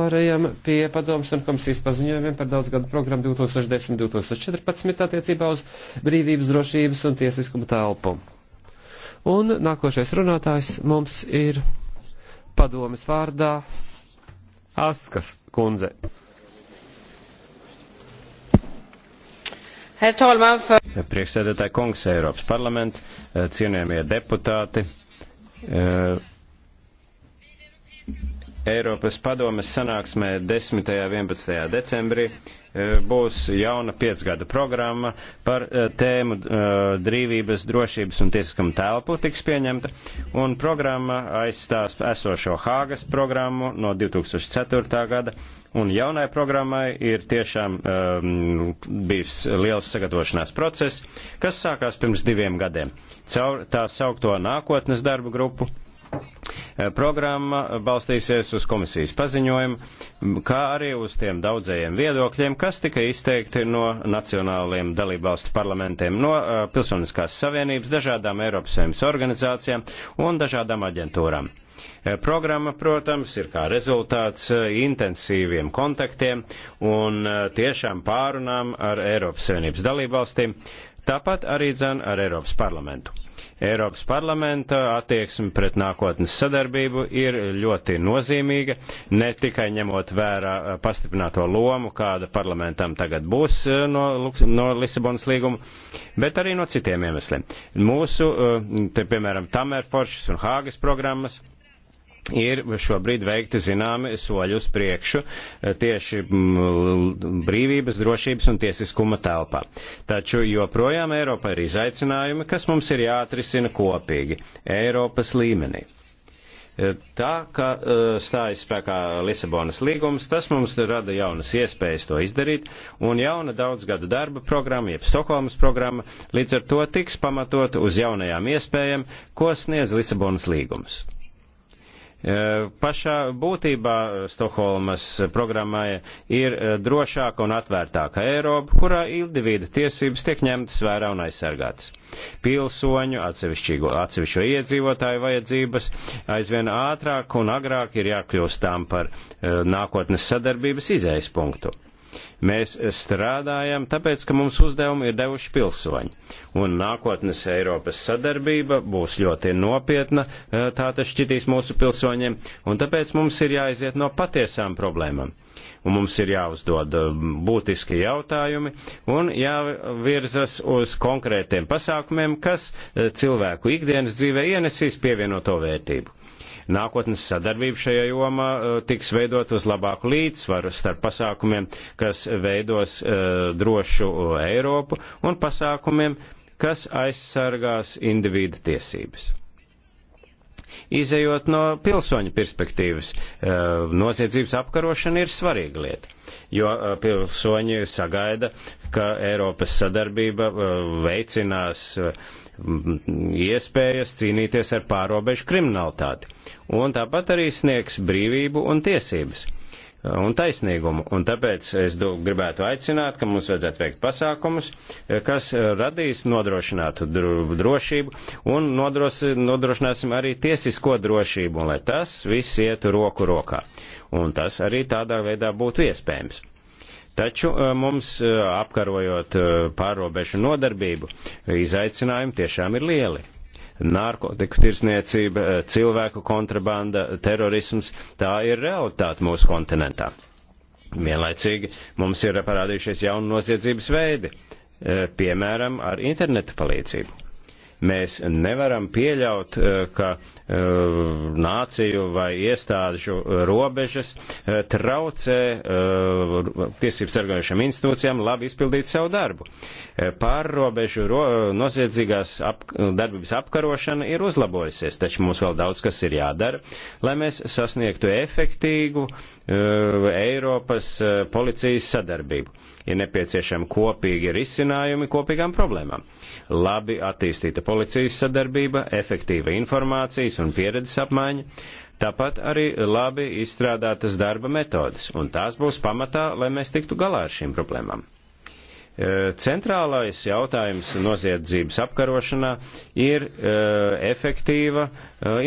Pārējām pie padomus un komisijas paziņojumiem par daudzgadu programmu 2010-2014 attiecībā uz brīvības, drošības un tiesiskumu telpu. Un nākošais runātājs mums ir padomis vārdā Askas kundze. Priekšsēdētāji kungs, Eiropas parlaments, cienējamie deputāti. Uh, Eiropas padomes sanāksmē 10. un 11. decembrī e, būs jauna piecgada programma par e, tēmu brīvības, e, drošības un tiesiskam telpu tiks pieņemta, un programma aizstās esošo Hāgas programmu no 2004. gada, un jaunai programmai ir tiešām um, bijis liels sagatavošanās process, kas sākās pirms diviem gadiem caur tā saukto nākotnes darbu grupu Eh, programma balstīsies uz komisijas paziņojumu, kā arī uz tiem daudzajiem viedokļiem, kas tika izteikti no nacionāliem dalībvalstu parlamentiem, no eh, Pilsoniskās savienības, dažādām Eiropas saimnes organizācijām un dažādām aģentūrām. Eh, programma, protams, ir kā rezultāts intensīviem kontaktiem un tiešām pārunām ar Eiropas savienības dalībvalstīm, tāpat arī dzen ar Eiropas parlamentu. Eiropas parlamenta attieksme pret nākotnes sadarbību ir ļoti nozīmīga, ne tikai ņemot vērā eh, pastiprināto lomu, kāda parlamentam tagad būs eh, no, no Lisabonas līguma, bet arī no citiem iemesliem. Mūsu, eh, te, piemēram, Tamerforšas un Hāgas programmas ir šobrīd veikti zināmi soļi uz priekšu eh, tieši mm, brīvības, drošības un tiesiskuma telpā. Taču joprojām Eiropa ir izaicinājumi, kas mums ir jāatrisina kopīgi Eiropas līmenī. Eh, tā, ka eh, stājas spēkā Lisabonas līgums, tas mums rada jaunas iespējas to izdarīt, un jauna daudzgada darba programma, jeb Stokholmas programma, līdz ar to tiks pamatot uz jaunajām iespējām, ko sniedz Lisabonas līgums. Eh, pašā būtībā Stokholmas programmai ir eh, drošāka un atvērtāka Eiropa, kurā individu tiesības tiek ņemtas vērā un aizsargātas. Pilsoņu, atsevišķo iedzīvotāju vajadzības aizvien ātrāk un agrāk ir jākļūst tām par eh, nākotnes sadarbības izējas punktu. Mēs strādājam, tāpēc, ka mums uzdevumu ir devuši pilsoņi, un nākotnes Eiropas sadarbība būs ļoti nopietna, e, tā tas šķitīs mūsu pilsoņiem, un tāpēc mums ir jāiziet no patiesām problēmām. Un mums ir jāuzdod e, būtiski jautājumi un jāvirzas uz konkrētiem pasākumiem, kas e, cilvēku ikdienas dzīvē ienesīs pievienoto vērtību. Nākotnes sadarbība šajā jomā e, tiks veidot uz labāku līdzsvaru starp pasākumiem, kas veidos e, drošu e, Eiropu un pasākumiem, kas aizsargās individu tiesības izējot no pilsoņa perspektīvas, eh, noziedzības apkarošana ir svarīga lieta, jo eh, pilsoņi sagaida, ka Eiropas sadarbība eh, veicinās iespējas cīnīties ar pārobežu kriminalitāti, un tāpat arī sniegs brīvību un tiesības un taisnīgumu. Un tāpēc es gribētu aicināt, ka mums vajadzētu veikt pasākumus, eh, kas eh, radīs nodrošinātu drošību un nodros, nodrošināsim arī tiesisko drošību, un lai tas viss ietu roku rokā. Un tas arī tādā veidā būtu iespējams. Taču eh, mums apkarojot pārobežu nodarbību, izaicinājumi tiešām ir lieli narkotiku tirsniecība, eh, cilvēku kontrabanda, terorisms. Tā ir realitāte mūsu kontinentā. Vienlaicīgi mums ir parādījušies jauni noziedzības veidi, eh, piemēram, ar interneta palīdzību. Mēs nevaram pieļaut, eh, ka eh, nāciju vai iestāžu robežas eh, traucē tiesību sargājušiem institūcijām labi izpildīt savu darbu. Pārrobežu ro, noziedzīgās ap, darbības apkarošana ir uzlabojusies, taču mums vēl daudz kas ir jādara, lai mēs sasniegtu efektīvu Eiropas policijas sadarbību Ir nepieciešami kopīgi risinājumi kopīgām problēmām. Labi attīstīta policijas sadarbība, efektīva informācijas un pieredzes apmaiņa, tāpat arī labi izstrādātas darba metodas, un tās būs pamatā, lai mēs tiktu galā ar šīm problēmām. E, centrālais jautājums noziedzības apkarošanā ir e, efektīva e,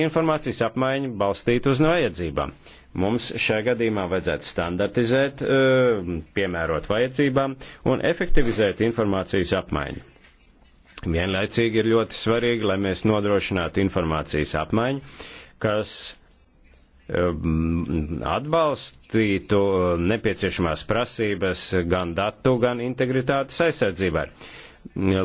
informācijas apmaiņa balstīta uz vajadzībām. Mums šajā gadījumā vajadzētu standartizēt, e, piemērot vajadzībām un efektivizēt informācijas apmaiņu. Vienlaicīgi ir ļoti svarīgi, lai mēs nodrošinātu informācijas apmaiņu, kas e, atbalstītu nepieciešamās prasības gan datu, gan integritātes aizsardzībai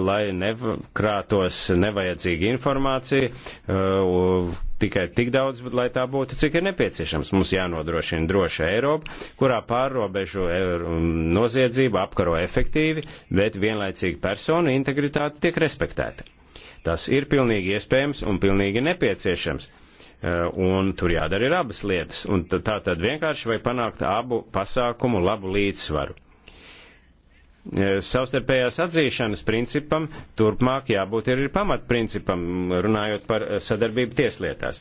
lai nekrātos nevajadzīga informācija, uh, tikai tik daudz, bet lai tā būtu, cik ir nepieciešams. Mums jānodrošina droša Eiropa, kurā pārrobežu er, um, noziedzību apkaro efektīvi, bet vienlaicīgi personu integritāte tiek respektēta. Tas ir pilnīgi iespējams un pilnīgi nepieciešams. Uh, un tur jādara ir abas lietas. Un tā tad vienkārši vajag panākt abu pasākumu labu līdzsvaru E, savstarpējās atzīšanas principam turpmāk jābūt ir pamatprincipam, runājot par sadarbību tieslietās.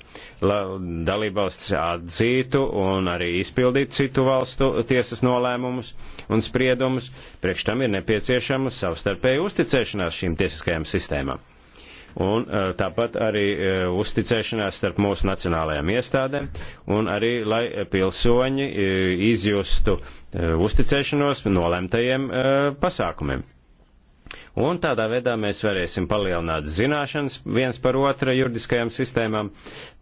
Dalībvalsts atzītu un arī izpildītu citu valstu tiesas nolēmumus un spriedumus, priekš tam ir nepieciešama savstarpēja uzticēšanās šīm tiesiskajām sistēmām un eh, tāpat arī eh, uzticēšanās starp mūsu nacionālajām iestādēm, un arī, lai eh, pilsoņi izjustu uzticēšanos nolemtajiem pasākumiem. Un tādā veidā mēs varēsim palielināt zināšanas viens par otru juridiskajām sistēmām.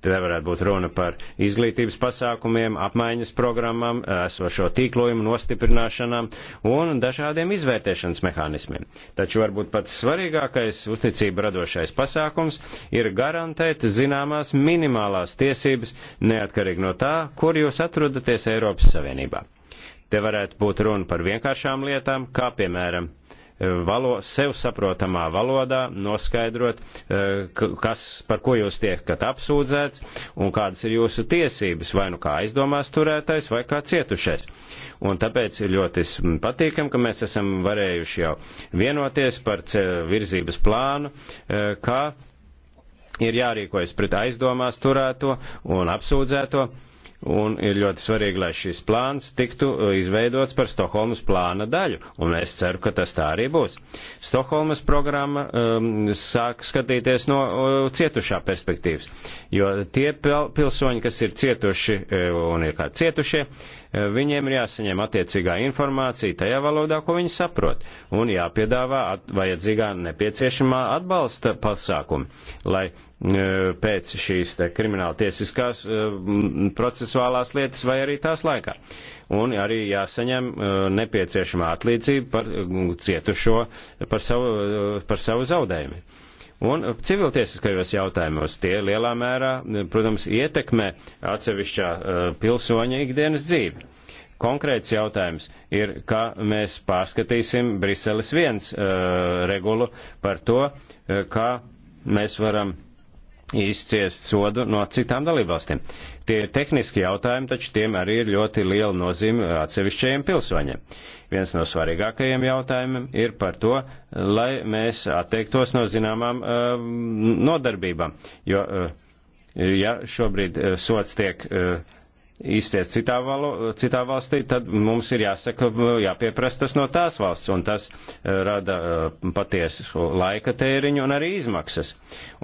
Te varētu būt runa par izglītības pasākumiem, apmaiņas programmām, esošo tīklojumu nostiprināšanām un dažādiem izvērtēšanas mehānismiem. Taču varbūt pats svarīgākais uzticība radošais pasākums ir garantēt zināmās minimālās tiesības neatkarīgi no tā, kur jūs atrodaties Eiropas Savienībā. Te varētu būt runa par vienkāršām lietām, kā piemēram valo, sev saprotamā valodā noskaidrot, eh, kas, par ko jūs tiekat apsūdzēts un kādas ir jūsu tiesības, vai nu kā aizdomās turētais, vai kā cietušais. Un tāpēc ir ļoti patīkam, ka mēs esam varējuši jau vienoties par virzības plānu, eh, kā ir jārīkojas pret aizdomās turēto un apsūdzēto un ir ļoti svarīgi, lai šis plāns tiktu uh, izveidots par Stokholmas plāna daļu, un es ceru, ka tas tā arī būs. Stokholmas programma um, sāk skatīties no uh, cietušā perspektīvas, jo tie pilsoņi, kas ir cietuši uh, un ir kā cietušie, uh, viņiem ir jāsaņem attiecīgā informācija tajā valodā, ko viņi saprot, un jāpiedāvā at, vajadzīgā nepieciešamā atbalsta pasākuma, lai e, pēc šīs te, krimināla tiesiskās e, procesuālās lietas vai arī tās laikā. Un arī jāsaņem e, nepieciešamā atlīdzība par cietušo, par savu, par savu zaudējumu. Un civiltiesiskajos jautājumos tie lielā mērā, protams, ietekmē atsevišķā eh, pilsoņa ikdienas dzīvi. Konkrēts jautājums ir, kā mēs pārskatīsim Briseles viens eh, regulu par to, eh, kā mēs varam izciest sodu no citām dalībvalstīm. Tie ir tehniski jautājumi, taču tiem arī ir ļoti liela nozīme atsevišķajiem pilsoņiem. Viens no svarīgākajiem jautājumiem ir par to, lai mēs atteiktos no zināmām eh, nodarbībām, jo, eh, ja šobrīd eh, sots tiek izties citā, valo, citā valstī, tad mums ir jāsaka, jāpieprasa tas no tās valsts, un tas rada patiesu laika tēriņu un arī izmaksas.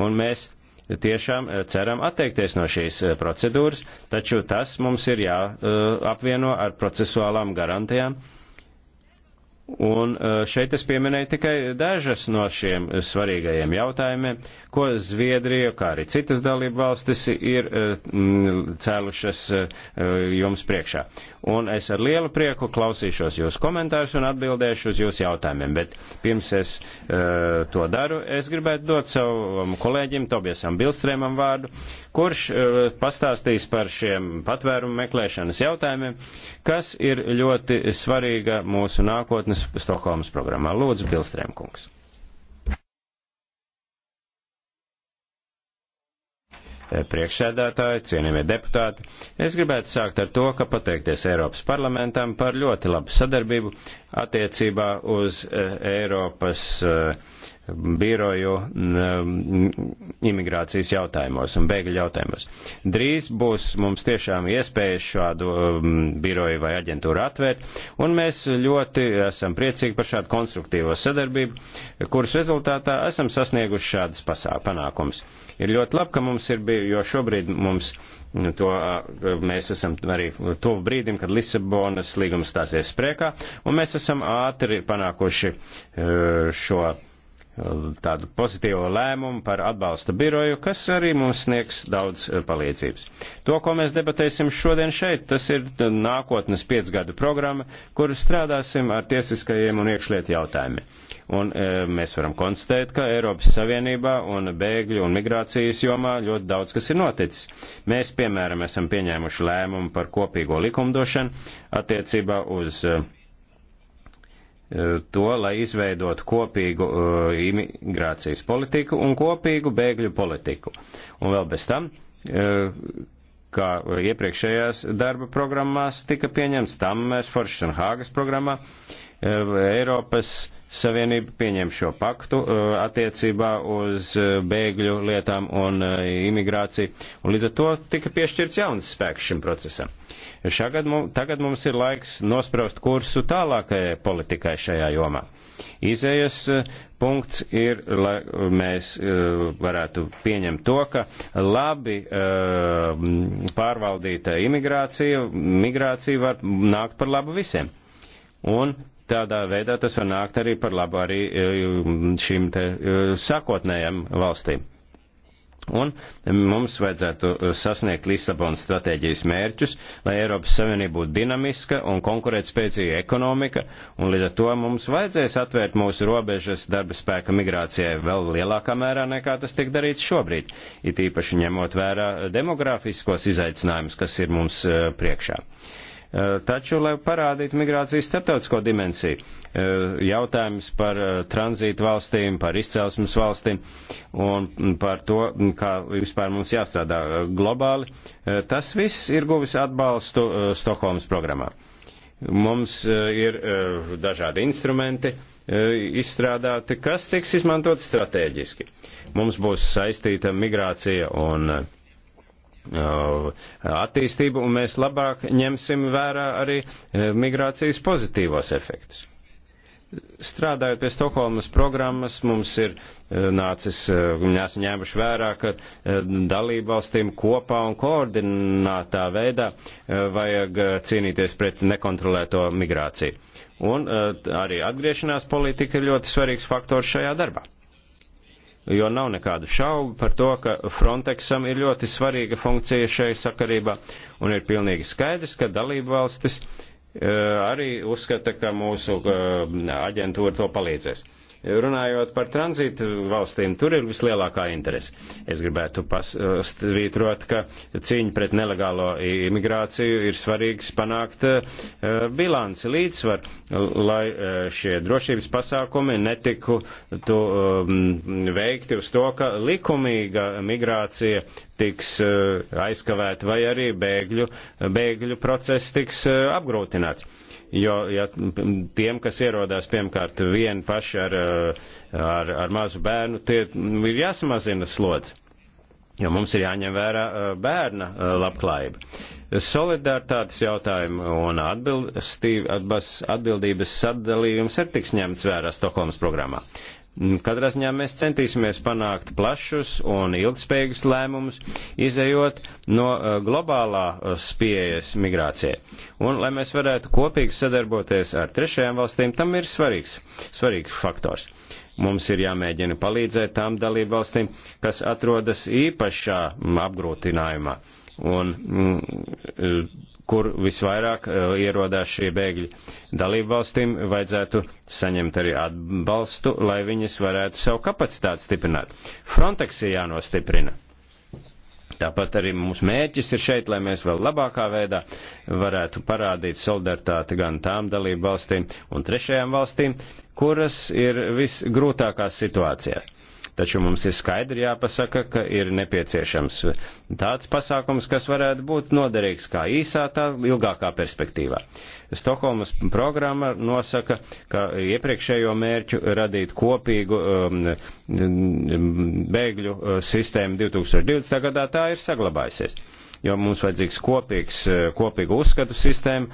Un mēs tiešām ceram atteikties no šīs procedūras, taču tas mums ir jāapvieno ar procesuālām garantijām, Un e, šeit es pieminēju tikai dažas no šiem svarīgajiem jautājumiem, ko Zviedrija, kā arī citas dalība valstis, ir e, cēlušas e, jums priekšā un es ar lielu prieku klausīšos jūsu komentārus un atbildēšu uz jūsu jautājumiem. Bet pirms es uh, to daru, es gribētu dot savam kolēģim Tobiesam Bilstrēmam vārdu, kurš uh, pastāstīs par šiem patvērumu meklēšanas jautājumiem, kas ir ļoti svarīga mūsu nākotnes Stokholmas programmā. Lūdzu, Bilstrēm kungs. priekšsēdētāji, cienījamie deputāti. Es gribētu sākt ar to, ka pateikties Eiropas parlamentam par ļoti labu sadarbību attiecībā uz eh, Eiropas eh, biroju imigrācijas jautājumos un bēgļu jautājumos. Drīz būs mums tiešām iespēja šādu biroju vai aģentūru atvērt, un mēs ļoti esam priecīgi par šādu konstruktīvo sadarbību, kuras rezultātā esam sasnieguši šādas panākumus. Ir ļoti labi, ka mums ir bijusi, jo šobrīd mums to mēs esam arī tuvu brīdim, kad Lisabonas līgums stāsies spēkā, un mēs esam ātri panākuši e, šo tādu pozitīvo lēmumu par atbalsta biroju, kas arī mums sniegs daudz eh, palīdzības. To, ko mēs debatēsim šodien šeit, tas ir nākotnes piecgadu programma, kuru strādāsim ar tiesiskajiem un iekšliet jautājumi. Un e, mēs varam konstatēt, ka Eiropas Savienībā un bēgļu un migrācijas jomā ļoti daudz kas ir noticis. Mēs, piemēram, esam pieņēmuši lēmumu par kopīgo likumdošanu attiecībā uz e, to, lai izveidot kopīgu uh, imigrācijas politiku un kopīgu bēgļu politiku. Un vēl bez tam, uh, kā iepriekšējās darba programmās tika pieņemts, tam mēs Foršenhāgas programmā uh, Eiropas Savienība pieņem šo paktu uh, attiecībā uz uh, bēgļu lietām un uh, imigrāciju, un līdz ar to tika piešķirts jauns spēks šim procesam. Šagad mums, tagad mums ir laiks nospraust kursu tālākajai politikai šajā jomā. Izējas punkts ir, lai mēs varētu pieņemt to, ka labi pārvaldīta imigrācija, migrācija var nākt par labu visiem. Un Tādā veidā tas var nākt arī par labu arī eh, šīm te eh, sākotnējām valstīm. Un mums vajadzētu eh, sasniegt Lisabonas stratēģijas mērķus, lai Eiropas Savienība būtu dinamiska un konkurētspēcīga ekonomika, un līdz ar to mums vajadzēs atvērt mūsu robežas darba spēka migrācijai vēl lielākā mērā nekā tas tiek darīts šobrīd, it īpaši ņemot vērā demografiskos izaicinājumus, kas ir mums priekšā. Uh, Eh, taču, lai parādītu migrācijas starptautisko dimensiju, eh, jautājums par eh, tranzītu valstīm, par izcelsmes valstīm un par to, kā vispār mums jāstrādā globāli, tas viss ir guvis atbalstu Stokholmas programmā. Mums ir dažādi instrumenti izstrādāti, kas tiks izmantot strateģiski. Mums būs saistīta migrācija un uh, Uh, attīstību, un mēs labāk ņemsim vērā arī uh, migrācijas pozitīvos efektus. Strādājot pie Stokholmas programmas, mums ir uh, nācis, mēs ņēmuši vērā, ka dalībvalstīm kopā un koordinātā veidā vajag cīnīties pret nekontrolēto migrāciju. Un arī atgriešanās politika ir ļoti svarīgs faktors šajā darbā jo nav nekādu šaubu par to, ka Frontexam ir ļoti svarīga funkcija šai sakarībā, un ir pilnīgi skaidrs, ka dalība valstis eh, arī uzskata, ka mūsu eh, aģentūra to palīdzēs. Runājot par tranzītu valstīm, tur ir vislielākā interese. Es gribētu pasvītrot, ka cīņa pret nelegālo imigrāciju ir svarīgs panākt eh, bilanci līdzsvar, lai eh, šie drošības pasākumi netiku tu, mm, veikti uz to, ka likumīga migrācija tiks eh, aizkavēta vai arī bēgļu, bēgļu process tiks apgrūtināts. Jo ja tiem, kas ierodās, piemēram, vieni paši ar Eh, ar, ar mazu bērnu, tie ir jāsamazina slodzi. Jo mums ir jāņem vērā eh, bērna eh, labklājība. Solidaritātes jautājumu un atbildības sadalījums arī tiks ņemts vērā Stokholmas programmā. Katrā ziņā mēs centīsimies panākt plašus un ilgspējīgus lēmumus, izējot no uh, globālā uh, spiejas migrācijai. Un, lai mēs varētu kopīgi sadarboties ar trešajām valstīm, tam ir svarīgs, svarīgs faktors. Mums ir jāmēģina palīdzēt tām dalību valstīm, kas atrodas īpašā apgrūtinājumā un mm, e, kur visvairāk e, ierodās šie bēgļi. Dalību valstīm vajadzētu saņemt arī atbalstu, lai viņas varētu savu kapacitāti stiprināt. Frontex ir jānostiprina. Tāpat arī mūsu mērķis ir šeit, lai mēs vēl labākā veidā varētu parādīt solidaritāti gan tām dalību valstīm un trešajām valstīm, kuras ir visgrūtākās situācijās taču mums ir skaidri jāpasaka, ka ir nepieciešams tāds pasākums, kas varētu būt noderīgs kā īsā, tā ilgākā perspektīvā. Stokholmas programma nosaka, ka iepriekšējo mērķu radīt kopīgu um, um bēgļu uh, sistēmu 2020. gadā tā ir saglabājusies jo mums vajadzīgs kopīgs, uh, kopīga uzskatu sistēma,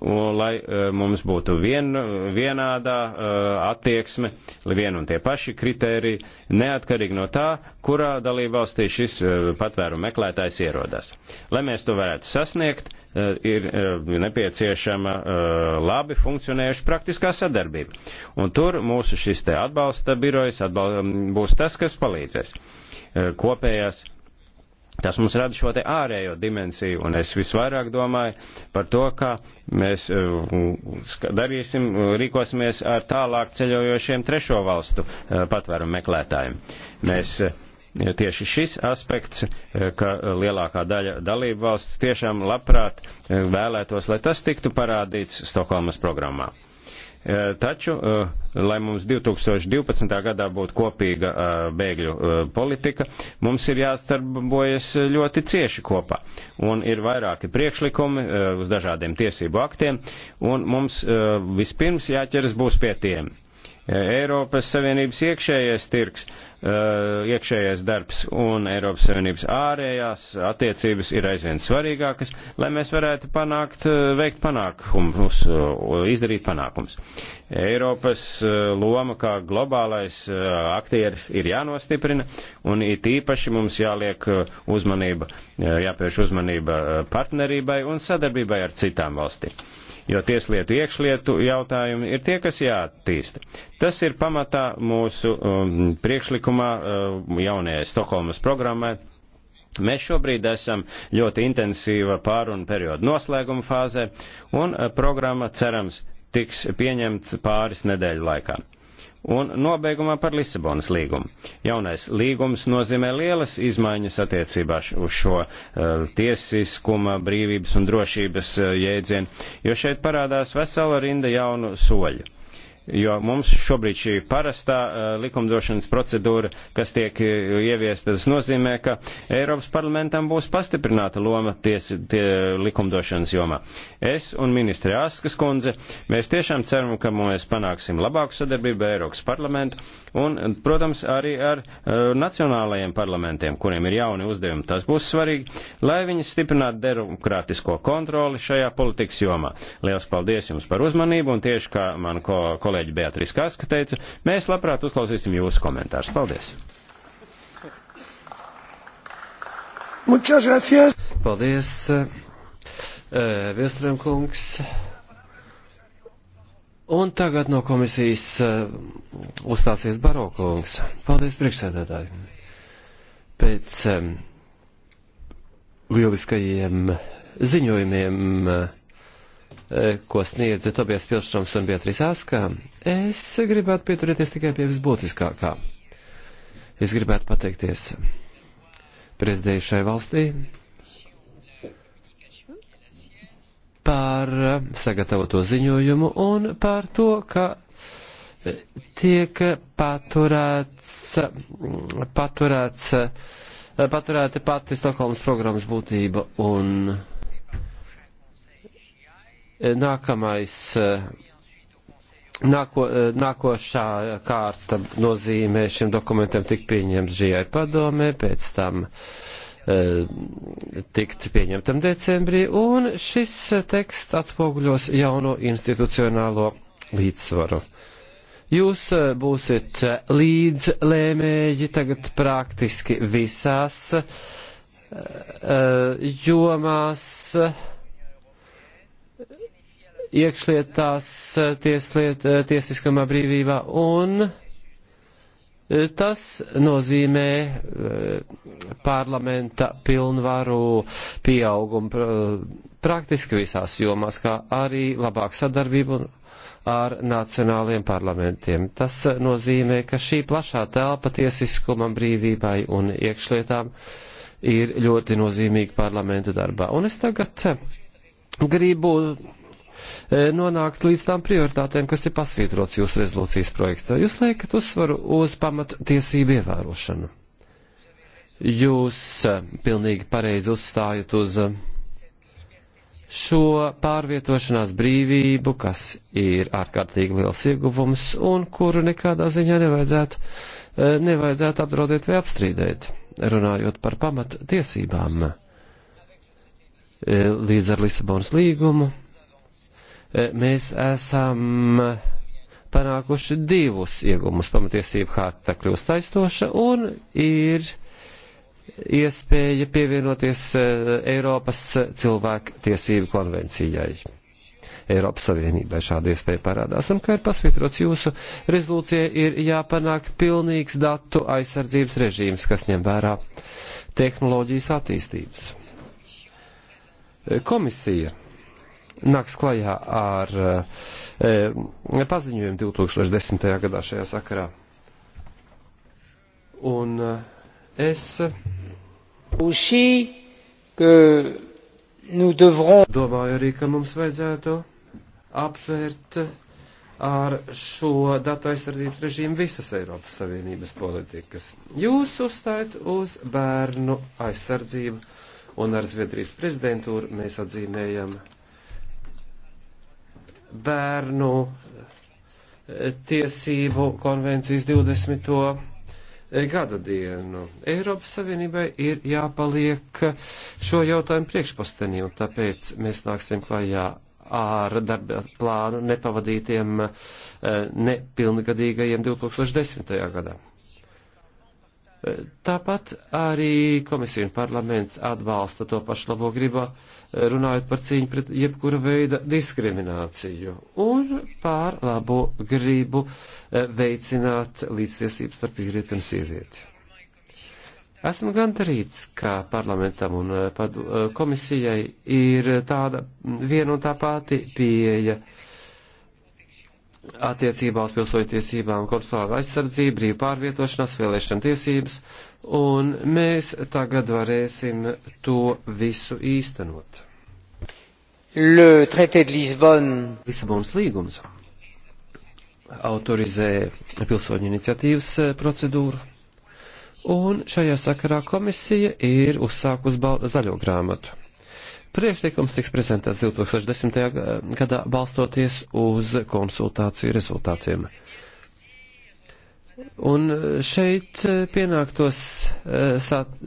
un lai e, mums būtu vien, vienādā e, attieksme, vien un tie paši kriteriji, neatkarīgi no tā, kurā dalībvalstī šis e, patvēru meklētājs ierodas. Lai mēs to varētu sasniegt, ir nepieciešama labi funkcionējuša praktiskā sadarbība. Un tur mūsu šis te atbalsta birojas atbal būs tas, kas palīdzēs kopējās Tas mums rada šo te ārējo dimensiju, un es visvairāk domāju par to, kā mēs eh, darīsim, rīkosimies ar tālāk ceļojošiem trešo valstu eh, patvērumu meklētājiem. Mēs eh, tieši šis aspekts, ka lielākā daļa dalību valsts tiešām labprāt vēlētos, lai tas tiktu parādīts Stokholmas programmā. Eh, taču, eh, lai mums 2012. gadā būtu kopīga eh, bēgļu politika, mums ir jāstarbojas ļoti cieši kopā. Un ir vairāki priekšlikumi uz dažādiem tiesību aktiem, un mums vispirms jāķeras būs pie tiem. Eiropas Savienības iekšējais tirgs Eh, iekšējais darbs un Eiropas Savienības ārējās attiecības ir aizvien svarīgākas, lai mēs varētu panākt, eh, veikt panākumus, eh, izdarīt panākumus. Eiropas loma kā globālais aktieris ir jānostiprina, un it īpaši mums jāliek uzmanība, jāpievērš uzmanība partnerībai un sadarbībai ar citām valstīm jo tieslietu iekšlietu jautājumi ir tie, kas jāattīsta. Tas ir pamatā mūsu um, priekšlikumā um, jaunajai Stokholmas programmai. Mēs šobrīd esam ļoti intensīva pārunu perioda noslēguma fāzē, un uh, programma, cerams, tiks pieņemts pāris nedēļu laikā. Un nobeigumā par Lisabonas līgumu. Jaunais līgums nozīmē lielas izmaiņas attiecībā uz šo uh, tiesiskuma, brīvības un drošības uh, jēdzienu, jo šeit parādās vesela rinda jaunu soļu jo mums šobrīd šī parastā eh, likumdošanas procedūra, kas tiek eh, ieviesta, tas nozīmē, ka Eiropas parlamentam būs pastiprināta loma ties, tie, likumdošanas jomā. Es un ministri Askas kundze, mēs tiešām ceram, ka mēs panāksim labāku sadarbību ar Eiropas parlamentu un, protams, arī ar uh, nacionālajiem parlamentiem, kuriem ir jauni uzdevumi. Tas būs svarīgi, lai viņi stiprinātu demokrātisko kontroli šajā politikas jomā. Liels paldies jums par uzmanību un tieši kā man ko kolēģi kolēģi Beatrīs Kaska teica, mēs labprāt uzklausīsim jūsu komentārus. Paldies! Muchas gracias! Paldies, Viestrēm eh, kungs! Un tagad no komisijas eh, uzstāsies Barokungs. Paldies, priekšsēdētāji! Pēc eh, lieliskajiem ziņojumiem uh, Eh, ko sniedza Tobijas Pilšroms un Beatrīs Askā, es gribētu pieturēties tikai pie visbūtiskākā. Es gribētu pateikties prezidējušai valstī par sagatavoto ziņojumu un par to, ka eh, tiek paturēts, paturēts, eh, paturēta pati Stokholmas programmas būtība un Eh, nākamais eh, Nāko, eh, nākošā kārta nozīmē šim dokumentam tik pieņemts žijai padomē, pēc tam e, tikt pieņemtam decembrī, un šis teksts atspoguļos jauno institucionālo līdzsvaru. Jūs būsiet līdz lēmēji tagad praktiski visās e, jomās. E, iekšlietās, eh, tiesliet, eh, tiesiskamā brīvībā, un eh, tas nozīmē parlamenta pilnvaru pieaugumu praktiski visās jomās, kā arī labāku sadarbību ar nacionāliem parlamentiem. Tas nozīmē, ka šī plašā telpa tiesiskumam, brīvībai un iekšlietām ir ļoti nozīmīga parlamenta darbā. Un es tagad gribu e, nonākt līdz tām prioritātēm, kas ir pasvītrots jūsu rezolūcijas projektā. Jūs liekat uzsvaru uz pamattiesību ievērošanu. Jūs e, pilnīgi pareizi uzstājat uz e, šo pārvietošanās brīvību, kas ir ārkārtīgi liels ieguvums un kuru nekādā ziņā nevajadzētu, nevajadzētu apdraudēt vai apstrīdēt, runājot par pamattiesībām. tiesībām E, līdz ar Lisabonas līgumu, e, mēs esam panākuši divus iegumus. Pamatiesība harta kļūst aizstoša un ir iespēja pievienoties e, Eiropas cilvēku tiesību konvencijai. Eiropas Savienībai šāda iespēja parādās. Un, kā ir pasvītrots jūsu rezolūcija, ir jāpanāk pilnīgs datu aizsardzības režīms, kas ņem vērā tehnoloģijas attīstības. Komisija nāks klajā ar e, e paziņojumu 2010. gadā šajā sakarā. Un e, es domāju arī, ka mums vajadzētu apvērt ar šo datu aizsardzību režīmu visas Eiropas Savienības politikas. Jūs uzstājat uz bērnu aizsardzību un ar Zviedrijas prezidentūru mēs atzīmējam bērnu eh, tiesību konvencijas 20. Eh, gada dienu. Eiropas Savienībai ir jāpaliek šo jautājumu priekšpostenī, un tāpēc mēs nāksim klajā ar darba plānu nepavadītiem eh, nepilngadīgajiem 2010. gadā. Tāpat arī komisija un parlaments atbalsta to pašu labo gribu, runājot par cīņu pret jebkura veida diskrimināciju un pār labo gribu eh, veicināt līdztiesības starp vīrieti un sievieti. Esmu gandarīts, ka parlamentam un eh, eh, komisijai ir tāda viena un tā pati pieeja attiecībā uz pilsoņu tiesībām, konsulāra aizsardzību, brīvu pārvietošanās, vēlēšana tiesības, un mēs tagad varēsim to visu īstenot. Le traité de Lisbonne. Lisabonas līgums autorizē pilsoņu iniciatīvas eh, procedūru, un šajā sakarā komisija ir uzsākus zaļo grāmatu Priekšlikums tiks prezentēts 2010. gadā balstoties uz konsultāciju rezultātiem. Un e, šeit e, pienāktos e, sāt,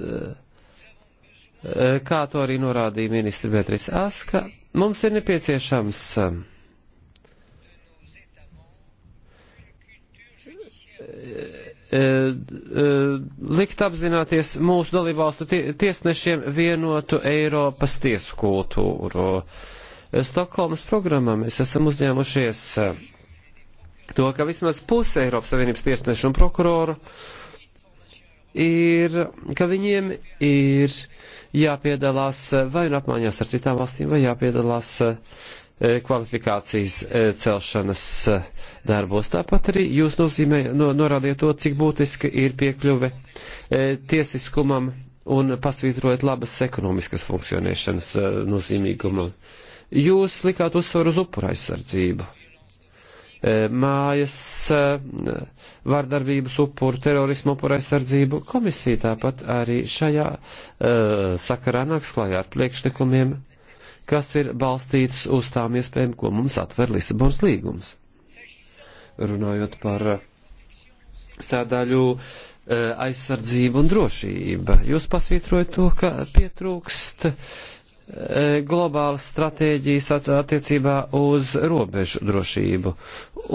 kā to arī norādīja ministri Beatrice Aska, mums ir nepieciešams E, e, likt apzināties mūsu dalībvalstu tiesnešiem vienotu Eiropas tiesu kultūru. Stokholmas programmā mēs esam uzņēmušies e, to, ka vismaz puse Eiropas Savienības tiesnešu un prokuroru ir, ka viņiem ir jāpiedalās vai nu apmaiņās ar citām valstīm, vai jāpiedalās kvalifikācijas celšanas darbos. Tāpat arī jūs nozīmē, no, norādiet to, cik būtiska ir piekļuve e, tiesiskumam un pasvītrojat labas ekonomiskas funkcionēšanas e, nozīmīgumu. Jūs likāt uzsvaru uz upura aizsardzību. E, mājas e, vardarbības upuru, terorismu upuru aizsardzību. Komisija tāpat arī šajā e, sakarā nāks klājā ar priekšlikumiem, kas ir balstīts uz tām iespējām, ko mums atver Lisabons līgums runājot par eh, sēdaļu eh, aizsardzību un drošību. Jūs pasvītrojat to, ka pietrūkst eh, globālas stratēģijas attiecībā uz robežu drošību.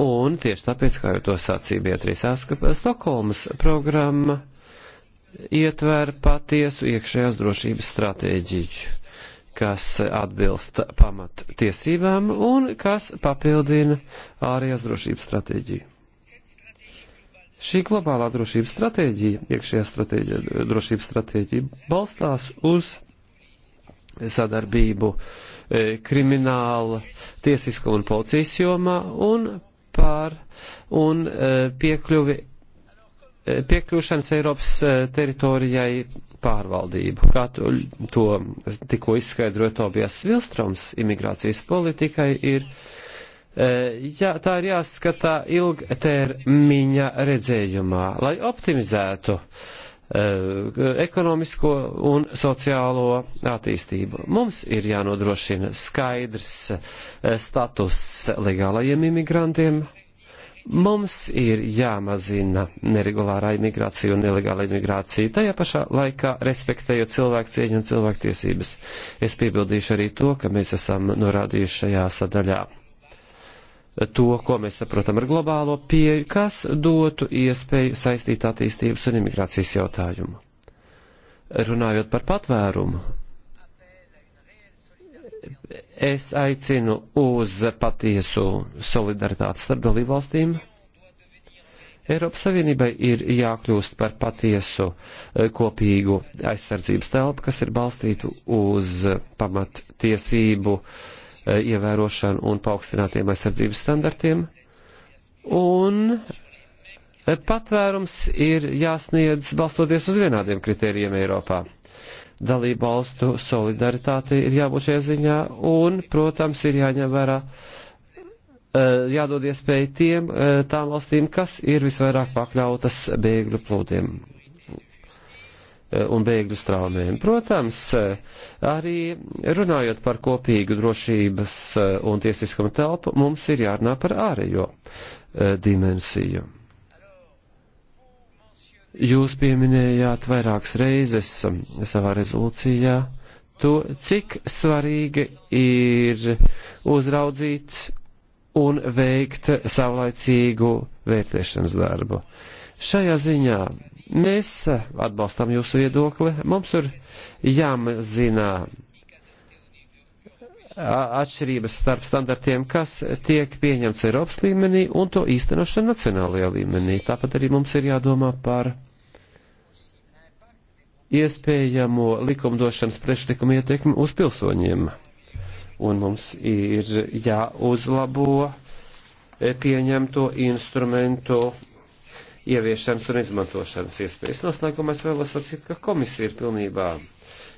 Un tieši tāpēc, kā jau to sacīja Beatrīs, ka Stokholmas programma ietver patiesu iekšējās drošības stratēģiju kas atbilst pamat tiesībām un kas papildina ārējās drošības stratēģiju. Šī globālā drošības stratēģija, iekšējā stratēģija, drošības stratēģija balstās uz sadarbību e, krimināla, tiesisko un policijas jomā un pār un e, piekļuvi, e, piekļūšanas Eiropas teritorijai pārvaldību, kā to, to tikko izskaidroja Tobijas Vilstroms, imigrācijas politikai ir, e, jā, tā ir jāskatā ilgtermiņa redzējumā, lai optimizētu e, ekonomisko un sociālo attīstību. Mums ir jānodrošina skaidrs e, status legālajiem imigrantiem, Mums ir jāmazina neregulārā imigrācija un nelegāla imigrācija, tajā pašā laikā respektējot cilvēku cieņu un cilvēktiesības. Es piebildīšu arī to, ka mēs esam norādījuši šajā sadaļā to, ko mēs saprotam ar globālo pieeju, kas dotu iespēju saistīt attīstības un imigrācijas jautājumu. Runājot par patvērumu, es aicinu uz patiesu solidaritāti starp dalībvalstīm. Eiropas Savienībai ir jākļūst par patiesu eh, kopīgu aizsardzības telpu, kas ir balstītu uz pamattiesību eh, ievērošanu un paaugstinātiem aizsardzības standartiem. Un eh, patvērums ir jāsniedz balstoties uz vienādiem kritērijiem Eiropā dalību valstu solidaritāti ir jābūt šajā ziņā un, protams, ir jāņem vērā, eh, jādod iespēju tiem, eh, tām valstīm, kas ir visvairāk pakļautas bēgļu plūdiem eh, un bēgļu straumēm. Protams, arī runājot par kopīgu drošības un tiesiskuma telpu, mums ir jārunā par ārējo dimensiju. Jūs pieminējāt vairākas reizes um, savā rezolūcijā to, cik svarīgi ir uzraudzīt un veikt savlaicīgu vērtēšanas darbu. Šajā ziņā mēs uh, atbalstam jūsu viedokli. Mums ir jāmazina atšķirības starp standartiem, kas tiek pieņemts Eiropas līmenī un to īstenošanu nacionālajā līmenī. Tāpat arī mums ir jādomā par iespējamo likumdošanas priekšlikumu ietekmi uz pilsoņiem. Un mums ir jāuzlabo e, pieņemto instrumentu ieviešanas un izmantošanas iespējas. Noslēgumā es vēlos sacīt, ka komisija ir pilnībā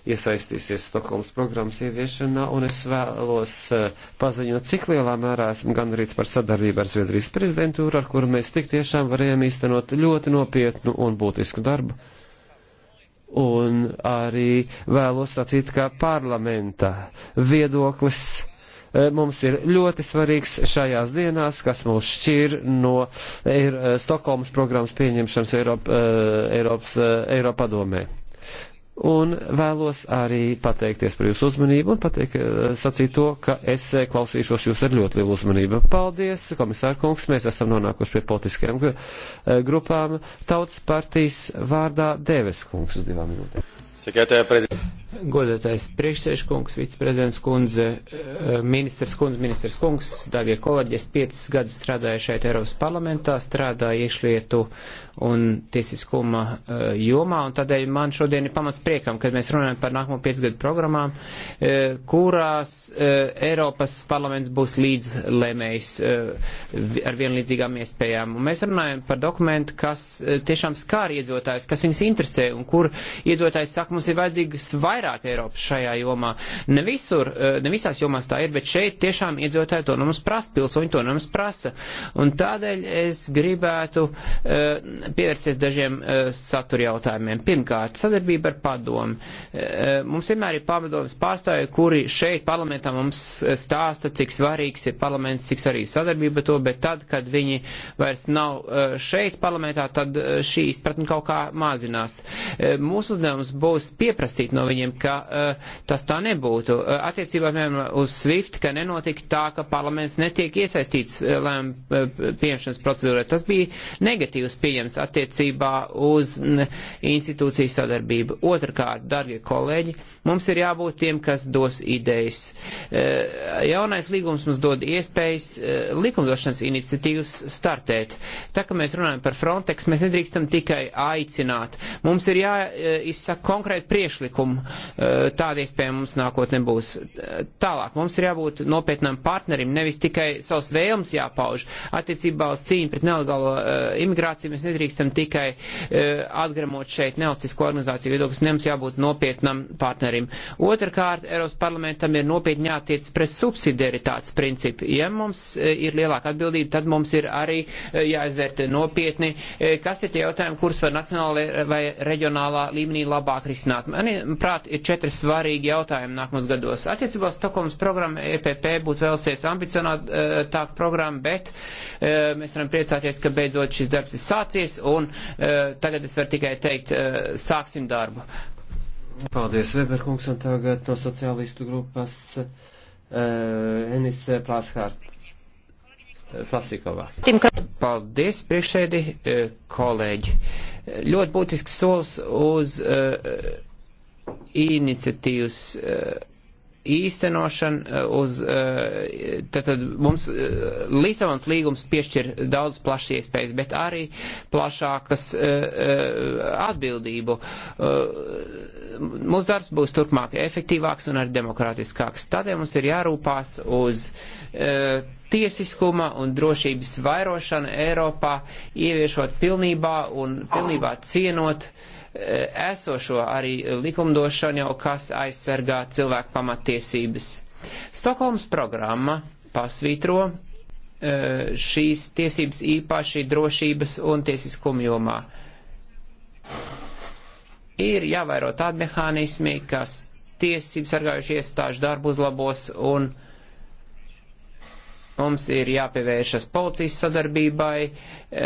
iesaistīsies Stokholmas programmas ieviešanā, un es vēlos eh, paziņot, cik lielā mērā esmu gandarīts par sadarbību ar Zviedrijas prezidentūru, ar kuru mēs tik tiešām varējām īstenot ļoti nopietnu un būtisku darbu. Un arī vēlos sacīt, ka parlamenta viedoklis eh, mums ir ļoti svarīgs šajās dienās, kas mūs šķir no eh, Stokholmas programmas pieņemšanas Eiropa, Eiropas, Eiropa padomē. Un vēlos arī pateikties par jūsu uzmanību un pateikt, eh, sacīt to, ka es eh, klausīšos jūs ar ļoti lielu uzmanību. Paldies, komisāra kungs, mēs esam nonākuši pie politiskajām eh, grupām. Tautas partijas vārdā Deves kungs uz divām minūtēm godātais priekšsēžkungs, viceprezidents kundze, eh, ministrs kundze, ministrs kungs, dārgie kolēģi, es piecas gadus strādāju šeit Eiropas parlamentā, strādāju iekšlietu un tiesiskuma eh, jomā, un tādēļ man šodien ir pamats priekam, kad mēs runājam par nākamo piecu gadu programmām, eh, kurās Eiropas parlaments būs līdzlēmējs ar vienlīdzīgām iespējām. Un mēs runājam par dokumentu, kas tiešām skār iedzotājs, kas viņus interesē, un kur iedzotājs saka, mums ir vajadzīgs vairāk vairāk Eiropas šajā jomā. Ne, visur, eh, ne visās jomās tā ir, bet šeit tiešām iedzīvotāji to no mums prasa, pilsoņi to no mums prasa. Un tādēļ es gribētu eh, pievērsties dažiem eh, satura jautājumiem. Pirmkārt, sadarbība ar padomu. Mums vienmēr ir padomas pārstāvji, kuri šeit parlamentā mums stāsta, cik svarīgs ir parlaments, cik svarīga sadarbība to, bet tad, kad viņi vairs nav šeit parlamentā, tad šī izpratne kaut kā mazinās. Mūsu uzdevums būs pieprasīt no viņiem, ka uh, tas tā nebūtu. Uh, attiecībā, piemēram, uz SWIFT, ka nenotika tā, ka parlaments netiek iesaistīts uh, e, lēma pieņemšanas procedūrā. Tas bija negatīvs pieņems attiecībā uz n, institūciju sadarbību. Otrakārt, darbie kolēģi, mums ir jābūt tiem, kas dos idejas. Jaunais līgums mums dod iespējas likumdošanas iniciatīvas startēt. Tā, ka mēs runājam par Frontex, mēs nedrīkstam tikai aicināt. Mums ir jāizsaka konkrēti priekšlikumi. Eh, tāda iespēja mums nākotnē būs. Tālāk mums ir jābūt nopietnam partnerim, nevis tikai savus vēlmes jāpauž. Attiecībā uz cīņu pret nelegālo uh, imigrāciju mēs nedrīkstam tikai uh, eh, atgremot šeit nevalstisko organizāciju viedokļus, ne mums jābūt nopietnam partnerim. Otrakārt, Eiropas parlamentam ir nopietni jātiec pret subsidiaritātes principu. Ja mums uh, ir lielāka atbildība, tad mums ir arī uh, jāizvērtē nopietni, uh, kas ir tie jautājumi, kurus var nacionāli vai reģionālā līmenī labāk risināt. Man, prāt, Manuprāt, ir četri svarīgi jautājumi nākamos gados. Attiecībā uz Stokholmas programmu EPP būtu vēlsies ambicionātāk programmu, bet eh, mēs varam priecāties, ka beidzot šis darbs ir sācies un eh, tagad es varu tikai teikt, eh, sāksim darbu. Paldies, Weberkungs, un tagad no sociālistu grupas uh, Enis Plāskārt. Flasikovā. Paldies, priekšsēdi, kolēģi. Ļoti būtisks solis uz uh, iniciatīvas eh, īstenošana eh, uz, tātad eh, mums Lisabons līgums piešķir daudz plašas iespējas, bet arī plašākas atbildību. Mūsu darbs būs turpmāk efektīvāks un arī demokrātiskāks. Tādēļ mums ir jārūpās uz tiesiskuma un drošības vairošanu Eiropā, ieviešot pilnībā un pilnībā cienot uh, Eh, esošo arī likumdošanu jau, kas aizsargā cilvēku pamatiesības. Stokholmas programma pasvītro eh, šīs tiesības īpaši drošības un tiesiskuma jomā. Ir jāvairo tādi mehānismi, kas tiesības sargājuši iestāžu darbu uzlabos un mums ir jāpievēršas policijas sadarbībai.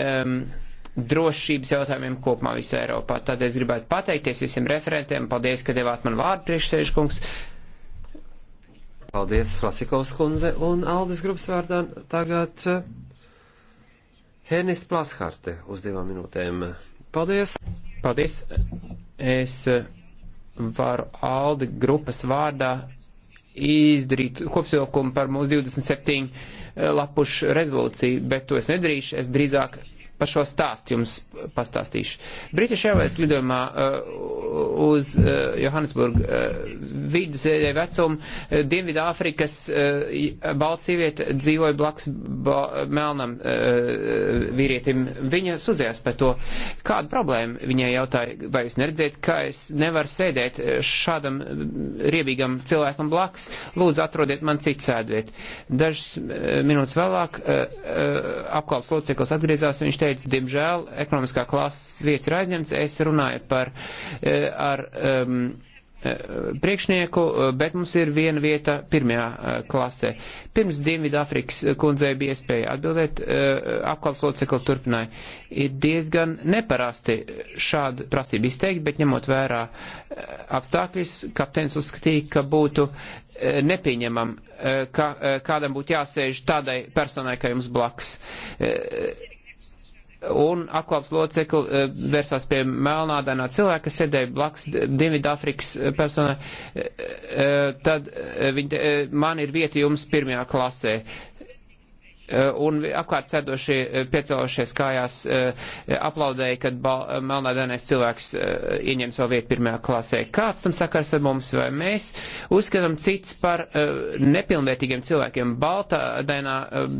Um, drošības jautājumiem kopumā visā Eiropā. Tad es gribētu pateikties visiem referentiem. Paldies, ka devāt man vārdu priekšsēžkungs. Paldies, Flasikovs kundze. Un Aldis grupas vārdā tagad eh, Henis Plasharte uz divām minūtēm. Paldies. Paldies. Es eh, varu Aldi grupas vārdā izdarīt kopsilkumu par mūsu 27 eh, lapušu rezolūciju, bet to es nedarīšu. Es drīzāk par šo stāstu jums pastāstīšu. British Airways lidojumā uh, uz uh, Johannesburg uh, vidus vecumu uh, Dienvidāfrikas uh, balts sieviete dzīvoja blakus ba melnam uh, vīrietim. Viņa sūdzējās par to, kādu problēmu viņai jautāja, vai jūs neredzēt, ka es nevaru sēdēt šādam riebīgam cilvēkam blakus. Lūdzu, atrodiet man citu sēdvietu. Dažas uh, minūtes vēlāk uh, uh, apkalps loceklis atgriezās un viņš teica, teicu, diemžēl ekonomiskā klases vietas ir aizņemts. Es runāju par, eh, ar um, priekšnieku, eh, bet mums ir viena vieta pirmajā klasē. Pirms Dienvidāfrikas kundzei bija iespēja atbildēt, apkalps locekli turpināja. Ir diezgan neparasti šādu prasību izteikt, bet ņemot vērā apstākļus, kapteinis uzskatīja, ka būtu nepieņemam, ka kādam būtu jāsēž tādai personai, kā jums blakus un akvāls locekli eh, vērsās pie melnādainā cilvēka, kas sēdēja blakus Dienvidāfrikas eh, personai, eh, tad viņi, man ir vieta jums pirmajā klasē. Eh, un apkārt sēdošie eh, piecēlošies kājās eh, aplaudēja, kad melnādainais cilvēks ieņem savu vietu pirmajā klasē. Kāds tam sakars ar mums vai mēs? Uzskatām cits par nepilnvērtīgiem cilvēkiem. Baltādainā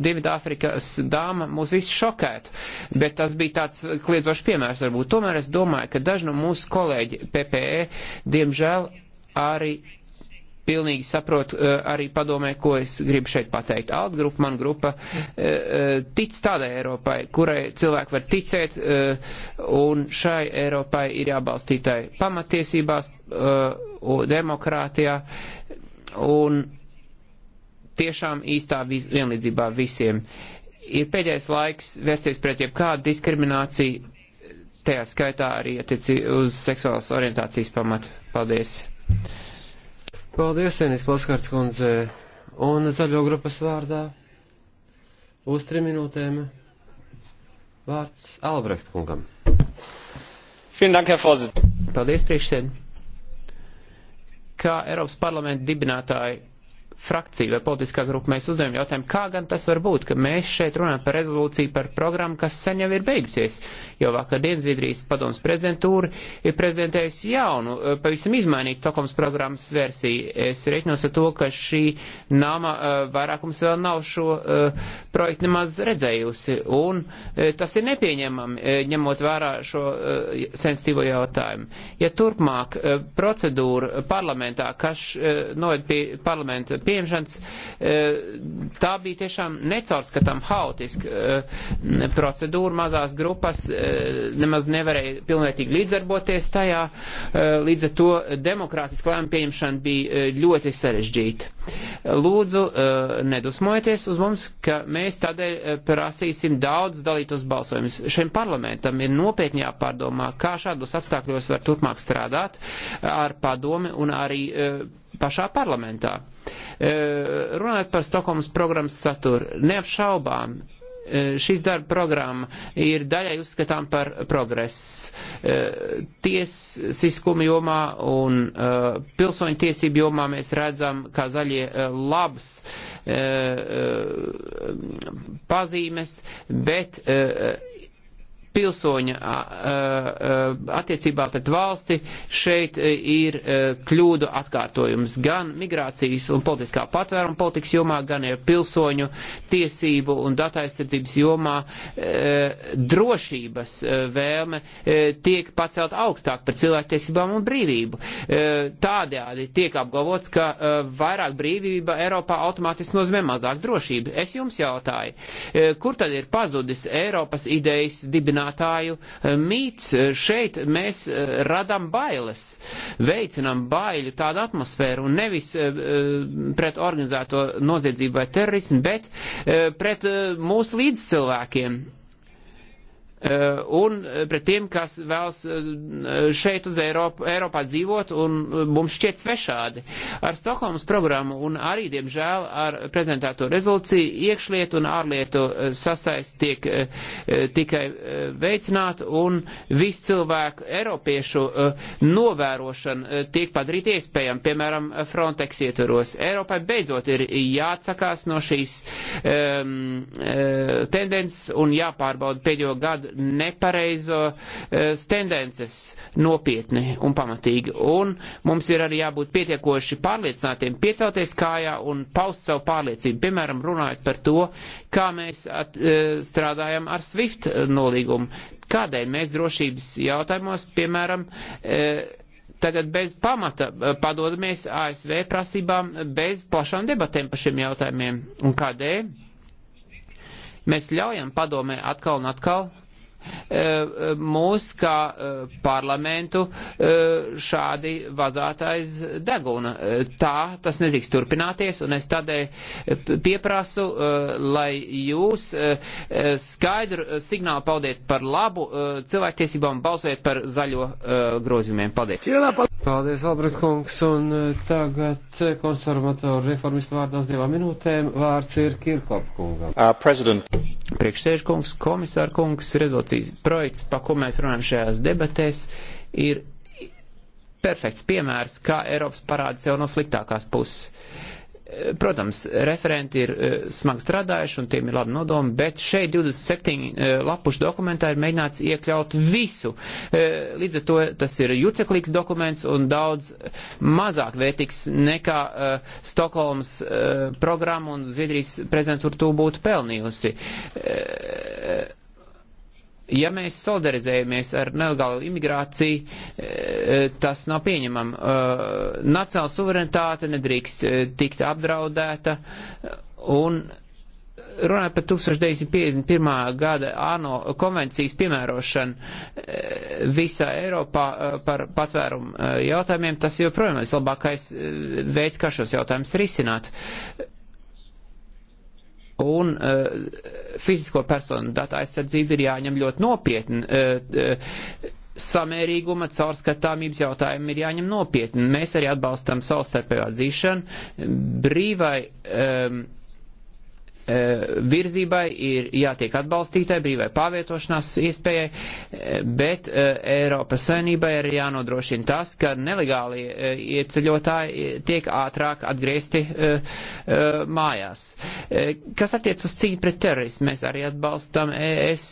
Dienvidāfrikas dāma mūs visus šokētu, bet tas bija tāds kliedzošs piemērs varbūt. Tomēr es domāju, ka daži no mūsu kolēģi PPE, diemžēl, arī pilnīgi saprotu eh, arī padomē, ko es gribu šeit pateikt. Alt grupa, man grupa, eh, eh, tic tādai Eiropai, kurai cilvēki var ticēt, un šai Eiropai ir jābalstītai pamatiesībās, demokrātijā, un tiešām īstā vienlīdzībā visiem. Ir pēdējais laiks vērsties pret jebkādu diskrimināciju, tajā skaitā arī attiecībā uz seksuālas orientācijas pamatu. Paldies! Paldies, Enis Plaskārts kundze, un zaļo grupas vārdā uz trim minūtēm vārds Albrecht kungam. Paldies, priekšsēd. Kā Eiropas parlamenta dibinātāji frakcija vai politiskā grupa mēs uzdevām jautājumu, kā gan tas var būt, ka mēs šeit runājam par rezolūciju, par programmu, kas sen jau ir beigusies jo vakardien Zviedrijas padomas prezidentūra ir prezentējusi jaunu, eh, pavisam izmainītu Stokholmas programmas versiju. Es reiķinos ar to, ka šī nama eh, vairākums vēl nav šo eh, projektu nemaz redzējusi, un tas ir nepieņemami, ņemot vērā šo sensitīvo jautājumu. Ja turpmāk procedūra parlamentā, kas noved pie parlamenta pieņemšanas, tā bija tiešām necaurskatām haotiska procedūra mazās grupas Eh, nemaz nevarēja pilnvērtīgi līdzdarboties tajā, eh, līdz ar to demokrātiska lēma pieņemšana bija eh, ļoti sarežģīta. Lūdzu, nedusmojieties uz mums, ka mēs tādēļ prasīsim daudz dalītos balsojumus. Šiem parlamentam ir nopietni jāpārdomā, kā šādos apstākļos var turpmāk strādāt ar padomi un arī pašā parlamentā. Runājot par Stokholmas programmas saturu, neapšaubām Eh, šīs darba programma ir daļai uzskatām par progress eh, tiesiskuma jomā un eh, pilsoņu tiesību jomā mēs redzam, kā zaļie labs pazīmes, bet pilsoņa attiecībā pret valsti šeit e, ir e, kļūdu atkārtojums gan migrācijas un politiskā patvēruma politikas jomā, gan ir pilsoņu tiesību un datu aizsardzības jomā e, drošības vēlme tiek pacelt augstāk par cilvēktiesībām un brīvību. Tādējādi tiek apgalvots, ka vairāk brīvība Eiropā automātiski nozīmē mazāk drošību. Es jums jautāju, kur tad ir pazudis Eiropas idejas dibināšana? dibinātāju eh, mīts. Eh, šeit mēs eh, radām bailes, veicinām baiļu tādu atmosfēru un nevis pret organizēto noziedzību vai terorismu, bet pret mūsu līdzcilvēkiem. Eh, un eh, pret tiem, kas vēlas eh, šeit uz Eiropu, Eiropā dzīvot un mums šķiet svešādi. Ar Stokholmas programmu un arī, diemžēl, ar prezentēto rezolūciju iekšlietu un ārlietu sasaist tiek tikai veicināt un visu cilvēku eiropiešu novērošana tiek padarīt iespējam, piemēram, Frontex ietveros. Eiropai beidzot ir jāatsakās no šīs um, tendences un jāpārbauda pēdējo gadu nepareizo eh, tendences nopietni un pamatīgi. Un mums ir arī jābūt pietiekoši pārliecinātiem, piecelties kājā un paust savu pārliecību. Piemēram, runājot par to, kā mēs at, eh, strādājam ar SWIFT nolīgumu. Kādēļ mēs drošības jautājumos, piemēram, eh, tagad bez pamata padodamies ASV prasībām, bez plašām debatēm par šiem jautājumiem? Un kādēļ? Mēs ļaujam padomē atkal un atkal Eh, mūs kā eh, parlamentu eh, šādi vazātais deguna. Tā tas netiks turpināties, un es tādēļ pieprasu, lai jūs skaidru signālu paudiet par labu cilvēktiesībām, balsojiet par zaļo grozījumiem. Paldies! Paldies, Albrecht kungs, un tagad konservatoru reformistu vārdās divām minūtēm vārds ir Kirkop kungam. Uh, Priekšsēžkungs, komisārkungs, rezultāts konstitūcijas projekts, pa ko mēs runājam šajās debatēs, ir perfekts piemērs, kā Eiropas parāda sev no sliktākās puses. Protams, referenti ir eh, smagi strādājuši un tiem ir labi nodomi, bet šeit 27 eh, lapušu dokumentā ir mēģināts iekļaut visu. Eh, līdz ar to tas ir juceklīgs dokuments un daudz mazāk vērtīgs nekā Stokholmas programma un Zviedrijas prezidentūra to būtu pelnījusi Ja mēs solidarizējamies ar nelegālu imigrāciju, e, tas nav pieņemam. E, nacionāla suverenitāte nedrīkst e, tikt apdraudēta un runājot par 1951. gada ANO konvencijas piemērošanu visā Eiropā par patvērumu jautājumiem, tas joprojām ir labākais veids, kā šos jautājumus risināt. Un uh, fizisko personu datu aizsardzība ir jāņem ļoti nopietni. Uh, uh, samērīguma, caurskatāmības jautājumi ir jāņem nopietni. Mēs arī atbalstam savstarpējo atzīšanu, brīvai um, E, virzībai ir jātiek atbalstītai brīvai pārvietošanās iespējai, e, bet e, Eiropas saimnībai ir jānodrošina tas, ka nelegāli ieceļotāji tiek ātrāk atgriezti mājās. Kas attiec uz cīņu pret terorismu, mēs arī atbalstam ES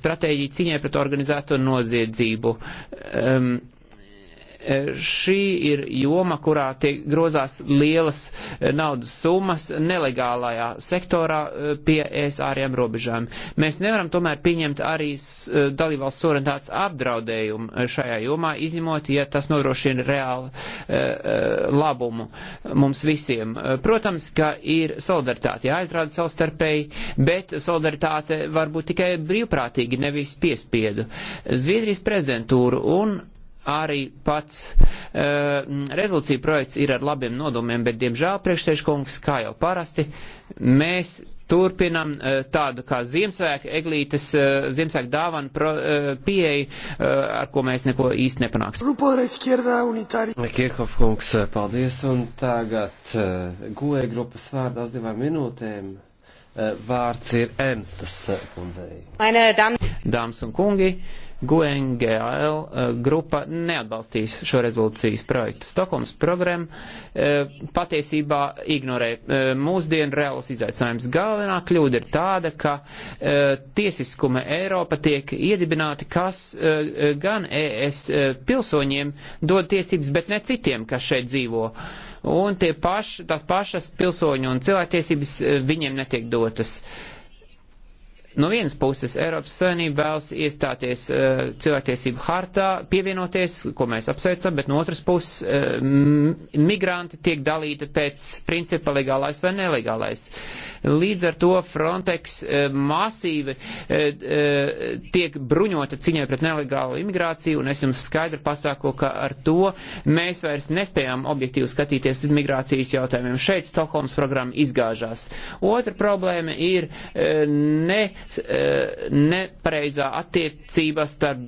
stratēģiju cīņai pret organizēto noziedzību. E, šī ir joma, kurā tiek grozās lielas e, naudas summas nelegālajā sektorā e, pie ES āriem robežām. Mēs nevaram tomēr pieņemt arī dalībvalsts orientāts apdraudējumu šajā jomā, izņemot, ja tas nodrošina reālu labumu mums visiem. Protams, ka ir solidaritāte jāizrāda savstarpēji, bet solidaritāte var būt tikai brīvprātīgi, nevis piespiedu. Zviedrijas prezidentūra un arī pats uh, rezolūcija projekts ir ar labiem nodomiem, bet, diemžēl, priekšsēžkungs, kā jau parasti, mēs turpinam uh, tādu kā Ziemassvētku eglītes, uh, Ziemassvētku dāvanu pro, uh, pieeju, uh, ar ko mēs neko īsti nepanāksim. Kirkhoff kungs, paldies, un tagad uh, goja e grupas vārdās divām minūtēm. Uh, vārds ir Ernstas kundzei. Dāmas un kungi. Uh, GUNGL eh, grupa neatbalstīs šo rezolūcijas projektu. Stokholmas programma eh, patiesībā ignorē eh, mūsdienu reālus izaicinājumus. Galvenā kļūda ir tāda, ka tiesiskuma Eiropa tiek iedibināta, kas gan ES pilsoņiem dod tiesības, bet ne citiem, kas šeit dzīvo un tie paši, tās pašas pilsoņu un cilvēktiesības viņiem netiek dotas. Uh, No vienas puses, Eiropas Savienība vēlas iestāties uh, cilvēktiesību hartā, pievienoties, ko mēs apsveicam, bet no otras puses, uh, migranti tiek dalīti pēc principa legālais vai nelegālais. Līdz ar to Frontex eh, masīvi eh, eh, tiek bruņota ciņai pret nelegālu imigrāciju, un es jums skaidri pasāku, ka ar to mēs vairs nespējām objektīvi skatīties uz migrācijas jautājumiem. Šeit Stokholmas programma izgāžās. Otra problēma ir ne, nepareizā attiecība starp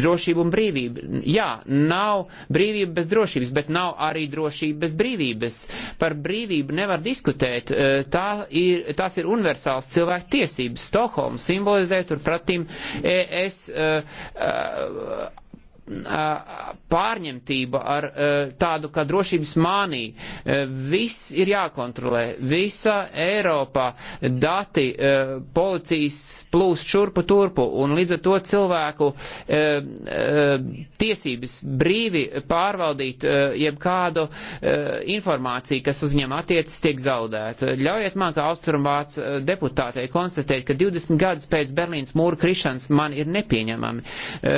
drošību un brīvību. Jā, nav brīvība bez drošības, bet nav arī drošība bez brīvības. Par brīvību nevar diskutēt. Tā ir ir, tas ir universāls cilvēku tiesības. Stokholms simbolizē turpratīm es uh, uh, pārņemtība ar e, tādu kā drošības mānī. E, viss ir jākontrolē. Visa Eiropā dati e, policijas plūst šurpu turpu un līdz ar to cilvēku tiesības brīvi pārvaldīt jebkādu informāciju, kas uz viņiem attiecas, tiek zaudēta. Ļaujiet man kā austrumvāts deputātei konstatēt, ka 20 gadus pēc Berlīnas mūra krišanas man ir nepieņemami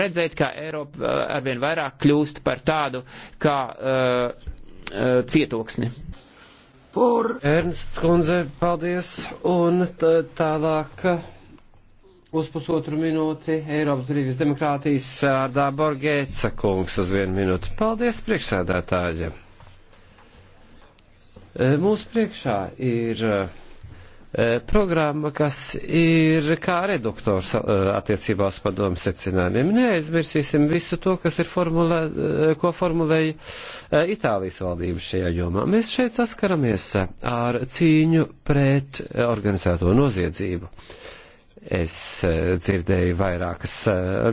redzēt, ka Eiropa eh, arvien vairāk kļūst par tādu kā uh, cietoksni. Por... Ernsts kundze, paldies, un tālāk uz pusotru minūti Eiropas brīvības demokrātijas sārdā Borgēca kungs uz vienu minūti. Paldies, priekšsēdētāji! Mūsu priekšā ir uh, Eh, programma, kas ir kā reduktors eh, attiecībā uz padomu secinājumiem. Neaizmirsīsim visu to, kas ir formulē, eh, ko formulēja Itālijas valdība šajā jomā. Mēs šeit saskaramies ar cīņu pret organizēto noziedzību. Es dzirdēju vairākas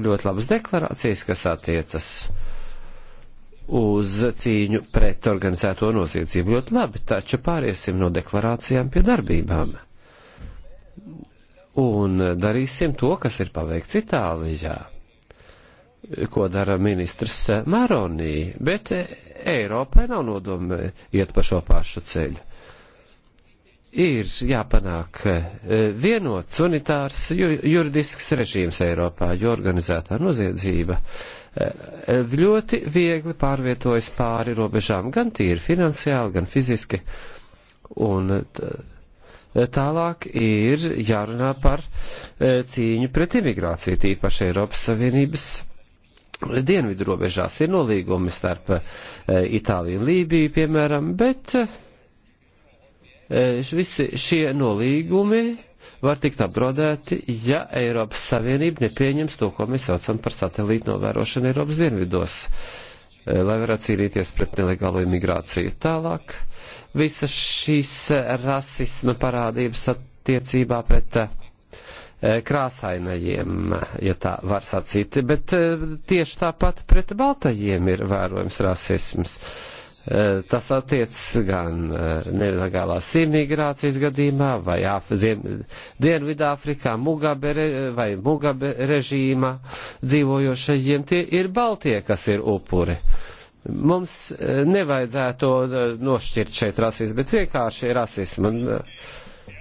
ļoti labas deklarācijas, kas attiecas uz uz cīņu pret organizēto noziedzību. Ļoti labi, taču pāriesim no deklarācijām pie darbībām. Un darīsim to, kas ir paveikts Itālijā, ko dara ministrs Maronī, bet Eiropai nav nodoma iet pa šo pašu ceļu ir jāpanāk eh, vienots unitārs juridisks režīms Eiropā, jo organizētā noziedzība Eh, eh, ļoti viegli pārvietojas pāri robežām, gan tīri finansiāli, gan fiziski. Un eh, tālāk ir jārunā par cīņu pret imigrāciju, tīpaši Eiropas Savienības dienvidu robežās ir nolīgumi starp Itāliju un Lībiju, piemēram, bet visi šie nolīgumi var tikt apdraudēti, ja Eiropas Savienība nepieņems to, ko mēs saucam par satelītu novērošanu Eiropas dienvidos, eh, lai varētu cīnīties pret nelegālo imigrāciju. Tālāk visas šīs eh, rasisma parādības attiecībā pret eh, krāsainajiem, ja tā var sacīt, bet tieši tāpat pret baltajiem ir vērojams rasisms. Uh, Eh, tas attiec gan eh, nelegālās imigrācijas gadījumā, vai Dienvidāfrikā, Mugabe re, vai Mugabe režīmā dzīvojošajiem. Tie ir Baltie, kas ir upuri. Mums eh, nevajadzētu nošķirt šeit rasismu, bet vienkārši rasismu.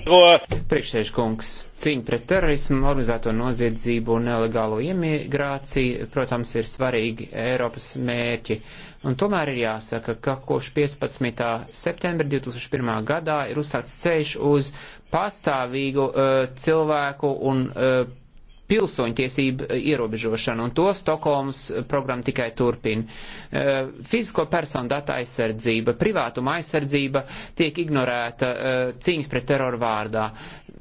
Priekšsēžkungs cīņa pret terorismu, organizēto noziedzību un nelegālo imigrāciju, protams, ir svarīgi Eiropas mērķi. Uh, Un tomēr ir jāsaka, ka kopš 15. septembra 2001. gadā ir uzsākts ceļš uz pastāvīgu uh, cilvēku un uh, eh, pilsoņu tiesību eh, ierobežošanu, un to Stokholmas programma tikai turpina. Uh, fizisko personu data aizsardzība, privātuma aizsardzība tiek ignorēta uh, cīņas pret teroru vārdā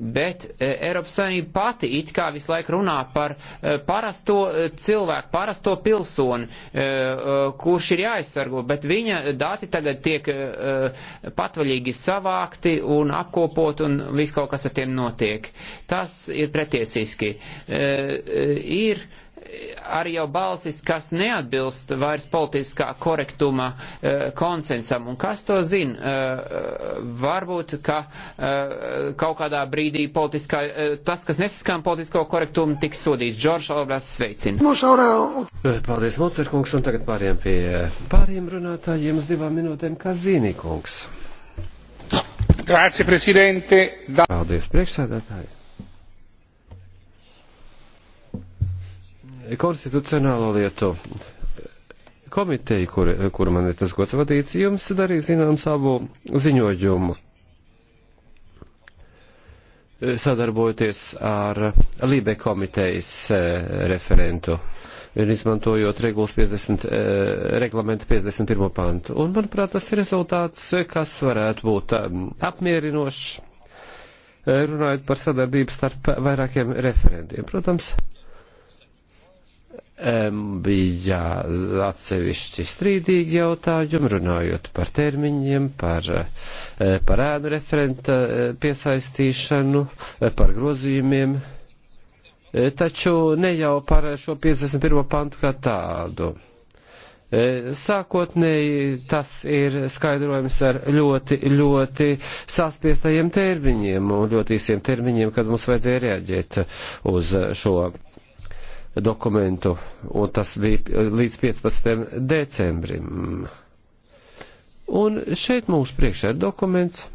bet e, Eiropas Savienība pati it kā visu laiku runā par e, parasto e, cilvēku, parasto pilsoni, kurš ir jāaizsargo, bet viņa dati tagad tiek patvaļīgi savākti un apkopot un viss kaut kas ar tiem notiek. Tas ir pretiesiski. Ir arī jau balsis, kas neatbilst vairs politiskā korektuma eh, konsensam. Un kas to zina? Eh, varbūt, ka eh, kaut kādā brīdī politiskā, tas, kas nesaskan politisko korektumu, tiks sodīts. Džordžs Albras sveicina. Paldies, Mocerkungs, un tagad pāriem pie pāriem runātājiem uz divām minūtēm, kā Zīnīkungs. Grazie, prezidente. Da... Paldies, priekšsēdētāji. konstitucionālo lietu komiteja, kur, kur man ir tas gods vadīts, jums darīja zinām savu ziņojumu sadarbojoties ar Lībe komitejas e, referentu un izmantojot regulas 50, reglamenta 51. pantu. Un, manuprāt, tas ir rezultāts, kas varētu būt e, apmierinošs, e, runājot par sadarbību starp vairākiem referentiem. Protams, bija atsevišķi strīdīgi jautājumi, runājot par termiņiem, par, eh, par ēnu referenta eh, piesaistīšanu, eh, par grozījumiem, taču ne jau par šo 51. pantu kā tādu. Sākotnēji tas ir skaidrojums ar ļoti, ļoti saspiestajiem termiņiem un ļoti īsiem termiņiem, kad mums vajadzēja reaģēt uz šo dokumentu, un tas bija līdz 15. decembrim. Un šeit mums priekšā ir dokuments,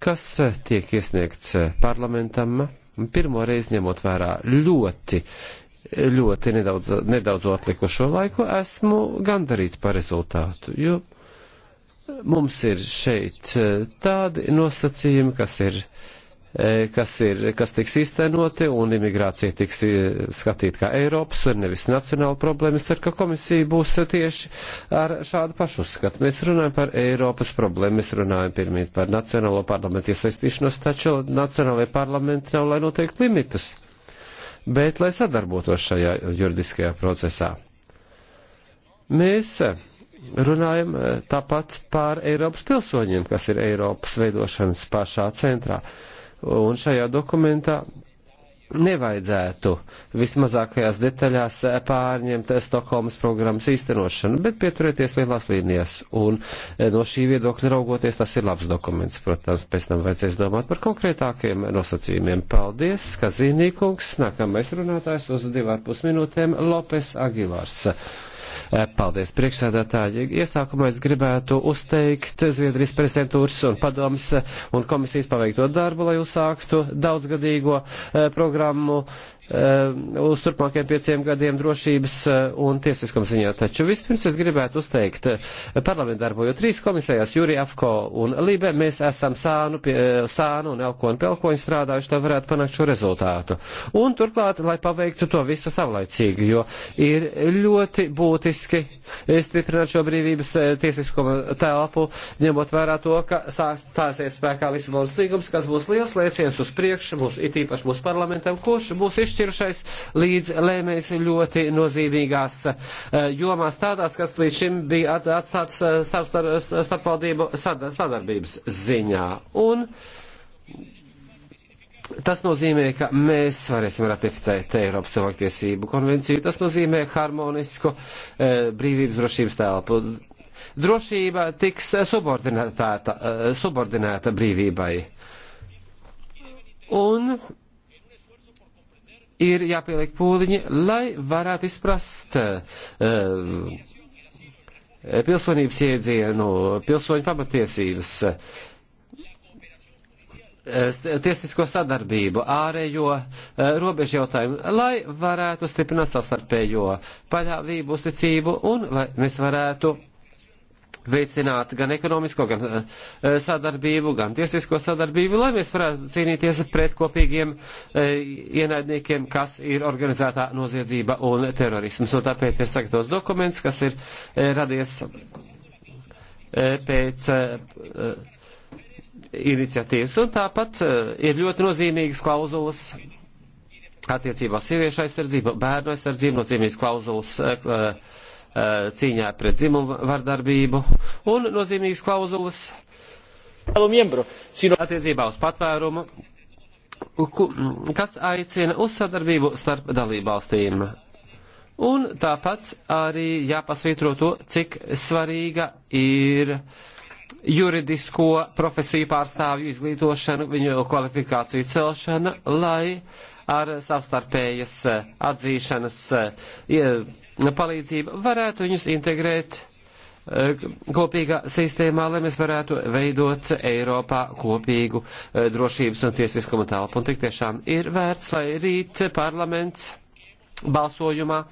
kas tiek iesniegts parlamentam, pirmo reizi ņemot vērā ļoti, ļoti nedaudz, nedaudz atlikušo laiku, esmu gandarīts par rezultātu, jo mums ir šeit tādi nosacījumi, kas ir uh, E, kas, ir, kas tiks īstenoti, un imigrācija tiks e, skatīta kā Eiropas un nevis nacionāla problēma. Es ceru, ka komisija būs tieši ar šādu pašu skatu. Mēs runājam par Eiropas problēmu, mēs runājam pirmīt par nacionālo parlamentu iesaistīšanos, taču nacionālajie parlamenti nav, lai noteikti limitus, bet lai sadarbotos šajā juridiskajā procesā. Mēs e, runājam tāpat par Eiropas pilsoņiem, kas ir Eiropas veidošanas pašā centrā. Uh, Un šajā dokumentā nevajadzētu vismazākajās detaļās pārņemt Stokholmas programmas īstenošanu, bet pieturēties lielās līnijās. Un e, no šī viedokļa raugoties, tas ir labs dokuments. Protams, pēc tam vajadzēs domāt par konkrētākiem nosacījumiem. Paldies, Kazīnīkungs. Nākamais runātājs uz divām pusminūtēm - Lopes Agilārs. Eh, paldies, priekšsēdētāji. Iesākumā es gribētu uzteikt Zviedrijas prezidentūras un padomas eh, un komisijas paveikto darbu, lai uzsāktu daudzgadīgo eh, programmu Eh, uz turpmākajiem pieciem gadiem drošības eh, un tiesiskuma ziņā. Taču vispirms es gribētu uzteikt eh, parlamentu darbu, jo trīs komisijās, Juri Afko un Lībe, mēs esam sānu, pie, sānu un elkonu pelkoņu strādājuši, lai varētu panākt šo rezultātu. Un turklāt, lai paveiktu to visu savlaicīgi, jo ir ļoti būtiski stiprināt šo brīvības tiesiskuma telpu, ņemot vērā to, ka stāsies spēkā Lisabonas līgums, kas būs liels lēciens uz priekšu, būs it īpaši mūsu parlamentam, kurš būs izšķirts izšķirušais līdz lēmējs ļoti nozīmīgās eh, jomās tādās, kas līdz šim bija atstāts eh, starpvaldību sadarbības ziņā. Un Tas nozīmē, ka mēs varēsim ratificēt Eiropas cilvēktiesību konvenciju. Tas nozīmē harmonisku e, brīvības drošības telpu. Drošība tiks subordinēta, subordinēta brīvībai. Un ir jāpieliek pūliņi, lai varētu izprast um, pilsonības iedzienu, pilsoņu pamatiesības, eh, tiesisko sadarbību, ārējo eh, robežu jautājumu, lai varētu stiprināt savstarpējo paļāvību, uzticību un lai mēs varētu veicināt gan ekonomisko, gan eh, eh, sadarbību, gan tiesisko sadarbību, lai mēs varētu cīnīties pret kopīgiem eh, ienaidniekiem, kas ir organizētā noziedzība un terorisms. Un tāpēc ir sagatavots dokuments, kas ir radies pēc iniciatīvas. Un tāpat ir ļoti nozīmīgas klauzulas attiecībā sieviešu aizsardzību, bērnu aizsardzību, nozīmīgas klauzulas. Uh, Uh, cīņā pret dzimumu vardarbību un nozīmīgas klauzulas attiecībā uz patvērumu, kas aicina uz sadarbību starp dalībvalstīm. Un tāpat arī jāpasvītro to, cik svarīga ir juridisko profesiju pārstāvju izglītošana, viņu kvalifikāciju celšana, lai ar savstarpējas eh, atzīšanas eh, palīdzību varētu viņus integrēt eh, kopīgā sistēmā, lai mēs varētu veidot Eiropā kopīgu drošības un tiesiskuma telpu. Un tik tiešām ir vērts, lai rīt parlaments balsojumā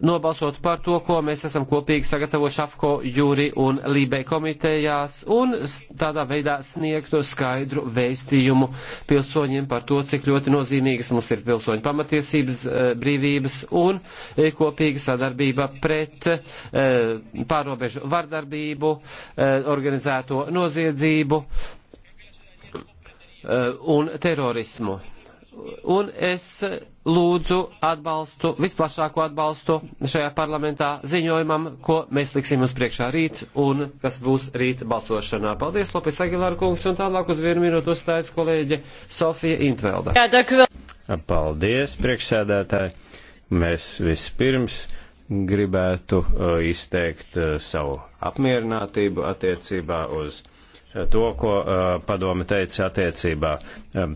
nobalsot par to, ko mēs esam kopīgi sagatavojuši AFCO, Jūri un Lībē komitejās, un tādā veidā sniegtu skaidru vēstījumu pilsoņiem par to, cik ļoti nozīmīgas mums ir pilsoņu pamatiesības, e, brīvības un e, kopīga sadarbība pret e, pārobežu vardarbību, organizēto noziedzību un terorismu un es lūdzu atbalstu, visplašāko atbalstu šajā parlamentā ziņojumam, ko mēs liksim uz priekšā rīt un kas būs rīt balsošanā. Paldies, Lopis Agilāra kungs, un tālāk uz vienu minūtu uzstājas kolēģe Sofija Intvelda. Paldies, priekšsēdētāji. Mēs vispirms gribētu uh, izteikt uh, savu apmierinātību attiecībā uz to, ko padome teica attiecībā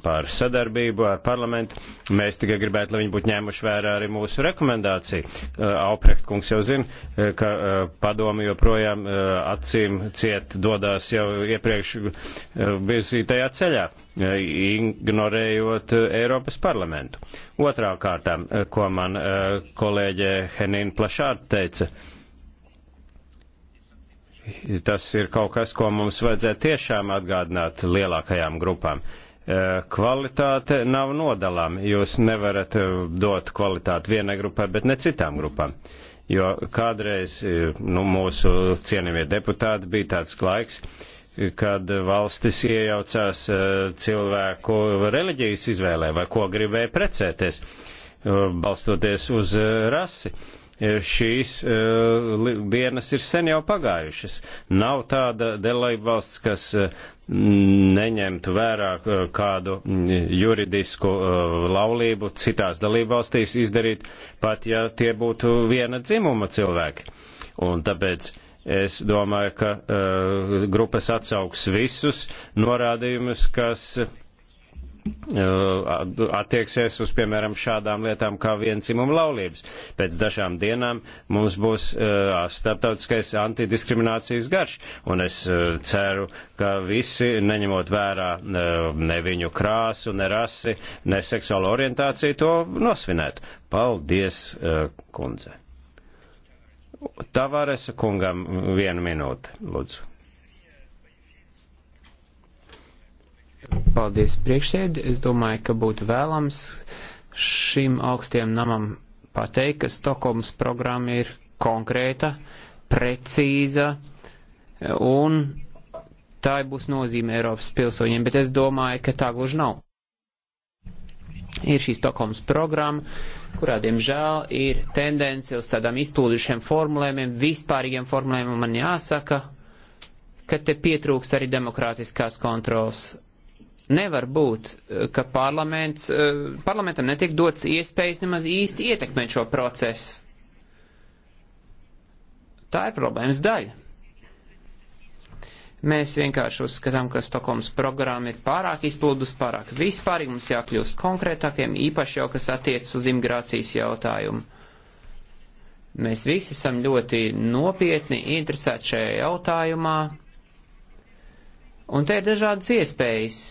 par sadarbību ar parlamentu. Mēs tikai gribētu, lai viņi būtu ņēmuši vērā arī mūsu rekomendāciju. Auprecht kungs jau zina, ka padome joprojām acīm ciet dodās jau iepriekš virzītajā ceļā, ignorējot Eiropas parlamentu. Otrā kārtā, ko man kolēģe Henīna Plašārta teica, Tas ir kaut kas, ko mums vajadzētu tiešām atgādināt lielākajām grupām. Eh, kvalitāte nav nodalām. Jūs nevarat eh, dot kvalitāti vienai grupai, bet ne citām grupām. Jo kādreiz eh, nu, mūsu cienījamie deputāti bija tāds laiks, kad valstis iejaucās cilvēku reliģijas izvēlē vai ko gribēja precēties, balstoties uz rasi. E, šīs e, dienas ir sen jau pagājušas. Nav tāda dalība valsts, kas e, neņemtu vērā kādu juridisku laulību citās dalībvalstīs izdarīt, pat ja tie būtu viena dzimuma cilvēki. Un tāpēc es domāju, ka grupas atsauks visus norādījumus, kas Uh, attieksies uz, piemēram, šādām lietām kā viencimuma laulības. Pēc dažām dienām mums būs uh, starptautiskais antidiskriminācijas garš, un es uh, ceru, ka visi, neņemot vērā uh, ne viņu krāsu, ne rasi, ne seksuālo orientāciju, to nosvinētu. Paldies, uh, kundze. Tavaresa kungam vienu minūti, lūdzu. Paldies priekšsēdi. Es domāju, ka būtu vēlams šim augstiem namam pateikt, ka Stokholmas programma ir konkrēta, precīza un tā būs nozīme Eiropas pilsoņiem, bet es domāju, ka tā gluži nav. Ir šī Stokholmas programma, kurā, diemžēl, ir tendence uz tādām izplūdušiem formulējumiem, vispārīgiem formulējumiem, man jāsaka, ka te pietrūkst arī demokrātiskās kontrols. Nevar būt, eh, ka parlaments, eh, parlamentam netiek dots iespējas nemaz īsti ietekmēt šo procesu. Tā ir problēmas daļa. Mēs vienkārši uzskatām, ka Stokholmas programma ir pārāk izplūdus, pārāk vispārīgi, mums jākļūst konkrētākiem, īpaši jau, kas attiecas uz imigrācijas jautājumu. Mēs visi esam ļoti nopietni interesēti šajā jautājumā, un te ir dažādas iespējas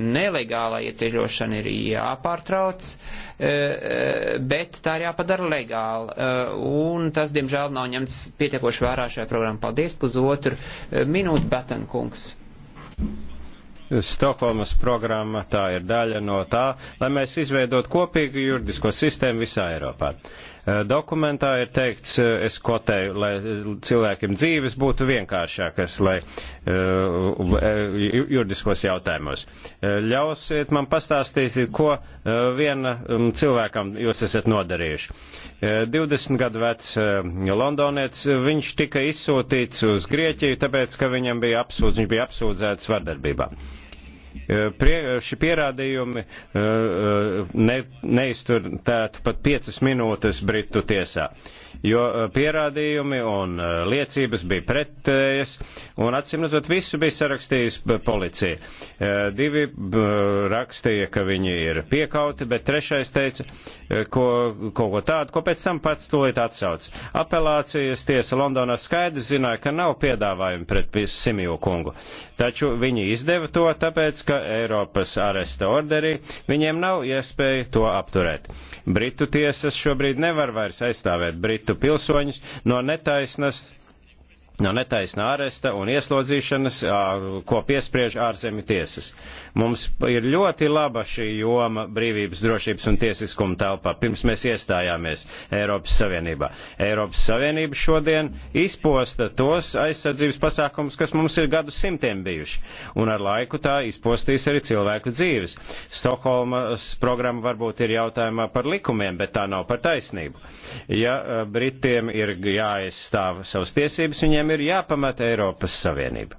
nelegālā ieceļošana ir jāpārtrauc, eh, eh, bet tā ir jāpadara legāli. Eh, un tas, diemžēl, nav ņemts pietiekoši vērā šajā programmā. Paldies, pusotru minūtu, Betankungs. Stokholmas programma tā ir daļa no tā, lai mēs izveidot kopīgu juridisko sistēmu visā Eiropā. Uh, Eh, dokumentā ir teikts, eh, es kotēju, lai eh, cilvēkiem dzīves būtu vienkāršākas, lai juridiskos jautājumos. Ļausiet man pastāstīt, ko viena mm, cilvēkam jūs esat nodarījuši. 20 gadu vecs londonietis, viņš tika izsūtīts uz Grieķiju, tāpēc, ka viņam bija apsūdz, viņš bija apsūdzēts vardarbībā. Eh, prie, šie pierādījumi eh, eh, ne, neizturētu pat piecas minūtes Britu tiesā jo eh, pierādījumi un eh, liecības bija pretējas, un atsimredzot visu bija sarakstījis policija. Eh, divi rakstīja, ka viņi ir piekauti, bet trešais teica ko, kaut ko tādu, ko pēc tam pats tūlīt atsauc. Apelācijas tiesa Londonā skaidrs zināja, ka nav piedāvājumi pret Simiju kungu, taču viņi izdeva to tāpēc, ka Eiropas aresta orderī viņiem nav iespēja to apturēt. Britu tiesas šobrīd nevar vairs aizstāvēt Britu citu pilsoņus no netaisnas no netaisnā aresta un ieslodzīšanas, ko piespriež ārzemju tiesas. Mums ir ļoti laba šī joma brīvības, drošības un tiesiskuma telpā, pirms mēs iestājāmies Eiropas Savienībā. Eiropas Savienība šodien izposta tos aizsardzības pasākumus, kas mums ir gadu simtiem bijuši, un ar laiku tā izpostīs arī cilvēku dzīves. Stokholmas programma varbūt ir jautājumā par likumiem, bet tā nav par taisnību. Ja eh, Britiem ir jāaizstāv savas tiesības, viņiem ir jāpamata Eiropas Savienība.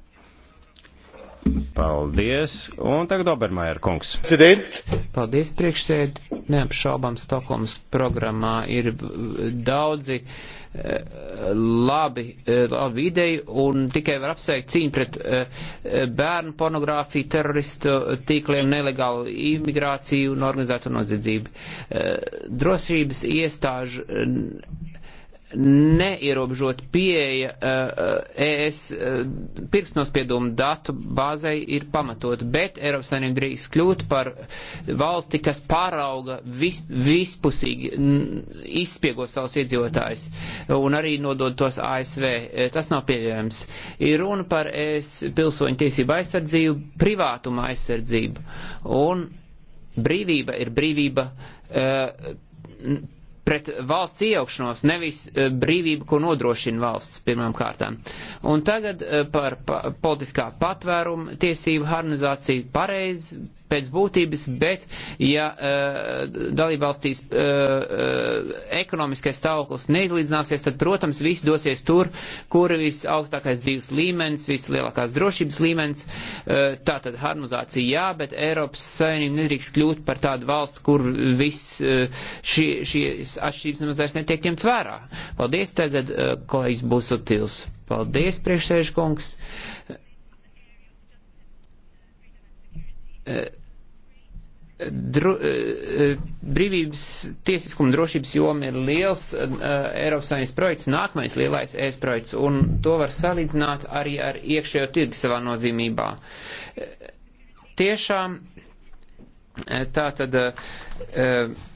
Paldies. Un tagad Obermajer kungs. Sidint. Paldies, priekšsēd. Neapšaubām Stokholmas programmā ir daudzi eh, labi, eh, labi ideju un tikai var apsveikt cīņu pret eh, bērnu pornogrāfiju, teroristu tīkliem, nelegālu imigrāciju un organizēto noziedzību. Drosības iestāžu neierobežot pieeja eh, eh, ES eh, pirkstnospiedumu datu bāzei ir pamatot, bet Eiropas Savienība drīkst kļūt par valsti, kas pārauga vis, vispusīgi, izspiego savus iedzīvotājus un arī nodod tos ASV. Tas nav pieļaujams. Ir runa par ES pilsoņu tiesību aizsardzību, privātuma aizsardzību un brīvība ir brīvība. Uh, pret valsts iejaukšanos, nevis eh, brīvību, ko nodrošina valsts pirmām kārtām. Un tagad eh, par politiskā patvēruma tiesību harmonizāciju pareizi pēc būtības, bet ja uh, dalībvalstīs uh, uh, ekonomiskais stāvoklis neizlīdzināsies, tad, protams, visi dosies tur, kur ir visaugstākais dzīves līmenis, vislielākās drošības līmenis. Uh, tā tad harmonizācija jā, bet Eiropas Savienība nedrīkst kļūt par tādu valstu, kur viss uh, šī, šīs atšķirības nemaz vairs netiek ņemts vērā. Paldies tagad, uh, kolēģis Busutils. Paldies, priekšsēžkungs. Uh, dru, eh, eh, brīvības, tiesiskuma drošības joma ir liels uh, Eiropas Savienības projekts, nākamais lielais ES projekts, un to var salīdzināt arī ar iekšējo tirgu savā nozīmībā. Tiešām tā tad uh,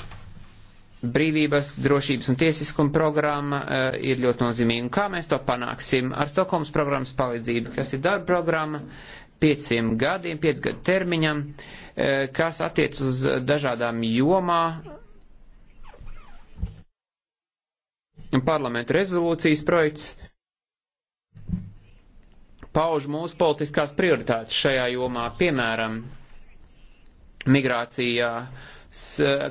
brīvības, drošības un tiesiskuma programma uh, ir ļoti nozīmīga. Un kā mēs to panāksim? Ar Stokholmas programmas palīdzību, kas ir darba programma, uh, pieciem gadiem, piec gadu termiņam, eh, kas attiec uz dažādām jomā. Parlamenta rezolūcijas projekts pauž mūsu politiskās prioritātes šajā jomā, piemēram, migrācijā, uh,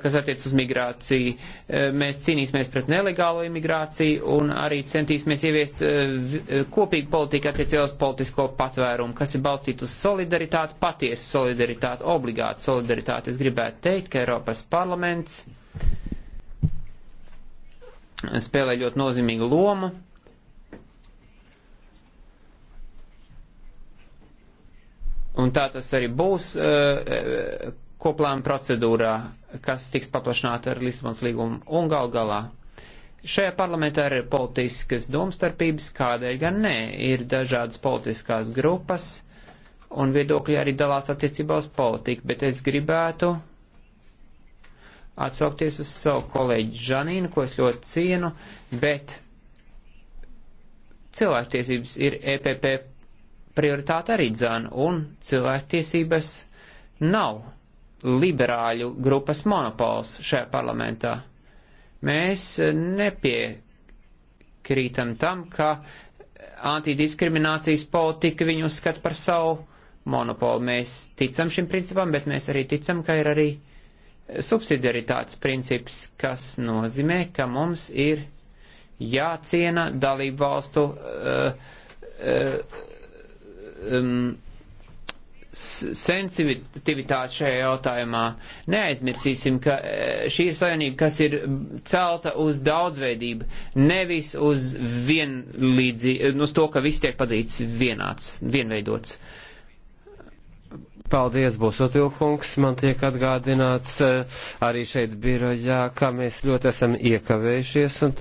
kas attiec uz migrāciju. E, mēs cīnīsimies pret nelegālo imigrāciju un arī centīsimies ieviest e, e, kopīgu politiku attiecībā uz politisko patvērumu, kas ir balstīta uz solidaritāti, patiesu solidaritāti, obligātu solidaritāti. Es gribētu teikt, ka Eiropas parlaments spēlē ļoti nozīmīgu lomu. Un tā tas arī būs. Uh, koplēma procedūrā, kas tiks paplašināta ar Lisabons līgumu un gal galā. Šajā parlamentā ir politiskas domstarpības, kādēļ gan nē, ir dažādas politiskās grupas un viedokļi arī dalās attiecībā uz politiku, bet es gribētu atsaukties uz savu kolēģi Žanīnu, ko es ļoti cienu, bet cilvēktiesības ir EPP prioritāte arī dzēna un cilvēktiesības nav liberāļu grupas monopols šajā parlamentā. Mēs nepiekrītam tam, ka antidiskriminācijas politika viņu uzskata par savu monopolu. Mēs ticam šim principam, bet mēs arī ticam, ka ir arī subsidiaritātes princips, kas nozīmē, ka mums ir jāciena dalību valstu uh, uh, um, sensitivitāti šajā jautājumā. Neaizmirsīsim, ka e, šī ir savienība, kas ir celta uz daudzveidību, nevis uz, vienlīdzi, uz to, ka viss tiek padīts vienāds, vienveidots. Paldies, Bosotilkungs. Man tiek atgādināts e, arī šeit birojā, ka mēs ļoti esam iekavējušies. Un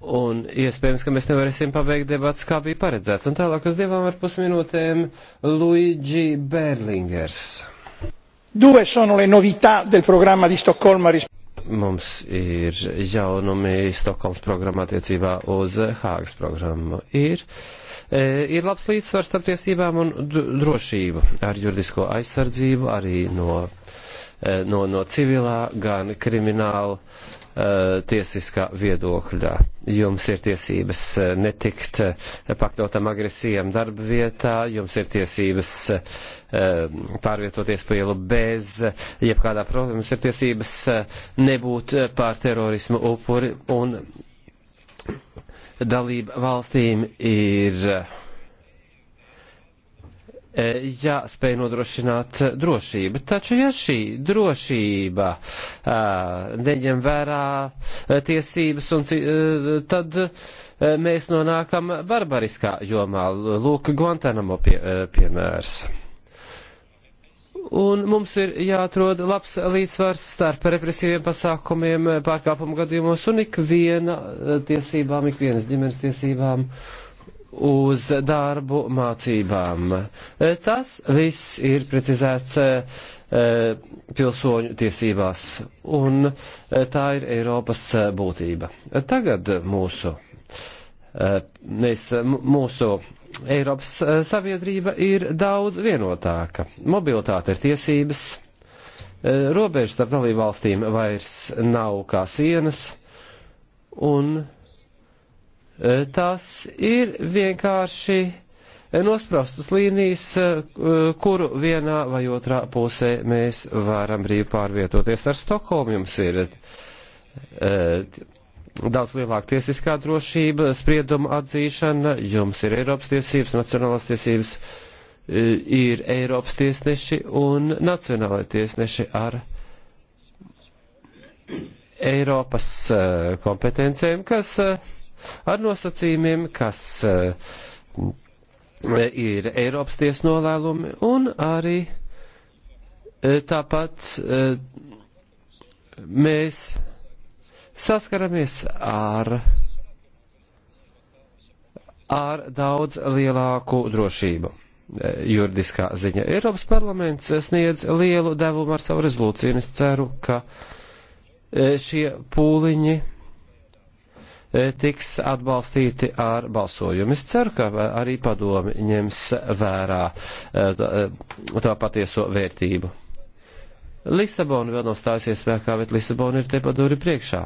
Un iespējams, ka mēs nevarēsim pabeigt debats, kā bija paredzēts. Un tālāk uz divām ar pusminūtēm Luigi Berlingers. Due sono le novità del programma di Stoccolma. Mums ir jaunumi Stokholmas programmā attiecībā uz Hāgas programmu. Ir, e, ir labs līdzsvars starp tiesībām un drošību ar juridisko aizsardzību arī no, e, no, no civilā gan krimināla Eh, tiesiskā viedokļa. Jums ir tiesības eh, netikt eh, pakļautam agresijam darba vietā, jums ir tiesības pārvietoties pa ielu bez jebkādā problēma, jums ir tiesības nebūt pār terorismu upuri un dalība valstīm ir Eh, jāspēj nodrošināt drošību. Taču, ja šī drošība eh, neņem vērā eh, tiesības, un, tad mēs nonākam barbariskā jomā. Lūk, Guantanamo pie, piemērs. Un mums ir jāatrod labs līdzsvars starp represīviem pasākumiem, pārkāpumu gadījumos un ikviena tiesībām, ikvienas ģimenes tiesībām. Uh, uz darbu mācībām. Tas viss ir precizēts eh, pilsoņu tiesībās, un eh, tā ir Eiropas eh, būtība. Tagad mūsu, mēs, mūsu Eiropas sabiedrība ir daudz vienotāka. Mobilitāte ir tiesības, robežas starp dalībvalstīm vairs nav kā sienas, un Eh, Tās ir vienkārši eh, nospraustas līnijas, eh, kuru vienā vai otrā pusē mēs varam brīvi pārvietoties. Ar Stokholmu jums ir daudz lielāka tiesiskā drošība, sprieduma atzīšana, jums ir Eiropas tiesības, nacionālās tiesības, ir Eiropas tiesneši un nacionālai tiesneši ar Eiropas kompetencēm, kas uh, ar nosacījumiem, kas eh, ir Eiropas ties nolēlumi un arī eh, tāpat eh, mēs saskaramies ar ar daudz lielāku drošību. Juridiskā ziņa. Eiropas parlaments sniedz lielu devumu ar savu rezolūciju, un es ceru, ka šie pūliņi E, tiks atbalstīti ar balsojumu. Es ceru, ka e, arī padomi ņems vērā e, tā patieso vērtību. Lisabona vēl nav stājusies spēkā, bet Lisabona ir te padori priekšā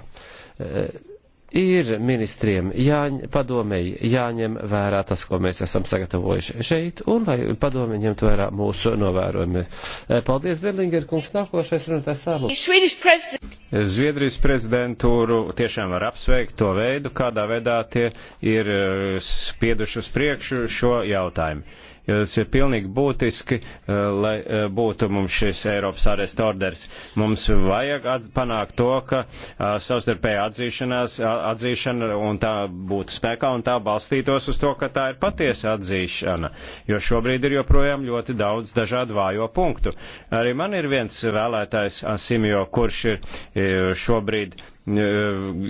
ir ministriem jāņ, padomēji jāņem vērā tas, ko mēs esam sagatavojuši šeit, un lai padomē ņemt vērā mūsu novērojumi. Eh, paldies, Berlinger kungs, nākošais runātājs sākums. Zviedrijas prezidentūru tiešām var apsveikt to veidu, kādā veidā tie ir eh, spieduši uz priekšu šo jautājumu jo tas ir pilnīgi būtiski, eh, lai eh, būtu mums šis Eiropas aresta orders. Mums vajag panākt to, ka eh, savstarpēja atzīšanās, atzīšana un tā būtu spēkā un tā balstītos uz to, ka tā ir patiesa atzīšana, jo šobrīd ir joprojām ļoti daudz dažādu vājo punktu. Arī man ir viens vēlētājs Asimjo, kurš ir šobrīd E,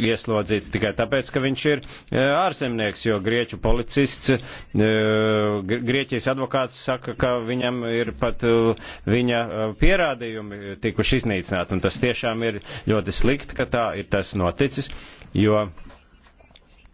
ieslodzīts tikai tāpēc, ka viņš ir e, ārzemnieks, jo grieķu policists, e, grieķijas advokāts saka, ka viņam ir pat viņa pierādījumi tikuši iznīcināti, un tas tiešām ir ļoti slikti, ka tā ir tas noticis, jo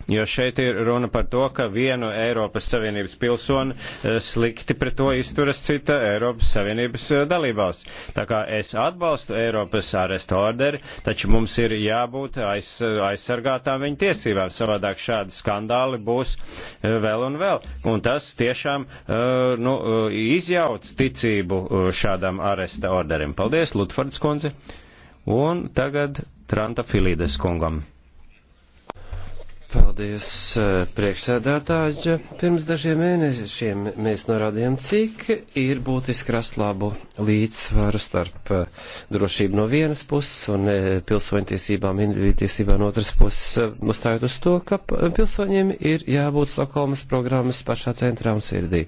jo šeit ir runa par to, ka vienu Eiropas Savienības pilsoni eh, slikti pret to izturas cita Eiropas Savienības eh, dalībās. Tā kā es atbalstu Eiropas arestu orderi, taču mums ir jābūt aiz, aizsargātām viņa tiesībām, savādāk šādi skandāli būs eh, vēl un vēl. Un tas tiešām nu, izjauc ticību šādam aresta orderim. Paldies, Lutfords kundze! Un tagad Tranta Filīdes kungam. Paldies, eh, priekšsēdētāji. Pirms dažiem mēnešiem mēs norādījām, cik ir būtiski rast labu līdzsvaru starp eh, drošību no vienas puses un eh, pilsoņtiesībām, individuāltiesībām no otras puses, uzstājot uz to, ka pilsoņiem ir jābūt Stokholmas programmas pašā centrā un sirdī.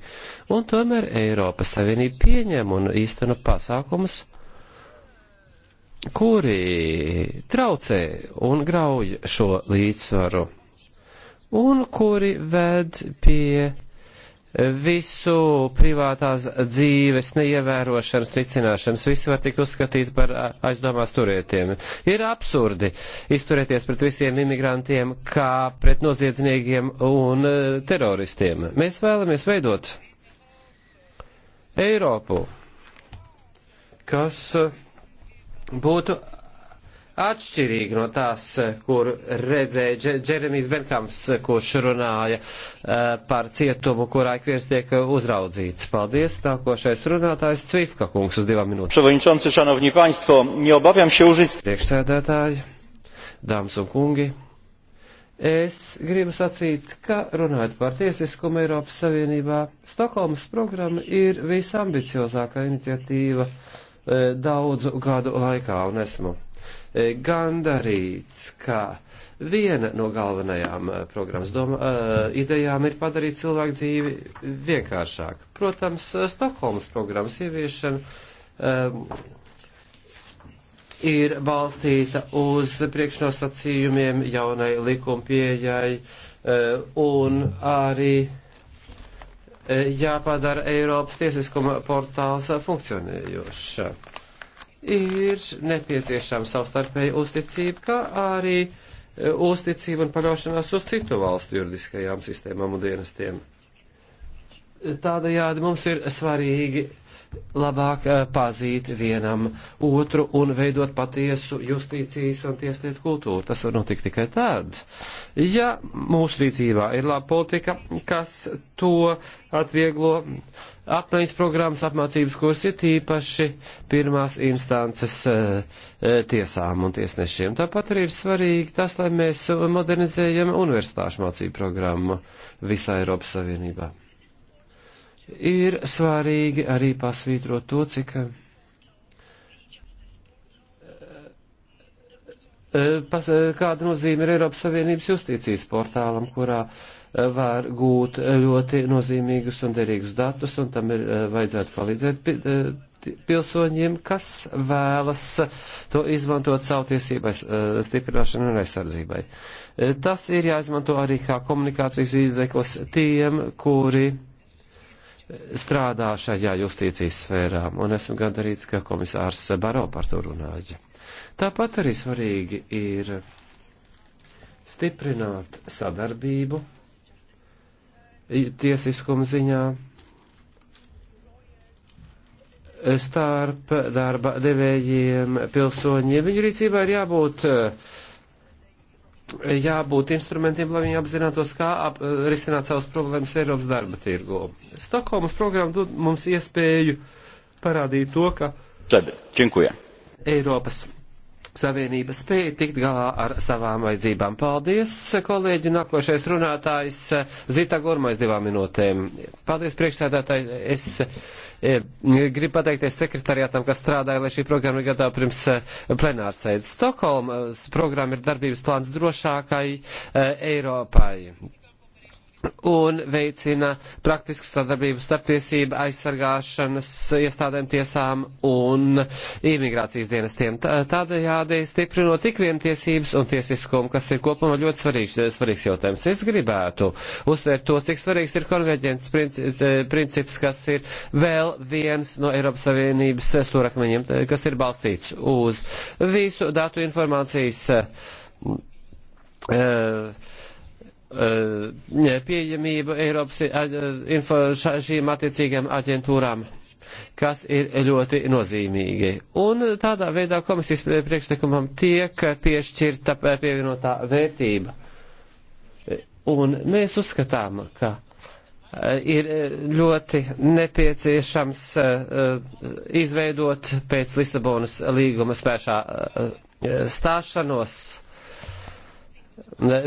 Un tomēr Eiropas Savienība pieņem un īsteno pasākumus, kuri traucē un grauj šo līdzsvaru un kuri ved pie visu privātās dzīves neievērošanas, nicināšanas. Visi var tikt uzskatīti par aizdomās turietiem. Ir absurdi izturēties pret visiem imigrantiem kā pret noziedzniekiem un e, teroristiem. Mēs vēlamies veidot Eiropu, kas e, būtu atšķirīgi no tās, kur redzēja Džeremijs Benkams, kurš runāja eh, par cietumu, kurā ik viens tiek uzraudzīts. Paldies, nākošais runātājs Cvifka kungs uz divām minūtēm. Priekšsēdētāji, dāmas un kungi. Es gribu sacīt, ka runājot par tiesiskumu Eiropas Savienībā, Stokholmas programma ir visambiciozākā iniciatīva e, daudzu gadu laikā, un esmu E, gandarīts, ka viena no galvenajām e, programmas doma, e, idejām ir padarīt cilvēku dzīvi vienkāršāk. Protams, Stokholmas programmas ieviešana um, ir balstīta uz priekšnosacījumiem jaunai likuma pieejai uh, un arī uh, jāpadara Eiropas tiesiskuma portāls funkcionējošs ir nepieciešama savstarpēja uzticība, kā arī e, uzticība un paļaušanās uz citu valstu juridiskajām sistēmām un dienestiem. Tādējādi mums ir svarīgi labāk eh, pazīt vienam otru un veidot patiesu justīcijas un tieslietu kultūru. Tas var notikt tikai tad, ja mūsu rīcībā ir laba politika, kas to atvieglo. Apmaiņas programmas apmācības kursi ir tīpaši pirmās instances eh, tiesām un tiesnešiem. Tāpat arī ir svarīgi tas, lai mēs modernizējam universitāšu mācību programmu visā Eiropas Savienībā ir svarīgi arī pasvītrot to, cik eh, eh, pas, eh, kāda nozīme ir Eiropas Savienības justīcijas portālam, kurā var gūt ļoti nozīmīgus un derīgus datus, un tam ir vajadzētu palīdzēt pilsoņiem, kas vēlas to izmantot savu tiesībai stiprināšanai un aizsardzībai. Tas ir jāizmanto arī kā komunikācijas izdeklis tiem, kuri strādā šajā justīcijas sfērā, un esmu gandarīts, ka komisārs Baro par to runāja. Tāpat arī svarīgi ir stiprināt sadarbību tiesiskuma ziņā starp darba devējiem, pilsoņiem. Viņu rīcībā ir jābūt uh, jābūt instrumentiem, lai viņi apzinātos, kā ap, risināt savas problēmas Eiropas darba tirgu. Stokholmas programma dod mums iespēju parādīt to, ka Čad, Eiropas Savienība spēja tikt galā ar savām vajadzībām. Paldies, kolēģi. Nākošais runātājs eh, Zita Gormais divām minūtēm. Paldies, priekšsēdētāji. Es e, gribu pateikties sekretariātam, kas strādāja, lai šī programma ir gatava pirms eh, plenārsēdes. Stokholmas programma ir darbības plāns drošākai e, Eiropai un veicina praktisku sadarbību starp tiesību aizsargāšanas iestādēm, tiesām un imigrācijas dienestiem. Tādējādi stiprinot tik vien tiesības un tiesiskumu, kas ir kopumā ļoti svarīgs, svarīgs jautājums. Es gribētu uzsvērt to, cik svarīgs ir konverģents princips, kas ir vēl viens no Eiropas Savienības stūrakmeņiem, kas ir balstīts uz visu datu informācijas. Uh, Uh, pieejamību Eiropas uh, info šīm attiecīgām aģentūrām kas ir ļoti nozīmīgi. Un tādā veidā komisijas priekšlikumam tiek piešķirta pievienotā vērtība. Un mēs uzskatām, ka uh, ir ļoti nepieciešams izveidot pēc Lisabonas līguma spēšā stāšanos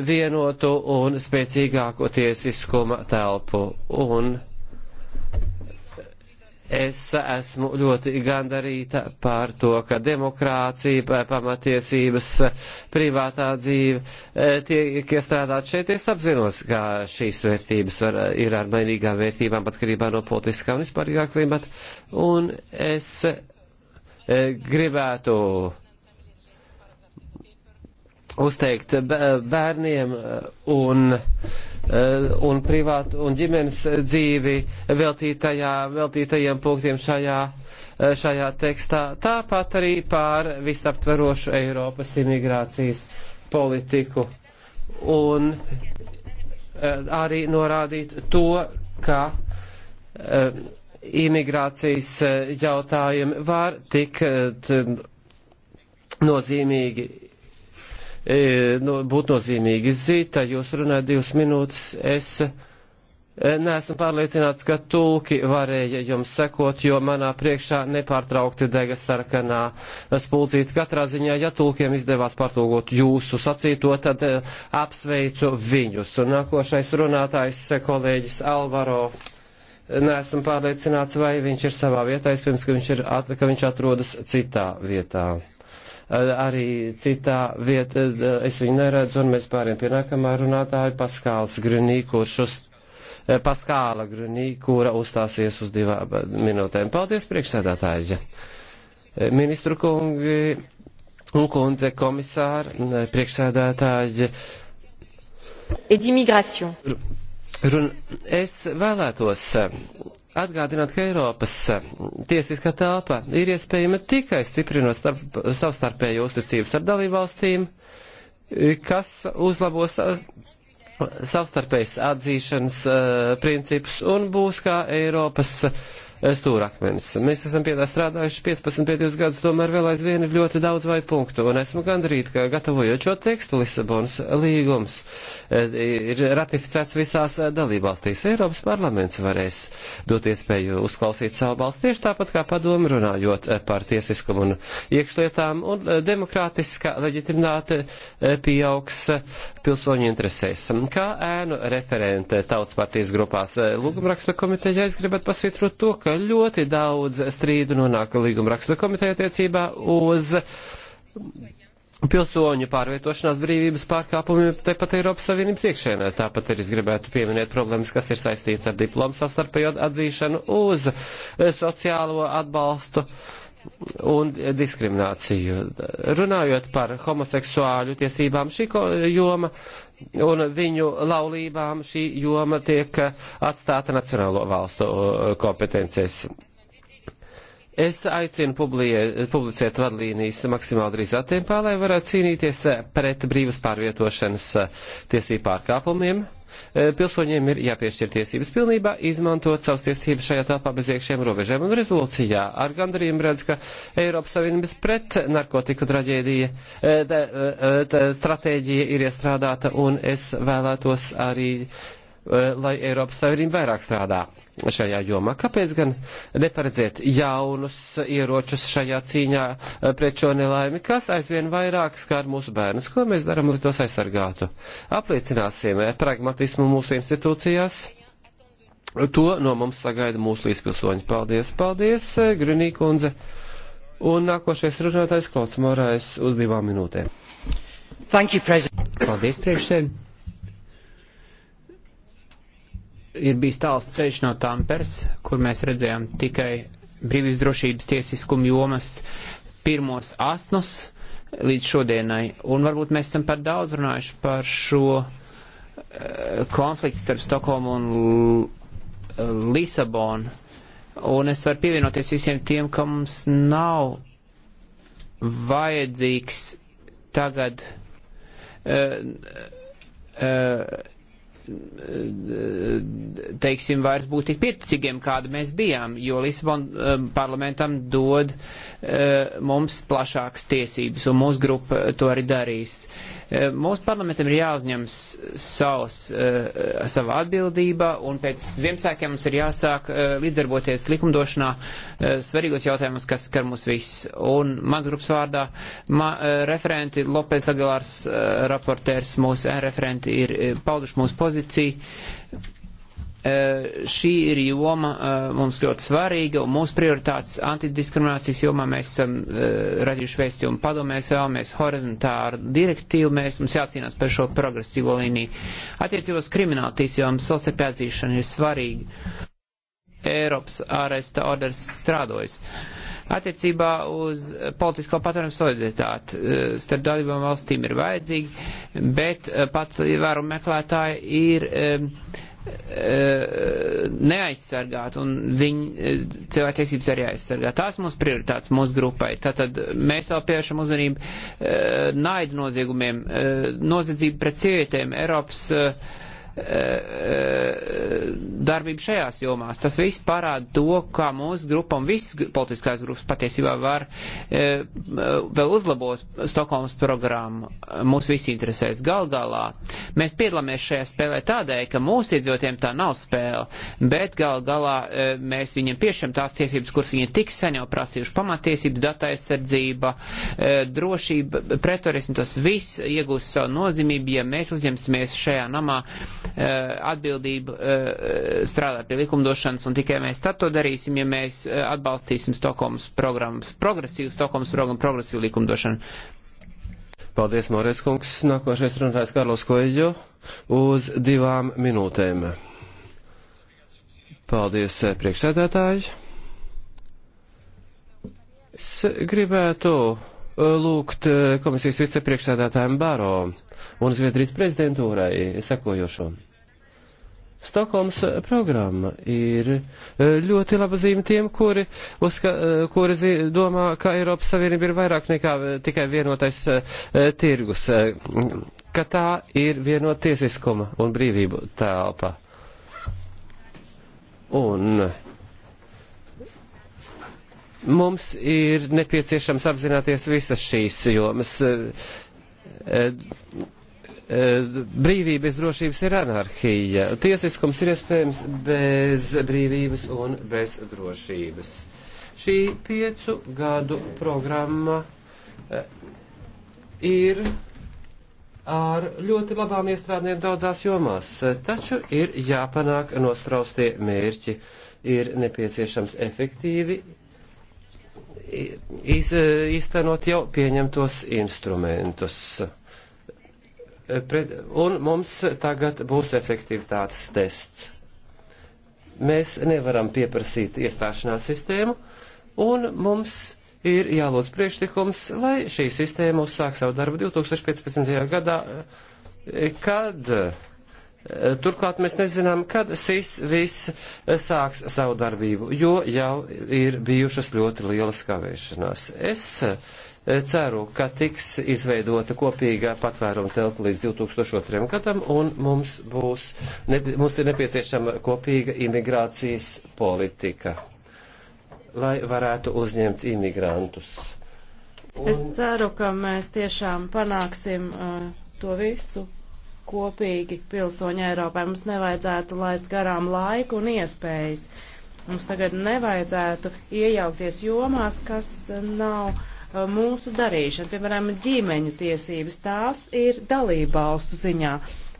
vienotu un spēcīgāku tiesiskuma telpu. Un es esmu ļoti gandarīta par to, ka demokrācija, pamatiesības, privātā dzīve e, tiek iestrādāt šeit. Es apzinos, ka šīs vērtības var, ir ar mainīgām vērtībām atkarībā no politiskā un vispārīgā klimata. Un es e, gribētu uzteikt bērniem uh, un, uh, un privātu un ģimenes dzīvi veltītajā, veltītajiem punktiem šajā, uh, šajā tekstā. Tāpat arī pār visaptverošu Eiropas imigrācijas politiku. Un arī norādīt to, ka imigrācijas jautājumi var tik nozīmīgi E, no, nu, būtu nozīmīgi. Zita, jūs runājat divas minūtes, es. E, neesmu pārliecināts, ka tulki varēja jums sekot, jo manā priekšā nepārtraukti dega sarkanā spulcīt. Katrā ziņā, ja tulkiem izdevās pārtulkot jūsu sacīto, tad e, apsveicu viņus. Un nākošais runātājs kolēģis Alvaro. Neesmu pārliecināts, vai viņš ir savā vietā, es pirms, ka viņš, ir, ka viņš atrodas citā vietā arī citā vietā es viņu neredzu, un mēs pāriem pie nākamā runātāja Paskāls Grunī, kurš uz Paskāla Grunī, kura uzstāsies uz divām minūtēm. Paldies, priekšsēdētāji! Ministru kungi un kundze komisāri, priekšsēdētāji. Et d'immigration. Run, es vēlētos atgādināt, ka Eiropas eh, tiesiskā telpa ir iespējama tikai stiprinot starp, savstarpēju uzticības ar dalībvalstīm, eh, kas uzlabos eh, savstarpējas atzīšanas principus un būs kā Eiropas uh, stūrakmenis. Mēs esam pie tā strādājuši 15-20 gadus, tomēr vēl aizvien ir ļoti daudz vai punktu, un esmu gandrīt, ka gatavojot šo tekstu Lisabonas līgums e, ir ratificēts visās e, dalībvalstīs. Eiropas parlaments varēs dot iespēju uzklausīt savu balstu tieši tāpat kā padomu runājot e, par tiesiskumu un iekšlietām, un demokrātiska leģitimitāte pieaugs pilsoņu interesēs. Kā ēnu referente tautas partijas grupās lūgumraksta komiteja, es gribētu pasvitrot to, ka ka ļoti daudz strīdu nonāk līguma rakstura komiteja attiecībā uz pilsoņu pārvietošanās brīvības pārkāpumiem tepat Eiropas Savienības iekšēnē. Tāpat arī es gribētu pieminēt problēmas, kas ir saistīts ar diplomu savstarpējo atzīšanu uz sociālo atbalstu. Uh, un diskrimināciju. Runājot par homoseksuāļu tiesībām, šī joma un viņu laulībām šī joma tiek atstāta nacionālo valstu kompetences. Es aicinu publie, publicēt vadlīnijas maksimāli drīz attempā, lai varētu cīnīties pret brīvas pārvietošanas tiesību pārkāpumiem Eh, pilsoņiem ir jāpiešķir tiesības pilnībā izmantot savas tiesības šajā telpā bez iekšējiem robežiem. Un rezolūcijā ar gandarījumu redz, ka Eiropas Savienības pret narkotiku traģēdija eh, eh, stratēģija ir iestrādāta un es vēlētos arī Eh, lai Eiropas Savienība vairāk strādā šajā jomā. Kāpēc gan neparedzēt jaunus ieročus šajā cīņā eh, pret šo nelaimi, kas aizvien vairāk skār mūsu bērnus? Ko mēs darām, lai tos aizsargātu? Apliecināsim eh, pragmatismu mūsu institūcijās. To no mums sagaida mūsu līdzpilsoņi. Paldies, paldies, Grunīkundze. Un nākošais runātājs Klauds Morais uz divām minūtēm. Thank you, President. Paldies, priekšsēdētāji ir bijis tāls ceļš no Tampers, kur mēs redzējām tikai brīvības drošības tiesiskuma jomas pirmos asnus līdz šodienai. Un varbūt mēs esam par daudz runājuši par šo eh, konflikts starp Stokholmu un eh, Lisabonu. Un es varu pievienoties visiem tiem, ka mums nav vajadzīgs tagad uh, uh, teiksim, vairs būt tik pieticīgiem, kāda mēs bijām, jo Lisabon eh, parlamentam dod eh, mums plašākas tiesības, un mūsu grupa to arī darīs. Uh, E, mūsu parlamentam ir jāuzņems savs, e, sava atbildība, un pēc Ziemassvētkiem mums ir jāsāk e, līdzdarboties likumdošanā svarīgos jautājumus, kas skar mūs visus. Un mans grupas vārdā ma, referenti Lopez Agilārs raportērs, mūsu referenti ir pauduši mūsu pozīciju Eh, šī ir joma eh, mums ļoti svarīga, un mūsu prioritātes antidiskriminācijas jomā mēs esam eh, radījuši vēstījumu padomēs, vēlamies horizontāru direktīvu, mēs mums jācīnās par šo progresīvo līniju. Attiecībos krimināla tīsībām sastarpē atzīšana ir svarīga. Eiropas āresta orders strādojas. Attiecībā uz politisko patvērumu solidaritāti starp dalībām valstīm ir vajadzīgi, bet patvērumu meklētāji ir. Um, Eh, neaizsargāti un viņa eh, cilvēktiesības arī aizsargā. Tās mūsu prioritātes mūsu grupai. Tātad mēs vēl pievēršam uzmanību eh, naidu noziegumiem, noziedzību pret sievietēm, Eiropas uh, darbību šajās jomās. Tas viss parāda to, kā mūsu grupa un visas politiskās grupas patiesībā var e, vēl uzlabot Stokholmas programmu. Mūs visi interesēs gal galā. Mēs piedalāmies šajā spēlē tādēļ, ka mūsu iedzīvotiem tā nav spēle, bet gal galā e, mēs viņiem piešķiram tās tiesības, kuras viņi tik sen jau prasījuši - pamatiesības, data aizsardzība, e, drošība, pretorisms, tas viss iegūst savu nozīmību, ja mēs uzņemsimies šajā namā Eh, atbildību eh, strādāt pie likumdošanas, un tikai mēs tad to darīsim, ja mēs eh, atbalstīsim Stokholmas programmas, progresīvu Stokholmas programmu, progresīvu likumdošanu. Paldies, Mores kungs. Nākošais runātājs Karlos Koļļo uz divām minūtēm. Paldies, priekšsēdētāji. Es gribētu lūgt komisijas vicepriekšsēdētājiem Baro un Zviedrijas prezidentūrai sekojošo. Stokholmas programma ir e, ļoti laba zīme tiem, kuri, uzka, e, kuri zi, domā, ka Eiropas Savienība ir vairāk nekā e, tikai vienotais tirgus, ka tā ir vienot tiesiskuma un brīvību telpa. Un mums ir nepieciešams apzināties visas šīs jomas. Eh, brīvība bez drošības ir anarhija. Tiesiskums ir iespējams bez brīvības un bez drošības. Šī piecu gadu programma eh, ir ar ļoti labām iestrādēm daudzās jomās, taču ir jāpanāk nospraustie mērķi, ir nepieciešams efektīvi iz, iztenot jau pieņemtos instrumentus un mums tagad būs efektivitātes tests. Mēs nevaram pieprasīt iestāšanās sistēmu, un mums ir jālūdz priekšlikums, lai šī sistēma uzsāk savu darbu 2015. gadā, kad Turklāt mēs nezinām, kad SIS viss sāks savu darbību, jo jau ir bijušas ļoti lielas kavēšanās. Es Ceru, ka tiks izveidota kopīgā patvēruma telpa līdz 2002. gadam, un mums, būs, ne, mums ir nepieciešama kopīga imigrācijas politika, lai varētu uzņemt imigrantus. Un... Es ceru, ka mēs tiešām panāksim uh, to visu kopīgi pilsoņu Eiropai. Mums nevajadzētu laist garām laiku un iespējas. Mums tagad nevajadzētu iejaukties jomās, kas uh, nav Uh, mūsu darīšana, piemēram, ģimeņu tiesības, tās ir dalībvalstu ziņā.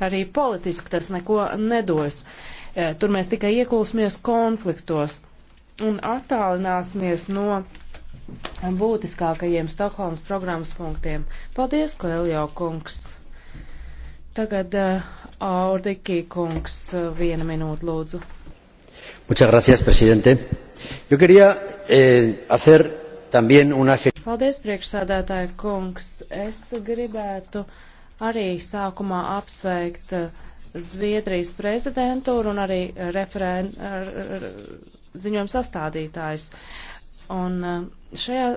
Arī politiski tas neko nedos. Uh, tur mēs tikai iekulsimies konfliktos un attālināsimies no būtiskākajiem Stokholmas programmas punktiem. Paldies, Koeljo kungs! Tagad uh, Aurdikī kungs, uh, viena minūte lūdzu. Muchas gracias, presidente. Yo quería eh, hacer también una. Paldies, priekšsādātāja kungs. Es gribētu arī sākumā apsveikt uh, Zviedrijas prezidentūru un arī referēn, ziņojumu sastādītājus. Un uh, šajā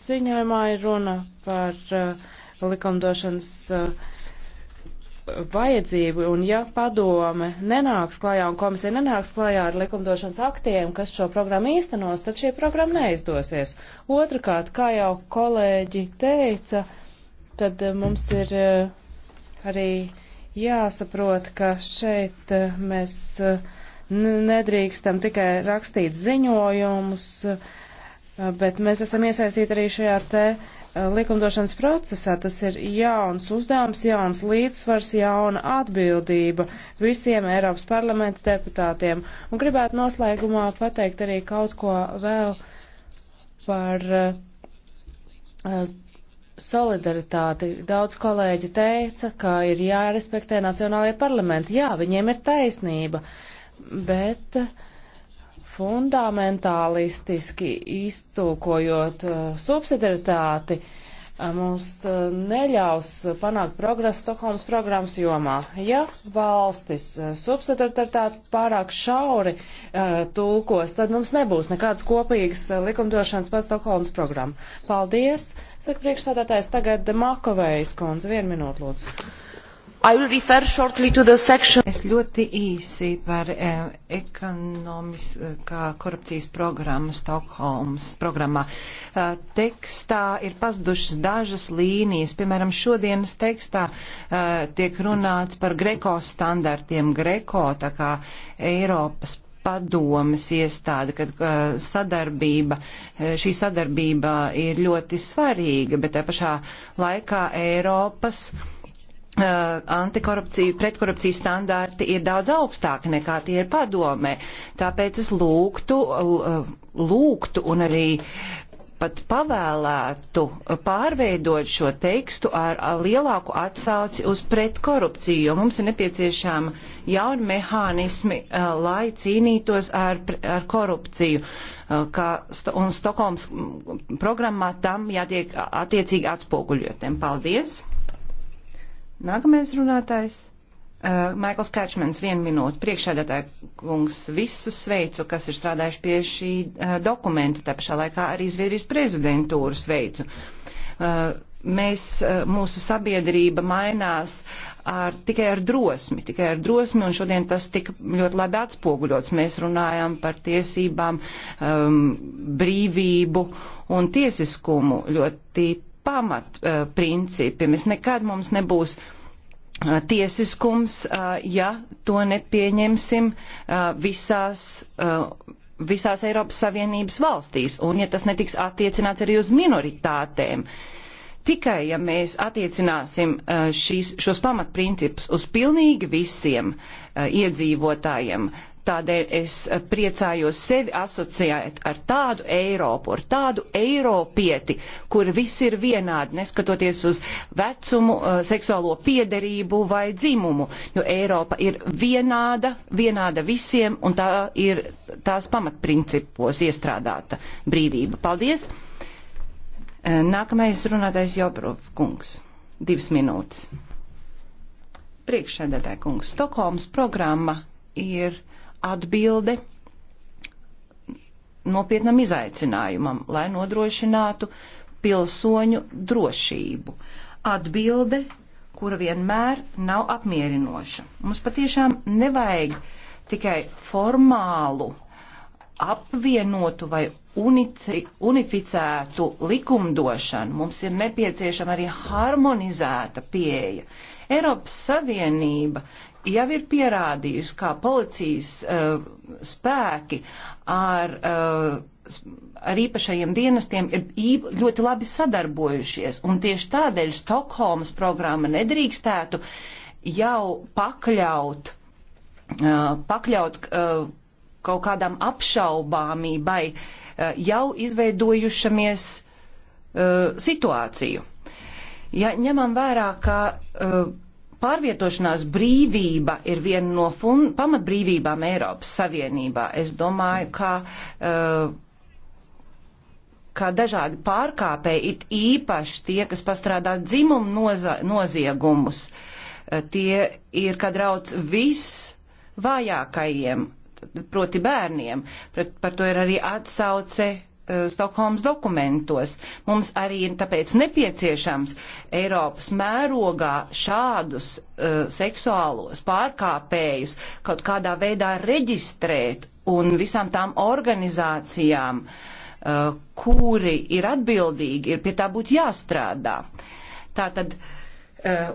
ziņojumā ir runa par uh, likumdošanas vajadzību, un ja padome nenāks klajā un komisija nenāks klajā ar likumdošanas aktiem, kas šo programmu īstenos, tad šī programma neizdosies. Otrakārt, kā jau kolēģi teica, tad eh, mums ir eh, arī jāsaprot, ka šeit eh, mēs nedrīkstam tikai rakstīt ziņojumus, bet mēs esam iesaistīti arī šajā te uh, Eh, likumdošanas procesā. Tas ir jauns uzdevums, jauns līdzsvars, jauna atbildība visiem Eiropas parlamenta deputātiem. Un gribētu noslēgumā pateikt arī kaut ko vēl par uh, solidaritāti. Daudz kolēģi teica, ka ir jārespektē nacionālajie parlamenti. Jā, viņiem ir taisnība, bet. Uh, fundamentālistiski iztūkojot uh, subsidiaritāti, uh, mums uh, neļaus panākt progresu Stokholmas programmas jomā. Ja valstis uh, subsidiaritāti pārāk šauri uh, tulkos, tad mums nebūs nekādas kopīgas uh, likumdošanas pēc Stokholmas programmu. Paldies! Saka priekšsādātājs tagad Makovējas kundze. Vienu minūtu, lūdzu. Es ļoti īsi par e, eh, ekonomiskā korupcijas programmu Stokholmas programmā. E, tekstā ir pazudušas dažas līnijas. Piemēram, šodienas tekstā e, tiek runāts par Greko standartiem. Greko, tā kā Eiropas padomas iestāde, kad uh, sadarbība, šī sadarbība ir ļoti svarīga, bet te pašā laikā Eiropas uh, Eh, antikorupcija, pretkorupcijas standarti ir daudz augstāki nekā tie ir padomē. Tāpēc es lūgtu, eh, lūgtu un arī pat pavēlētu pārveidot šo tekstu ar lielāku atsauci uz pretkorupciju, jo mums ir nepieciešama jauni mehānismi, eh, lai cīnītos ar, ar korupciju. Kā, un Stokholmas programmā tam jātiek attiecīgi atspoguļotiem. Paldies! Nākamais runātājs uh, - Maikls Kačmans, vienu minūtu. Priekšādātāja kungs visus sveicu, kas ir strādājuši pie šī uh, dokumenta, tā pašā laikā arī Zviedrijas prezidentūru sveicu. Uh, mēs, uh, mūsu sabiedrība mainās ar, tikai ar drosmi, tikai ar drosmi, un šodien tas tika ļoti labi atspoguļots. Mēs runājam par tiesībām, um, brīvību un tiesiskumu ļoti pamatprincipi. Eh, mēs nekad mums nebūs eh, tiesiskums, eh, ja to nepieņemsim visās, visās Eiropas Savienības valstīs un ja tas netiks attiecināts arī uz minoritātēm. Tikai ja mēs attiecināsim šīs, šos pamatprincipus uz pilnīgi visiem iedzīvotājiem, Tādēļ es priecājos sevi asociēt ar tādu Eiropu, ar tādu Eiropieti, kur viss ir vienādi, neskatoties uz vecumu, eh, seksuālo piederību vai dzimumu. Jo Eiropa ir vienāda, vienāda visiem, un tā ir tās pamatprincipos iestrādāta brīvība. Paldies! Eh, nākamais runātais Jobrov kungs. Divas minūtes priekšsēdētāja kungs, Stokholmas programma ir atbilde nopietnam izaicinājumam, lai nodrošinātu pilsoņu drošību. Atbilde, kura vienmēr nav apmierinoša. Mums patiešām nevajag tikai formālu, apvienotu vai unici, unificētu likumdošanu. Mums ir nepieciešama arī harmonizēta pieeja. Eiropas Savienība jau ir pierādījusi, kā policijas uh, spēki ar, uh, ar īpašajiem dienestiem ir īp, ļoti labi sadarbojušies. Un tieši tādēļ Stokholmas programma nedrīkstētu jau pakļaut, uh, pakļaut uh, kaut kādām apšaubāmībai uh, jau izveidojušamies uh, situāciju. Ja ņemam vērā, ka uh, pārvietošanās brīvība ir viena no fun, pamatbrīvībām Eiropas Savienībā. Es domāju, ka, eh, ka dažādi pārkāpēji, it īpaši tie, kas pastrādā dzimumu noza, noziegumus, eh, tie ir, kad rauc viss vājākajiem, proti bērniem. Par to ir arī atsauce Eh, Stokholmas dokumentos. Mums arī ir tāpēc nepieciešams Eiropas mērogā šādus uh, seksuālos pārkāpējus kaut kādā veidā reģistrēt un visām tām organizācijām, uh, kuri ir atbildīgi, ir pie tā būtu jāstrādā. Tātad uh,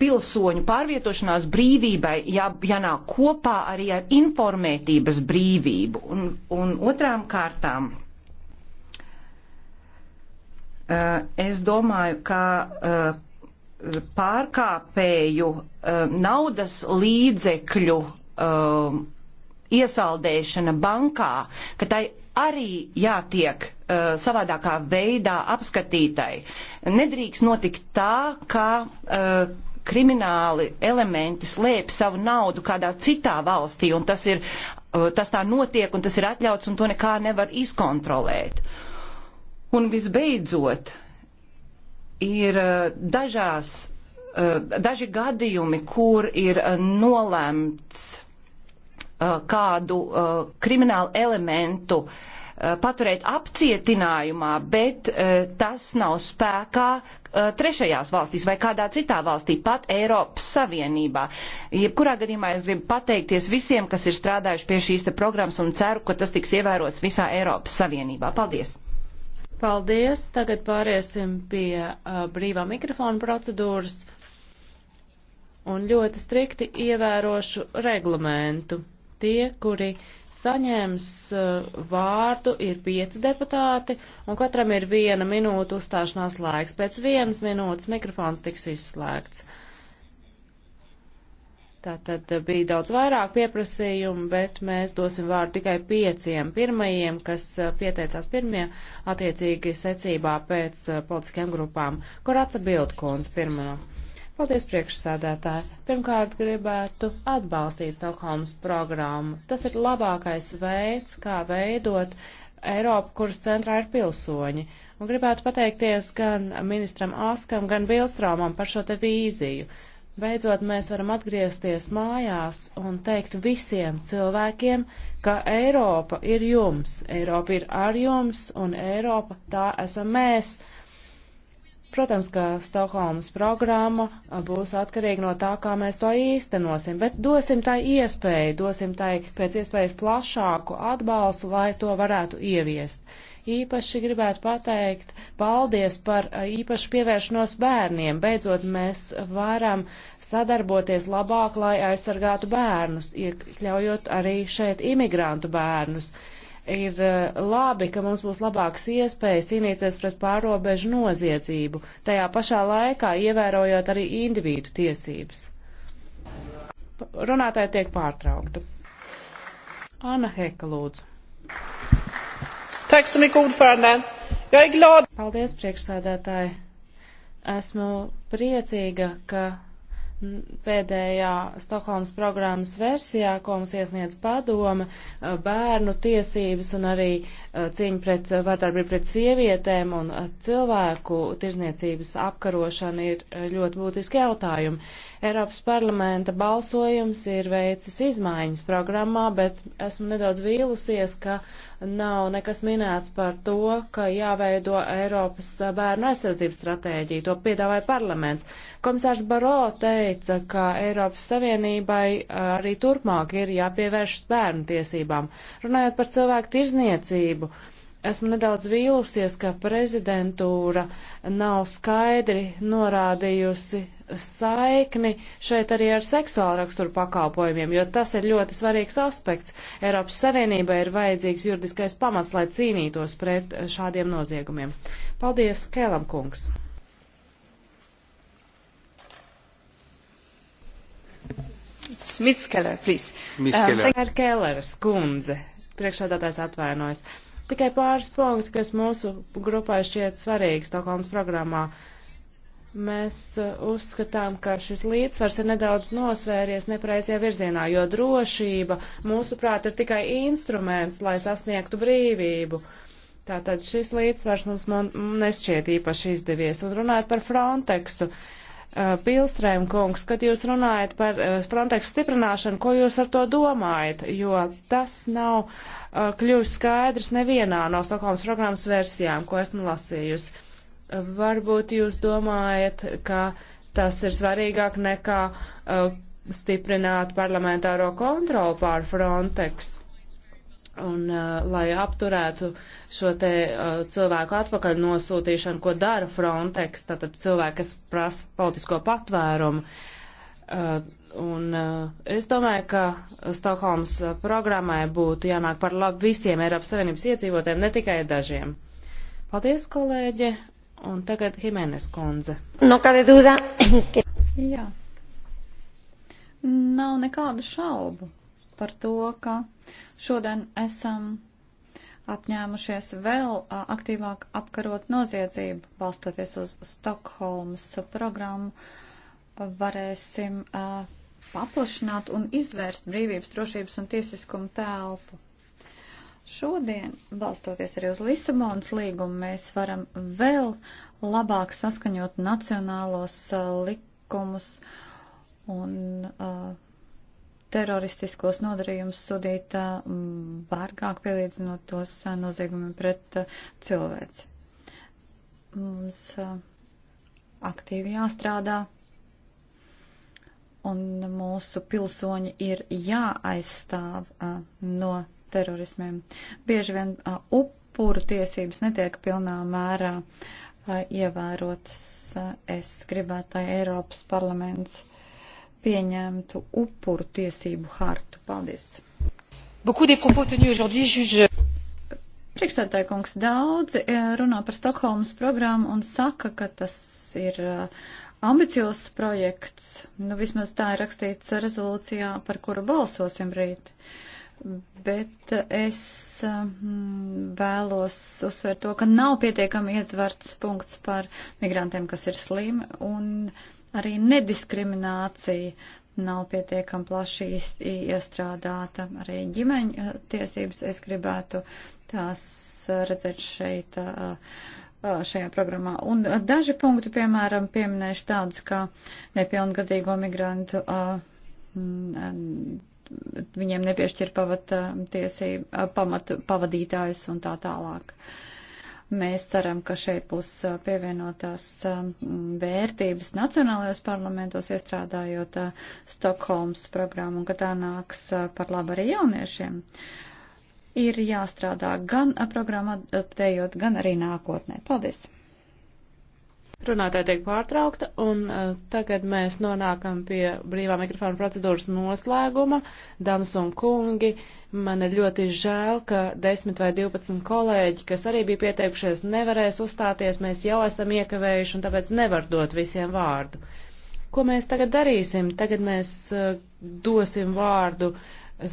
pilsoņu pārvietošanās brīvībai jā, jānāk kopā arī ar informētības brīvību. Un, un otrām kārtām Eh, es domāju, ka eh, pārkāpēju eh, naudas līdzekļu iesaldēšana bankā, ka tai arī jātiek uh, savādākā veidā apskatītai. Nedrīkst notikt tā, ka uh, krimināli elementi slēp savu naudu kādā citā valstī, un tas, ir, uh, tas tā notiek, un tas ir atļauts, un to nekā nevar izkontrolēt. Uh, Un visbeidzot, ir eh, dažās, eh, daži gadījumi, kur ir eh, nolēmts kādu kriminālu elementu paturēt apcietinājumā, bet tas nav spēkā trešajās valstīs vai kādā citā valstī, pat Eiropas Savienībā. Jebkurā gadījumā es gribu pateikties visiem, kas ir strādājuši pie šīs te programmas un ceru, ka tas tiks ievērots visā Eiropas Savienībā. Paldies! Paldies! Tagad pāriesim pie uh, brīvā mikrofona procedūras un ļoti strikti ievērošu reglamentu. Tie, kuri saņēms uh, vārdu, ir pieci deputāti, un katram ir viena minūte uzstāšanās laiks. Pēc vienas minūtes mikrofons tiks izslēgts. Tātad eh, bija daudz vairāk pieprasījumu, bet mēs dosim vārdu tikai pieciem pirmajiem, kas eh, pieteicās pirmie attiecīgi secībā pēc eh, politiskajām grupām. Kur atsebild kundze pirmā? Paldies priekšsādātāji. Pirmkārt gribētu atbalstīt Stokholmas programmu. Tas ir labākais veids, kā veidot Eiropu, kuras centrā ir pilsoņi. Un gribētu pateikties gan ministram Askam, gan Bilstrāmam par šo te vīziju. Uh, beidzot mēs varam atgriezties mājās un teikt visiem cilvēkiem, ka Eiropa ir jums, Eiropa ir ar jums un Eiropa tā esam mēs. Protams, ka Stokholmas programma būs atkarīga no tā, kā mēs to īstenosim, bet dosim tai iespēju, dosim tai pēc iespējas plašāku atbalstu, lai to varētu ieviest. Īpaši gribētu pateikt paldies par īpašu pievēršanos bērniem. Beidzot, mēs varam sadarboties labāk, lai aizsargātu bērnus, iekļaujot arī šeit imigrantu bērnus ir labi, ka mums būs labāks iespējas cīnīties pret pārobežu noziedzību, tajā pašā laikā ievērojot arī individu tiesības. Runātāja tiek pārtraukta. Ana Heka lūdzu. Paldies, priekšsēdētāji. Esmu priecīga, ka pēdējā Stokholmas programmas versijā, ko mums iesniedz padome, bērnu tiesības un arī cīņa pret vardarbību pret sievietēm un cilvēku tirzniecības apkarošana ir ļoti būtiski jautājumi. Eiropas parlamenta balsojums ir veicis izmaiņas programmā, bet esmu nedaudz vīlusies, ka nav nekas minēts par to, ka jāveido Eiropas bērnu aizsardzības stratēģija. To piedāvāja parlaments. Komisārs Baro teica, ka Eiropas Savienībai arī turpmāk ir jāpievēršas bērnu tiesībām. Runājot par cilvēku tirzniecību, Esmu nedaudz vīlusies, ka prezidentūra nav skaidri norādījusi saikni šeit arī ar seksuālu raksturu pakalpojumiem, jo tas ir ļoti svarīgs aspekts. Eiropas Savienībai ir vajadzīgs juridiskais pamats, lai cīnītos pret šādiem noziegumiem. Paldies, Kēlam kungs! Miss Keller, please. Miss um, Keller. Um, Kēleres kundze, priekšsādātājs atvainojas. Tikai pāris punkti, kas mūsu grupai šķiet svarīgi Stokholmas programmā. Mēs uh, uzskatām, ka šis līdzsvars ir nedaudz nosvēries nepareizajā virzienā, jo drošība, mūsuprāt, ir tikai instruments, lai sasniegtu brīvību. Tātad šis līdzsvars mums nešķiet īpaši izdevies. Un runājot par Frontexu, uh, Pilstrēm kungs, kad jūs runājat par uh, Frontex stiprināšanu, ko jūs ar to domājat? Jo tas nav. Uh, Uh, kļuvis skaidrs nevienā no Stokholmas programmas versijām, ko esmu lasījusi. Uh, varbūt jūs domājat, ka tas ir svarīgāk nekā uh, stiprināt parlamentāro kontroli pār Frontex. Un, uh, lai apturētu šo te uh, cilvēku atpakaļ nosūtīšanu, ko dara Frontex, tātad cilvēki, kas prasa politisko patvērumu, uh, Uh, un uh, es domāju, ka Stokholmas uh, programmai būtu jānāk par labu visiem Eiropas Savienības iedzīvotājiem, ne tikai dažiem. Paldies, kolēģi! Un tagad Jimenez kundze. No kāda dūda? Jā. Nav nekādu šaubu par to, ka šodien esam apņēmušies vēl aktīvāk apkarot noziedzību, balstoties uz Stokholmas programmu varēsim uh, paplašināt un izvērst brīvības, drošības un tiesiskumu telpu. Šodien, balstoties arī uz Lisabonas līgumu, mēs varam vēl labāk saskaņot nacionālos uh, likumus un uh, teroristiskos nodarījumus sodīt uh, vārgāk pielīdzinot tos uh, noziegumiem pret uh, cilvēci. Mums uh, aktīvi jāstrādā un mūsu pilsoņi ir jāaizstāv uh, no terorismiem. Bieži vien uh, upuru tiesības netiek pilnā mērā uh, ievērotas. Uh, es gribētu, lai Eiropas parlaments pieņemtu upuru tiesību hartu. Paldies! Beaucoup des propos tenus aujourd'hui juge Priekšstādāja kungs daudzi e, runā par Stokholmas programmu un saka, ka tas ir e, ambiciozs projekts, nu vismaz tā ir rakstīts rezolūcijā, par kuru balsosim rīt. Bet es mm, vēlos uzsvērt to, ka nav pietiekami ietverts punkts par migrantiem, kas ir slimi, un arī nediskriminācija nav pietiekami plaši iestrādāta. Arī ģimeņu tiesības es gribētu tās redzēt šeit. Uh, šajā programmā. Un daži punkti, piemēram, pieminēšu tādus kā nepilngadīgo migrantu, mm, viņiem nepiešķir pavata tiesību, pamatu pavadītājus un tā tālāk. Mēs ceram, ka šeit būs pievienotās mm, vērtības nacionālajos parlamentos iestrādājot Stokholmas programmu un ka tā nāks par labu arī jauniešiem. Uh, ir jāstrādā gan programmu adaptējot, gan arī nākotnē. Paldies! Runātāja tiek pārtraukta, un uh, tagad mēs nonākam pie brīvā mikrofona procedūras noslēguma. Dāmas un kungi, man ir ļoti žēl, ka 10 vai 12 kolēģi, kas arī bija pieteikušies, nevarēs uzstāties. Mēs jau esam iekavējuši, un tāpēc nevar dot visiem vārdu. Ko mēs tagad darīsim? Tagad mēs uh, dosim vārdu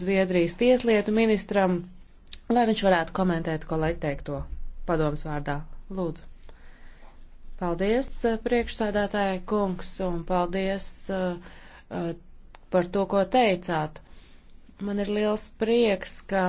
Zviedrijas tieslietu ministram lai viņš varētu komentēt kolēģi teikto padoms vārdā. Lūdzu. Paldies, eh, priekšsēdētāja kungs, un paldies uh, uh, par to, ko teicāt. Man ir liels prieks, ka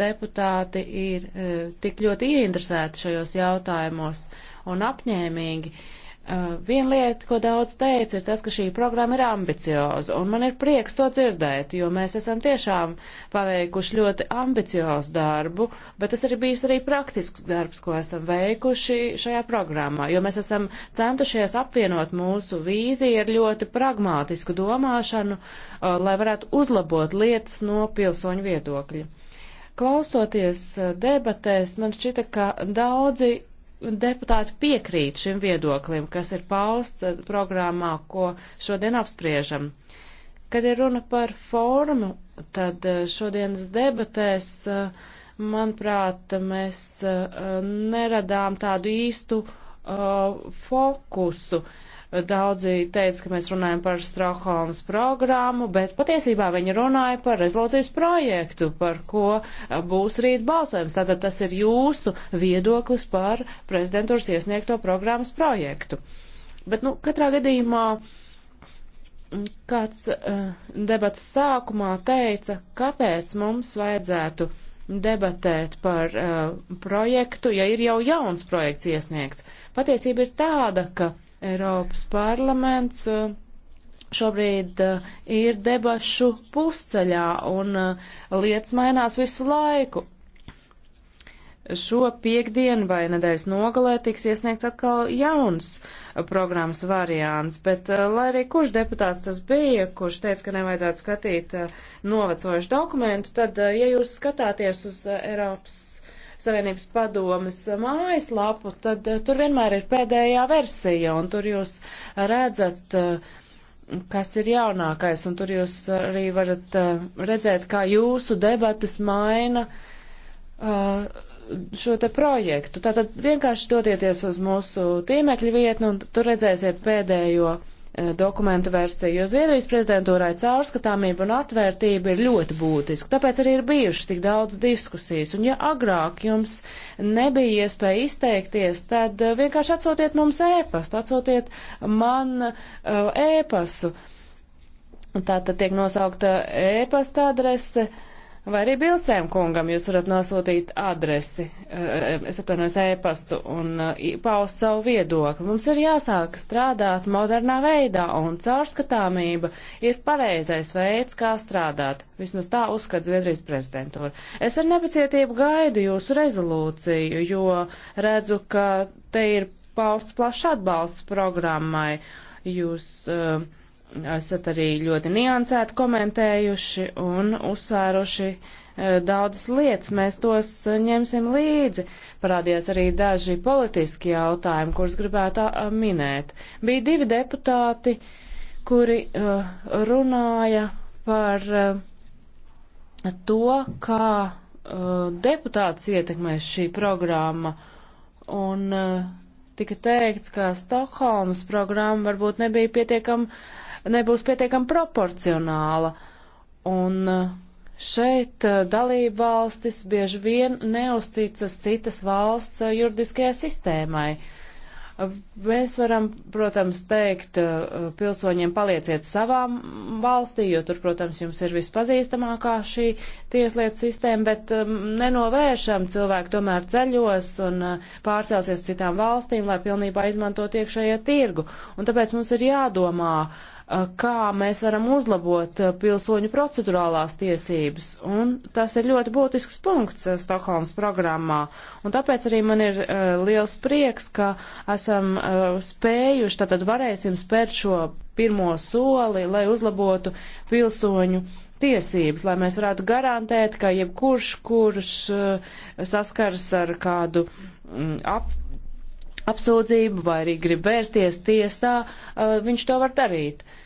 deputāti ir uh, tik ļoti ieinteresēti šajos jautājumos un apņēmīgi. Uh, Eh, viena lieta, ko daudz teica, ir tas, ka šī programma ir ambicioza, un man ir prieks to dzirdēt, jo mēs esam tiešām paveikuši ļoti ambiciozu darbu, bet tas arī bijis arī praktisks darbs, ko esam veikuši šajā programmā, jo mēs esam centušies apvienot mūsu vīziju ar ļoti pragmātisku domāšanu, eh, lai varētu uzlabot lietas no pilsoņu viedokļa. Klausoties eh, debatēs, man šķita, ka daudzi deputāti piekrīt šim viedoklim, kas ir pausts eh, programmā, ko šodien apspriežam. Kad ir runa par formu, tad eh, šodienas debatēs, eh, manuprāt, mēs neradām tādu īstu fokusu. Uh, Daudzi teica, ka mēs runājam par Strokholmas programmu, bet patiesībā viņi runāja par rezolūcijas projektu, par ko būs rīt balsojums. Tātad tas ir jūsu viedoklis par prezidentūras iesniegto programmas projektu. Bet, nu, katrā gadījumā kāds uh, debats sākumā teica, kāpēc mums vajadzētu debatēt par uh, projektu, ja ir jau jauns projekts iesniegts. Patiesība ir tāda, ka Eiropas parlaments uh, šobrīd uh, ir debašu pusceļā un uh, lietas mainās visu laiku. Šo piekdienu vai nedēļas nogalē tiks iesniegts atkal jauns programmas variants, bet lai arī kurš deputāts tas bija, kurš teica, ka nevajadzētu skatīt novecojušu dokumentu, tad, ja jūs skatāties uz Eiropas Savienības padomas mājaslapu, tad eh, tur vienmēr ir pēdējā versija, un tur jūs redzat, eh, kas ir jaunākais, un tur jūs arī varat eh, redzēt, kā jūsu debatas maina šo te projektu. Tātad vienkārši dodieties uz mūsu tīmekļa vietni, un tur redzēsiet pēdējo versiju Eh, dokumentu versiju, jo Zviedrijas prezidentūrai caurskatāmība un atvērtība ir ļoti būtiska. Tāpēc arī ir bijušas tik daudz diskusijas, un ja agrāk jums nebija iespēja izteikties, tad eh, vienkārši atsūtiet mums ēpastu, atsūtiet man eh, ēpastu. Tātad tiek nosaukta ēpasta adrese. Uh, vai arī Bilsēm kungam jūs varat nosūtīt adresi, eh, es atvainojos ēpastu un eh, paust savu viedokli. Mums ir jāsāk strādāt modernā veidā un caurskatāmība ir pareizais veids, kā strādāt. Vismaz tā uzskata Zviedrijas prezidentūra. Es ar nepacietību gaidu jūsu rezolūciju, jo redzu, ka te ir pausts plašs atbalsts programmai. Jūs uh, esat arī ļoti niansēti komentējuši un uzsvēruši e, daudzas lietas. Mēs tos ņemsim līdzi. Parādījās arī daži politiski jautājumi, kurus gribētu minēt. Bija divi deputāti, kuri e, runāja par e, to, kā deputāts ietekmēs šī programma. Un tika teikts, ka Stokholmas programma varbūt nebija pietiekama nebūs pietiekami proporcionāla. Un eh, šeit eh, dalība valstis bieži vien neusticas citas valsts eh, juridiskajai sistēmai. Mēs varam, protams, teikt pilsoņiem palieciet savām valstī, jo tur, protams, jums ir vispazīstamākā šī tieslietu sistēma, bet nenovēršam cilvēki tomēr ceļos un pārcelsies uz citām valstīm, lai pilnībā izmantot iekšējo tirgu. Un tāpēc mums ir jādomā Uh, kā mēs varam uzlabot uh, pilsoņu procedurālās tiesības. Un tas ir ļoti būtisks punkts uh, Stokholmas programmā. Un tāpēc arī man ir uh, liels prieks, ka esam uh, spējuši, tātad varēsim spērt šo pirmo soli, lai uzlabotu pilsoņu tiesības, lai mēs varētu garantēt, ka jebkurš, kurš uh, saskars ar kādu mm, ap apsūdzību vai arī grib vērsties tiesā, uh, viņš to var darīt. Uh,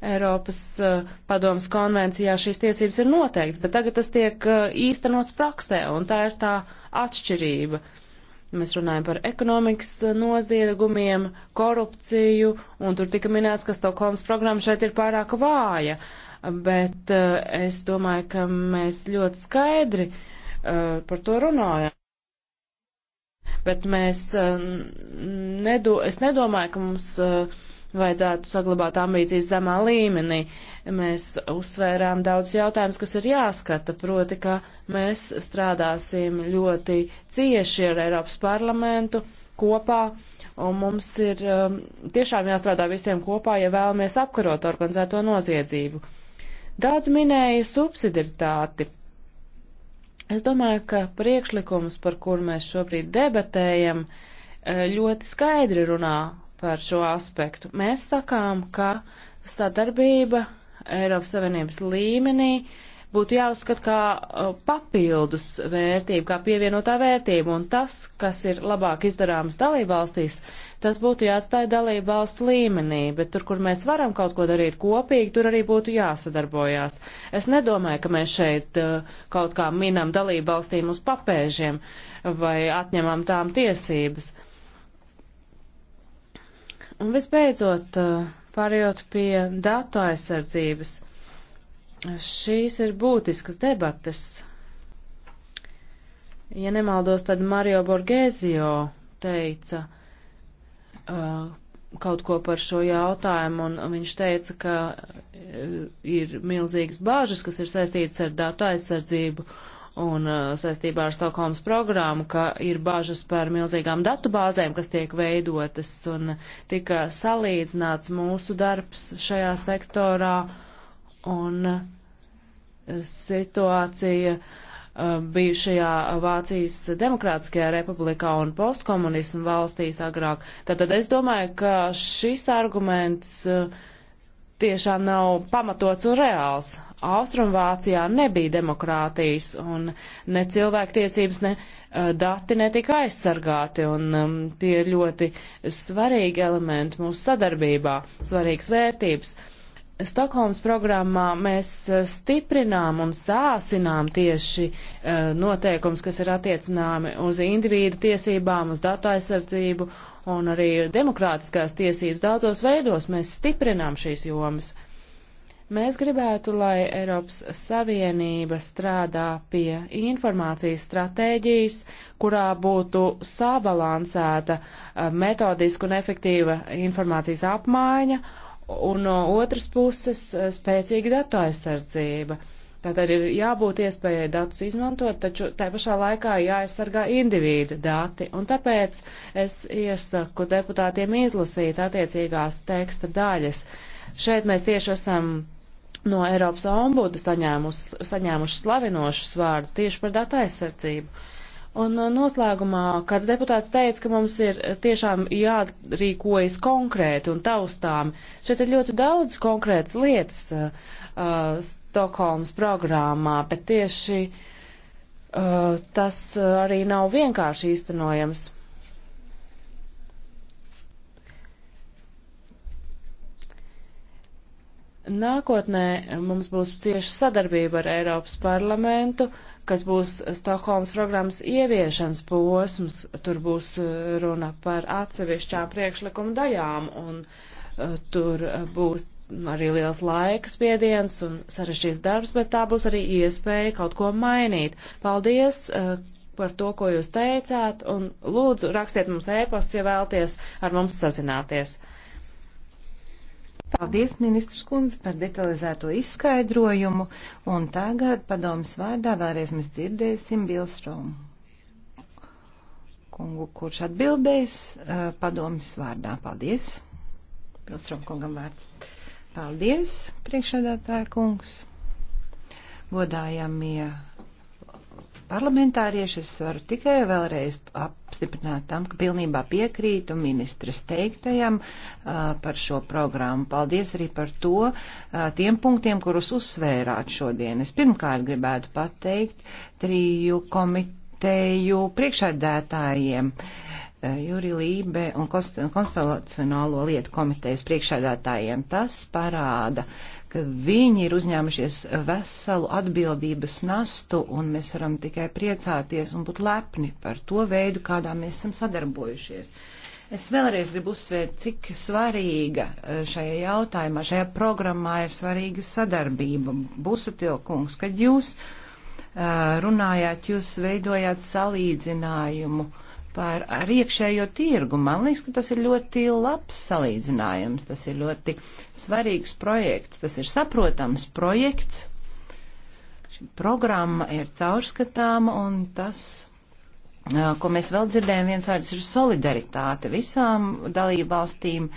Eiropas uh, padomas konvencijā šīs tiesības ir noteikts, bet tagad tas tiek uh, īstenots praksē, un tā ir tā atšķirība. Mēs runājam par ekonomikas eh, noziegumiem, korupciju, un tur tika minēts, ka Stokholmas programma šeit ir pārāk vāja, bet uh, es domāju, ka mēs ļoti skaidri par to runājam bet mēs nedo, es nedomāju, ka mums vajadzētu saglabāt ambīcijas zemā līmenī. Mēs uzsvērām daudz jautājumus, kas ir jāskata, proti, ka mēs strādāsim ļoti cieši ar Eiropas parlamentu kopā, un mums ir um, tiešām jāstrādā visiem kopā, ja vēlamies apkarot organizēto noziedzību. Daudz minēja subsidiritāti. Es domāju, ka priekšlikums, par kur mēs šobrīd debatējam, eh, ļoti skaidri runā par šo aspektu. Mēs sakām, ka sadarbība Eiropas Savienības līmenī būtu jāuzskata kā uh, papildus vērtība, kā pievienotā vērtība, un tas, kas ir labāk izdarāms dalībvalstīs, tas būtu jāatstāja dalībvalstu līmenī, bet tur, kur mēs varam kaut ko darīt kopīgi, tur arī būtu jāsadarbojās. Es nedomāju, ka mēs šeit uh, kaut kā minam dalībvalstīm uz papēžiem vai atņemam tām tiesības. Uh, Un visbeidzot, eh, pārējot pie datu aizsardzības, šīs ir būtiskas debates. Ja nemaldos, tad Mario Borgēzio teica uh, kaut ko par šo jautājumu, un viņš teica, ka uh, ir milzīgas bāžas, kas ir saistītas ar datu aizsardzību. Uh, un uh, saistībā ar Stokholmas programmu, ka ir bažas par milzīgām datubāzēm, kas tiek veidotas, un tika salīdzināts mūsu darbs šajā sektorā, un uh, situācija uh, bijušajā Vācijas Demokrātiskajā republikā un postkomunismu valstīs agrāk. Tātad es domāju, ka šis arguments tiešām nav pamatots un reāls. Austrumvācijā nebija demokrātijas un ne cilvēktiesības, ne uh, dati netika aizsargāti, un um, tie ir ļoti svarīgi elementi mūsu sadarbībā, svarīgas vērtības. Stokholmas programmā mēs eh, stiprinām un sāsinām tieši uh, noteikums, kas ir attiecināmi uz individu tiesībām, uz datu aizsardzību un arī demokrātiskās tiesības. Daudzos veidos mēs stiprinām šīs jomas. Uh, Mēs gribētu, lai Eiropas Savienība strādā pie informācijas stratēģijas, kurā būtu sabalansēta eh, metodiska un efektīva informācijas apmaiņa un no otras puses eh, spēcīga datu aizsardzība. Tātad ir jābūt iespējai datus izmantot, taču tai pašā laikā jāaizsargā indivīda dati, un tāpēc es iesaku deputātiem izlasīt attiecīgās teksta daļas. Šeit mēs tieši esam no Eiropas ombuda saņēmus, saņēmuši slavinošus vārdus tieši par datu aizsardzību. Un uh, noslēgumā kāds deputāts teica, ka mums ir uh, tiešām jārīkojas konkrēti un taustām. Šeit ir ļoti daudz konkrētas lietas uh, uh Stokholmas programmā, bet tieši uh, tas arī nav vienkārši īstenojams. Nākotnē mums būs cieša sadarbība ar Eiropas parlamentu, kas būs Stokholmas programmas ieviešanas posms. Tur būs eh, runa par atsevišķām priekšlikumu daļām, un uh, tur eh, būs arī liels laika spiediens un sarežģīts darbs, bet tā būs arī iespēja kaut ko mainīt. Paldies! Uh, par to, ko jūs teicāt, un lūdzu rakstiet mums ēpasts, ja vēlties ar mums sazināties. Paldies, ministrs kundze, par detalizēto izskaidrojumu, un tagad padomas vārdā vēlreiz mēs dzirdēsim Bilstromu kungu, kurš atbildēs eh, padomas vārdā. Paldies, Bilstrom kungam vārds. Paldies, priekšādātāja kungs, godājamie parlamentārieši, es varu tikai vēlreiz apstiprināt tam, ka pilnībā piekrītu ministras teiktajam par šo programmu. Paldies arī par to tiem punktiem, kurus uzsvērāt šodien. Es pirmkārt gribētu pateikt triju komiteju priekšādētājiem. Juri Lībe un konstitucionālo lietu komitejas priekšādātājiem tas parāda, uh, ka viņi ir uzņēmušies veselu atbildības nastu, un mēs varam tikai priecāties un būt lepni par to veidu, kādā mēs esam sadarbojušies. Es vēlreiz gribu uzsvērt, cik svarīga e, šajā jautājumā, šajā programmā ir svarīga sadarbība. Busutilkungs, kad jūs e, runājāt, jūs veidojāt salīdzinājumu uh, par ar iekšējo tirgu. Man liekas, ka tas ir ļoti labs salīdzinājums, tas ir ļoti svarīgs projekts, tas ir saprotams projekts. Šī programma ir caurskatāma un tas ko mēs vēl dzirdējam, viens vārds ir solidaritāte. Visām dalībvalstīm,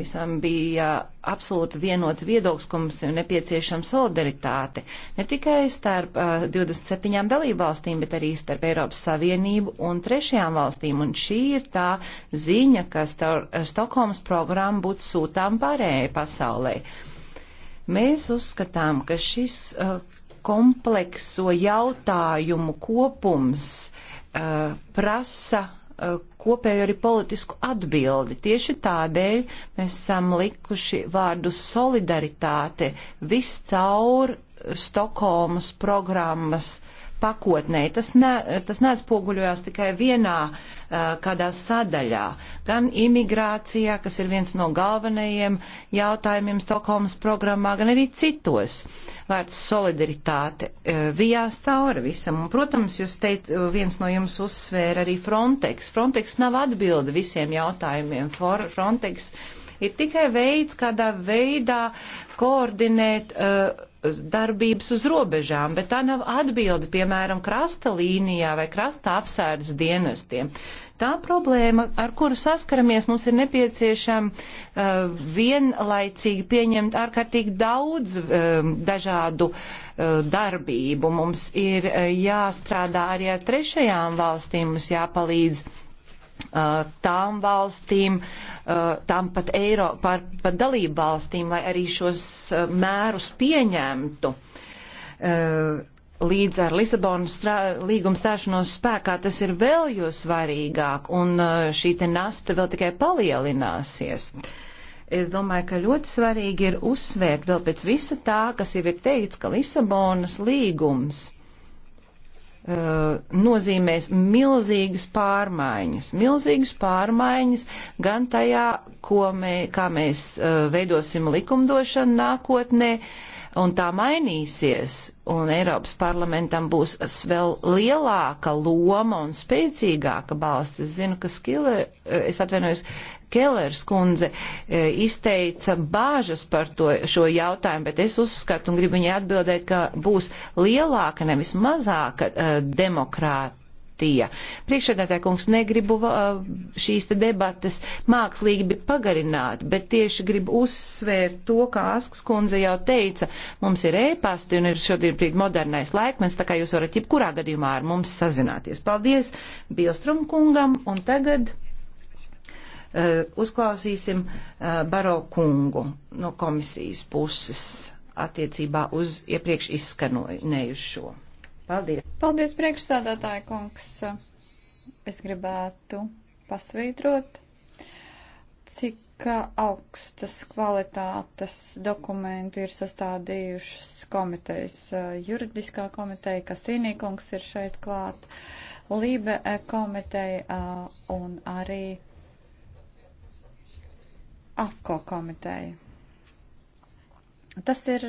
visām bija absolūti vienots viedoklis, ka mums ir nepieciešama solidaritāte. Ne tikai starp 27 dalībvalstīm, bet arī starp Eiropas Savienību un trešajām valstīm. Un šī ir tā ziņa, ka Stokholmas programma būtu sūtām pārējai pasaulē. Mēs uzskatām, ka šis komplekso jautājumu kopums, Uh, prasa uh, kopēju arī politisku atbildi. Tieši tādēļ mēs esam likuši vārdu solidaritāte viscaur Stokholmas programmas pakotnē. Tas, ne, tas neatspoguļojās tikai vienā uh, kādā sadaļā. Gan imigrācijā, kas ir viens no galvenajiem jautājumiem Stokholmas programmā, gan arī citos. Vērts solidaritāte uh, vijās cauri visam. Un, protams, jūs teikt, viens no jums uzsvēra arī Frontex. Frontex nav atbilde visiem jautājumiem. For, Frontex uh, ir tikai veids, kādā veidā koordinēt uh, darbības uz robežām, bet tā nav atbilde, piemēram, krasta līnijā vai krasta apsērdas dienestiem. Tā problēma, ar kuru saskaramies, mums ir nepieciešama uh, vienlaicīgi pieņemt ārkārtīgi daudz uh, dažādu uh, darbību. Mums ir uh, jāstrādā arī ar trešajām valstīm, mums jāpalīdz uh, tām valstīm, tām pat, Eiro, par, pat dalību valstīm, lai arī šos mērus pieņemtu. Līdz ar Lisabonas līguma stāšanos spēkā tas ir vēl jo svarīgāk, un šī te nasta vēl tikai palielināsies. Es domāju, ka ļoti svarīgi ir uzsvērt vēl pēc visa tā, kas jau ir teikts, ka Lisabonas līgums Uh, nozīmēs milzīgas pārmaiņas, milzīgas pārmaiņas gan tajā, mē, kā mēs uh, veidosim likumdošanu nākotnē, uh, un tā mainīsies, un Eiropas parlamentam būs vēl lielāka loma un spēcīgāka balsts. Es zinu, ka Skiller, eh, es atvainojos, Kellers kundze eh, izteica bāžas par to, šo jautājumu, bet es uzskatu un gribu viņai atbildēt, ka būs lielāka, nevis mazāka eh, demokrāta demokrātija. Priekšsēdētāja kungs negribu uh, šīs te debates mākslīgi pagarināt, bet tieši gribu uzsvērt to, kā Asks kundze jau teica, mums ir ēpasti un ir šodien brīd modernais laikmens, tā kā jūs varat jebkurā gadījumā ar mums sazināties. Paldies Bielstrum kungam un tagad. Uh, uzklausīsim uh, Baro kungu no komisijas puses attiecībā uz iepriekš izskanējušo. Paldies! Paldies, priekšstādātāja kungs! Es gribētu pasvītrot, cik augstas kvalitātes dokumentu ir sastādījušas komitejas. Juridiskā komiteja, Kasīnī kungs ir šeit klāt, Lībe eh, komiteja eh, un arī AFCO komiteja. Tas ir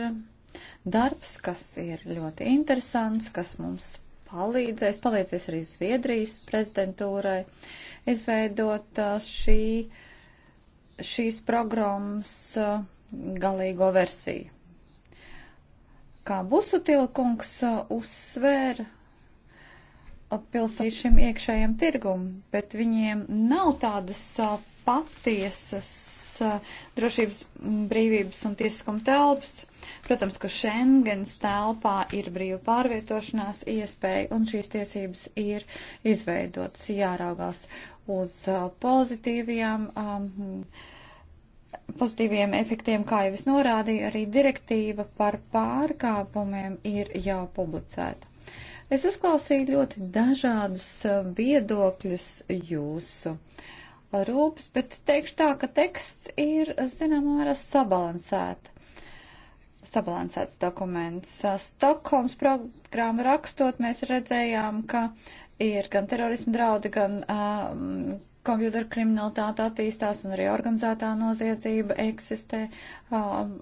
darbs, kas ir ļoti interesants, kas mums palīdzēs, palīdzēs arī Zviedrijas prezidentūrai izveidot šī, šīs programmas galīgo versiju. Kā Busutilkungs uzsvēra, pilsētiem iekšējiem tirgum, bet viņiem nav tādas patiesas Uh, drošības, mm, brīvības un tiesiskuma telpas. Protams, ka Schengens telpā ir brīva pārvietošanās iespēja un šīs tiesības ir izveidotas jāraugās uz uh, pozitīvajām. Um, pozitīviem efektiem, kā jau es norādīju, arī direktīva par pārkāpumiem ir jau publicēta. Es uzklausīju ļoti dažādus uh, viedokļus jūsu. Uh, rūpes, bet teikšu tā, ka teksts ir, zinām, mērā sabalansēta. Sabalansēts dokuments. Stokholmas programmu rakstot, mēs redzējām, ka ir gan terorismu draudi, gan um, kompjūderu kriminalitāte attīstās un arī organizētā noziedzība eksistē. Um,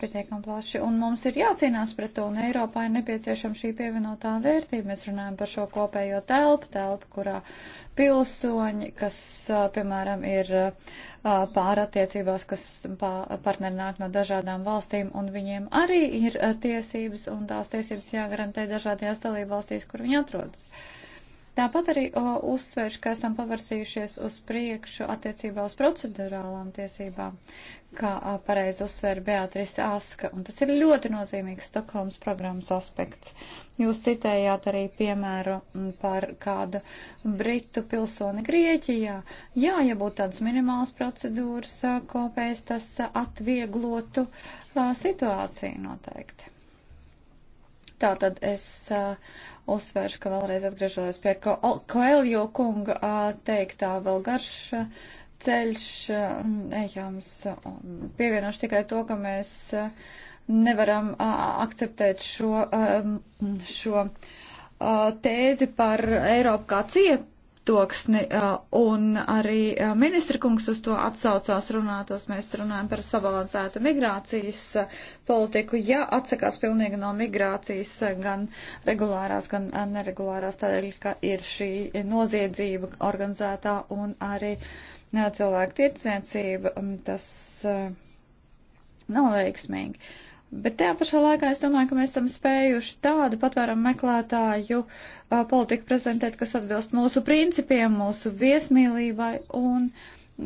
pietiekami plaši, un mums ir jācīnās pret to, un Eiropā ir nepieciešama šī pievienotā vērtība. Mēs runājam par šo kopējo telpu, telpu, kurā pilsoņi, kas, piemēram, ir pārattiecībās, kas partneri nāk no dažādām valstīm, un viņiem arī ir tiesības, un tās tiesības jāgarantē dažādajās dalībvalstīs, kur viņi atrodas. Uh, Tāpat arī o, uzsverš, ka esam pavarsījušies uz priekšu attiecībā uz procedurālām tiesībām, kā pareizi uzsver Beatrice Aska, un tas ir ļoti nozīmīgs Stokholmas programmas aspekts. Jūs citējāt arī piemēru par kādu britu pilsoni Grieķijā. Jā, ja būtu tādas minimālas procedūras kopējas, tas atvieglotu situāciju noteikti. Tātad es uh, uzsvēršu, ka vēlreiz atgriežos pie Ko Koeljo kunga uh, teiktā vēl garš. Uh, ceļš um, ejams. Pievienošu tikai to, ka mēs uh, nevaram uh, akceptēt šo, um, šo uh, tēzi par Eiropu kā cietu aptoksni, un arī ministra kungs uz to atsaucās runātos. Mēs runājam par sabalansētu migrācijas politiku. Ja atsakās pilnīgi no migrācijas gan regulārās, gan neregulārās, tādēļ, ka ir šī noziedzība organizētā un arī cilvēku tirdzniecība, tas nav veiksmīgi. Uh, Bet tajā pašā laikā es domāju, ka mēs esam spējuši tādu patvērumu meklētāju uh, politiku prezentēt, kas atbilst mūsu principiem, mūsu viesmīlībai un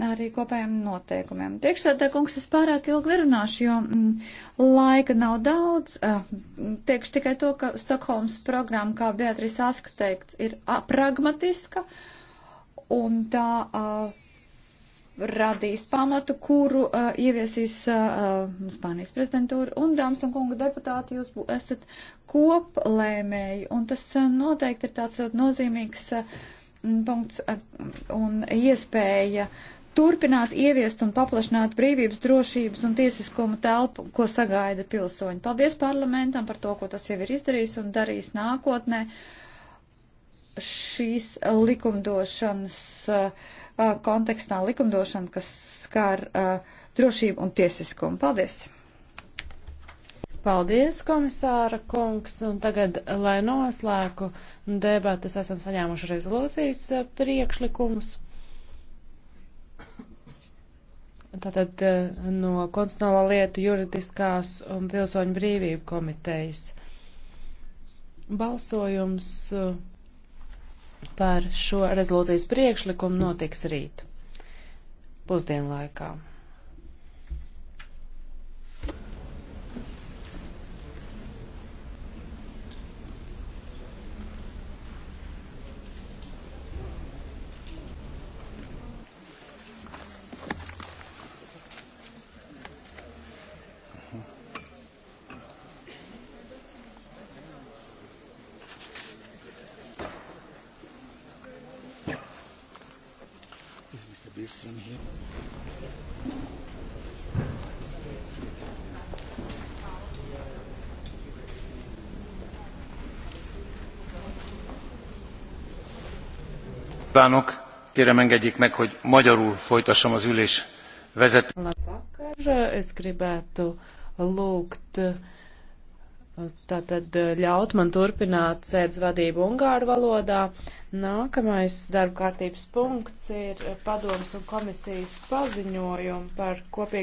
arī kopējiem noteikumiem. Priekšsēdē, kungs, es pārāk ilgi runāšu, jo mm, laika nav daudz. Uh, teikšu tikai to, ka Stokholmas programma, kā Beatrīs Aska teikt, ir pragmatiska un tā. Uh, radīs pamatu, kuru uh, ieviesīs uh, Spānijas prezidentūra. Un, dāmas un kunga deputāti, jūs esat koplēmēji, un tas uh, noteikti ir tāds ļoti uh, nozīmīgs uh, punkts uh, un iespēja turpināt ieviest un paplašināt brīvības, drošības un tiesiskuma telpu, ko sagaida pilsoņi. Paldies parlamentam par to, ko tas jau ir izdarījis un darīs nākotnē šīs likumdošanas. Uh, Uh, kontekstā likumdošana, kas skār uh, drošību un tiesiskumu. Paldies! Paldies, komisāra kungs, un tagad, lai noslēgu debatas, esam saņēmuši rezolūcijas uh, priekšlikumus. Tātad no konstitucionālā lietu juridiskās un pilsoņu brīvību komitejas balsojums. Uh, par šo rezolūcijas priekšlikumu notiks rīt pusdienlaikā. kívánok! Kérem engedjék meg, hogy magyarul folytassam az ülés vezet. Labvakar, es gribētu lūgt tātad eh, ļaut man turpināt sēdz vadību Ungāru valodā. Nākamais darba kārtības punkts ir eh, padoms un komisijas paziņojumi par kopīgu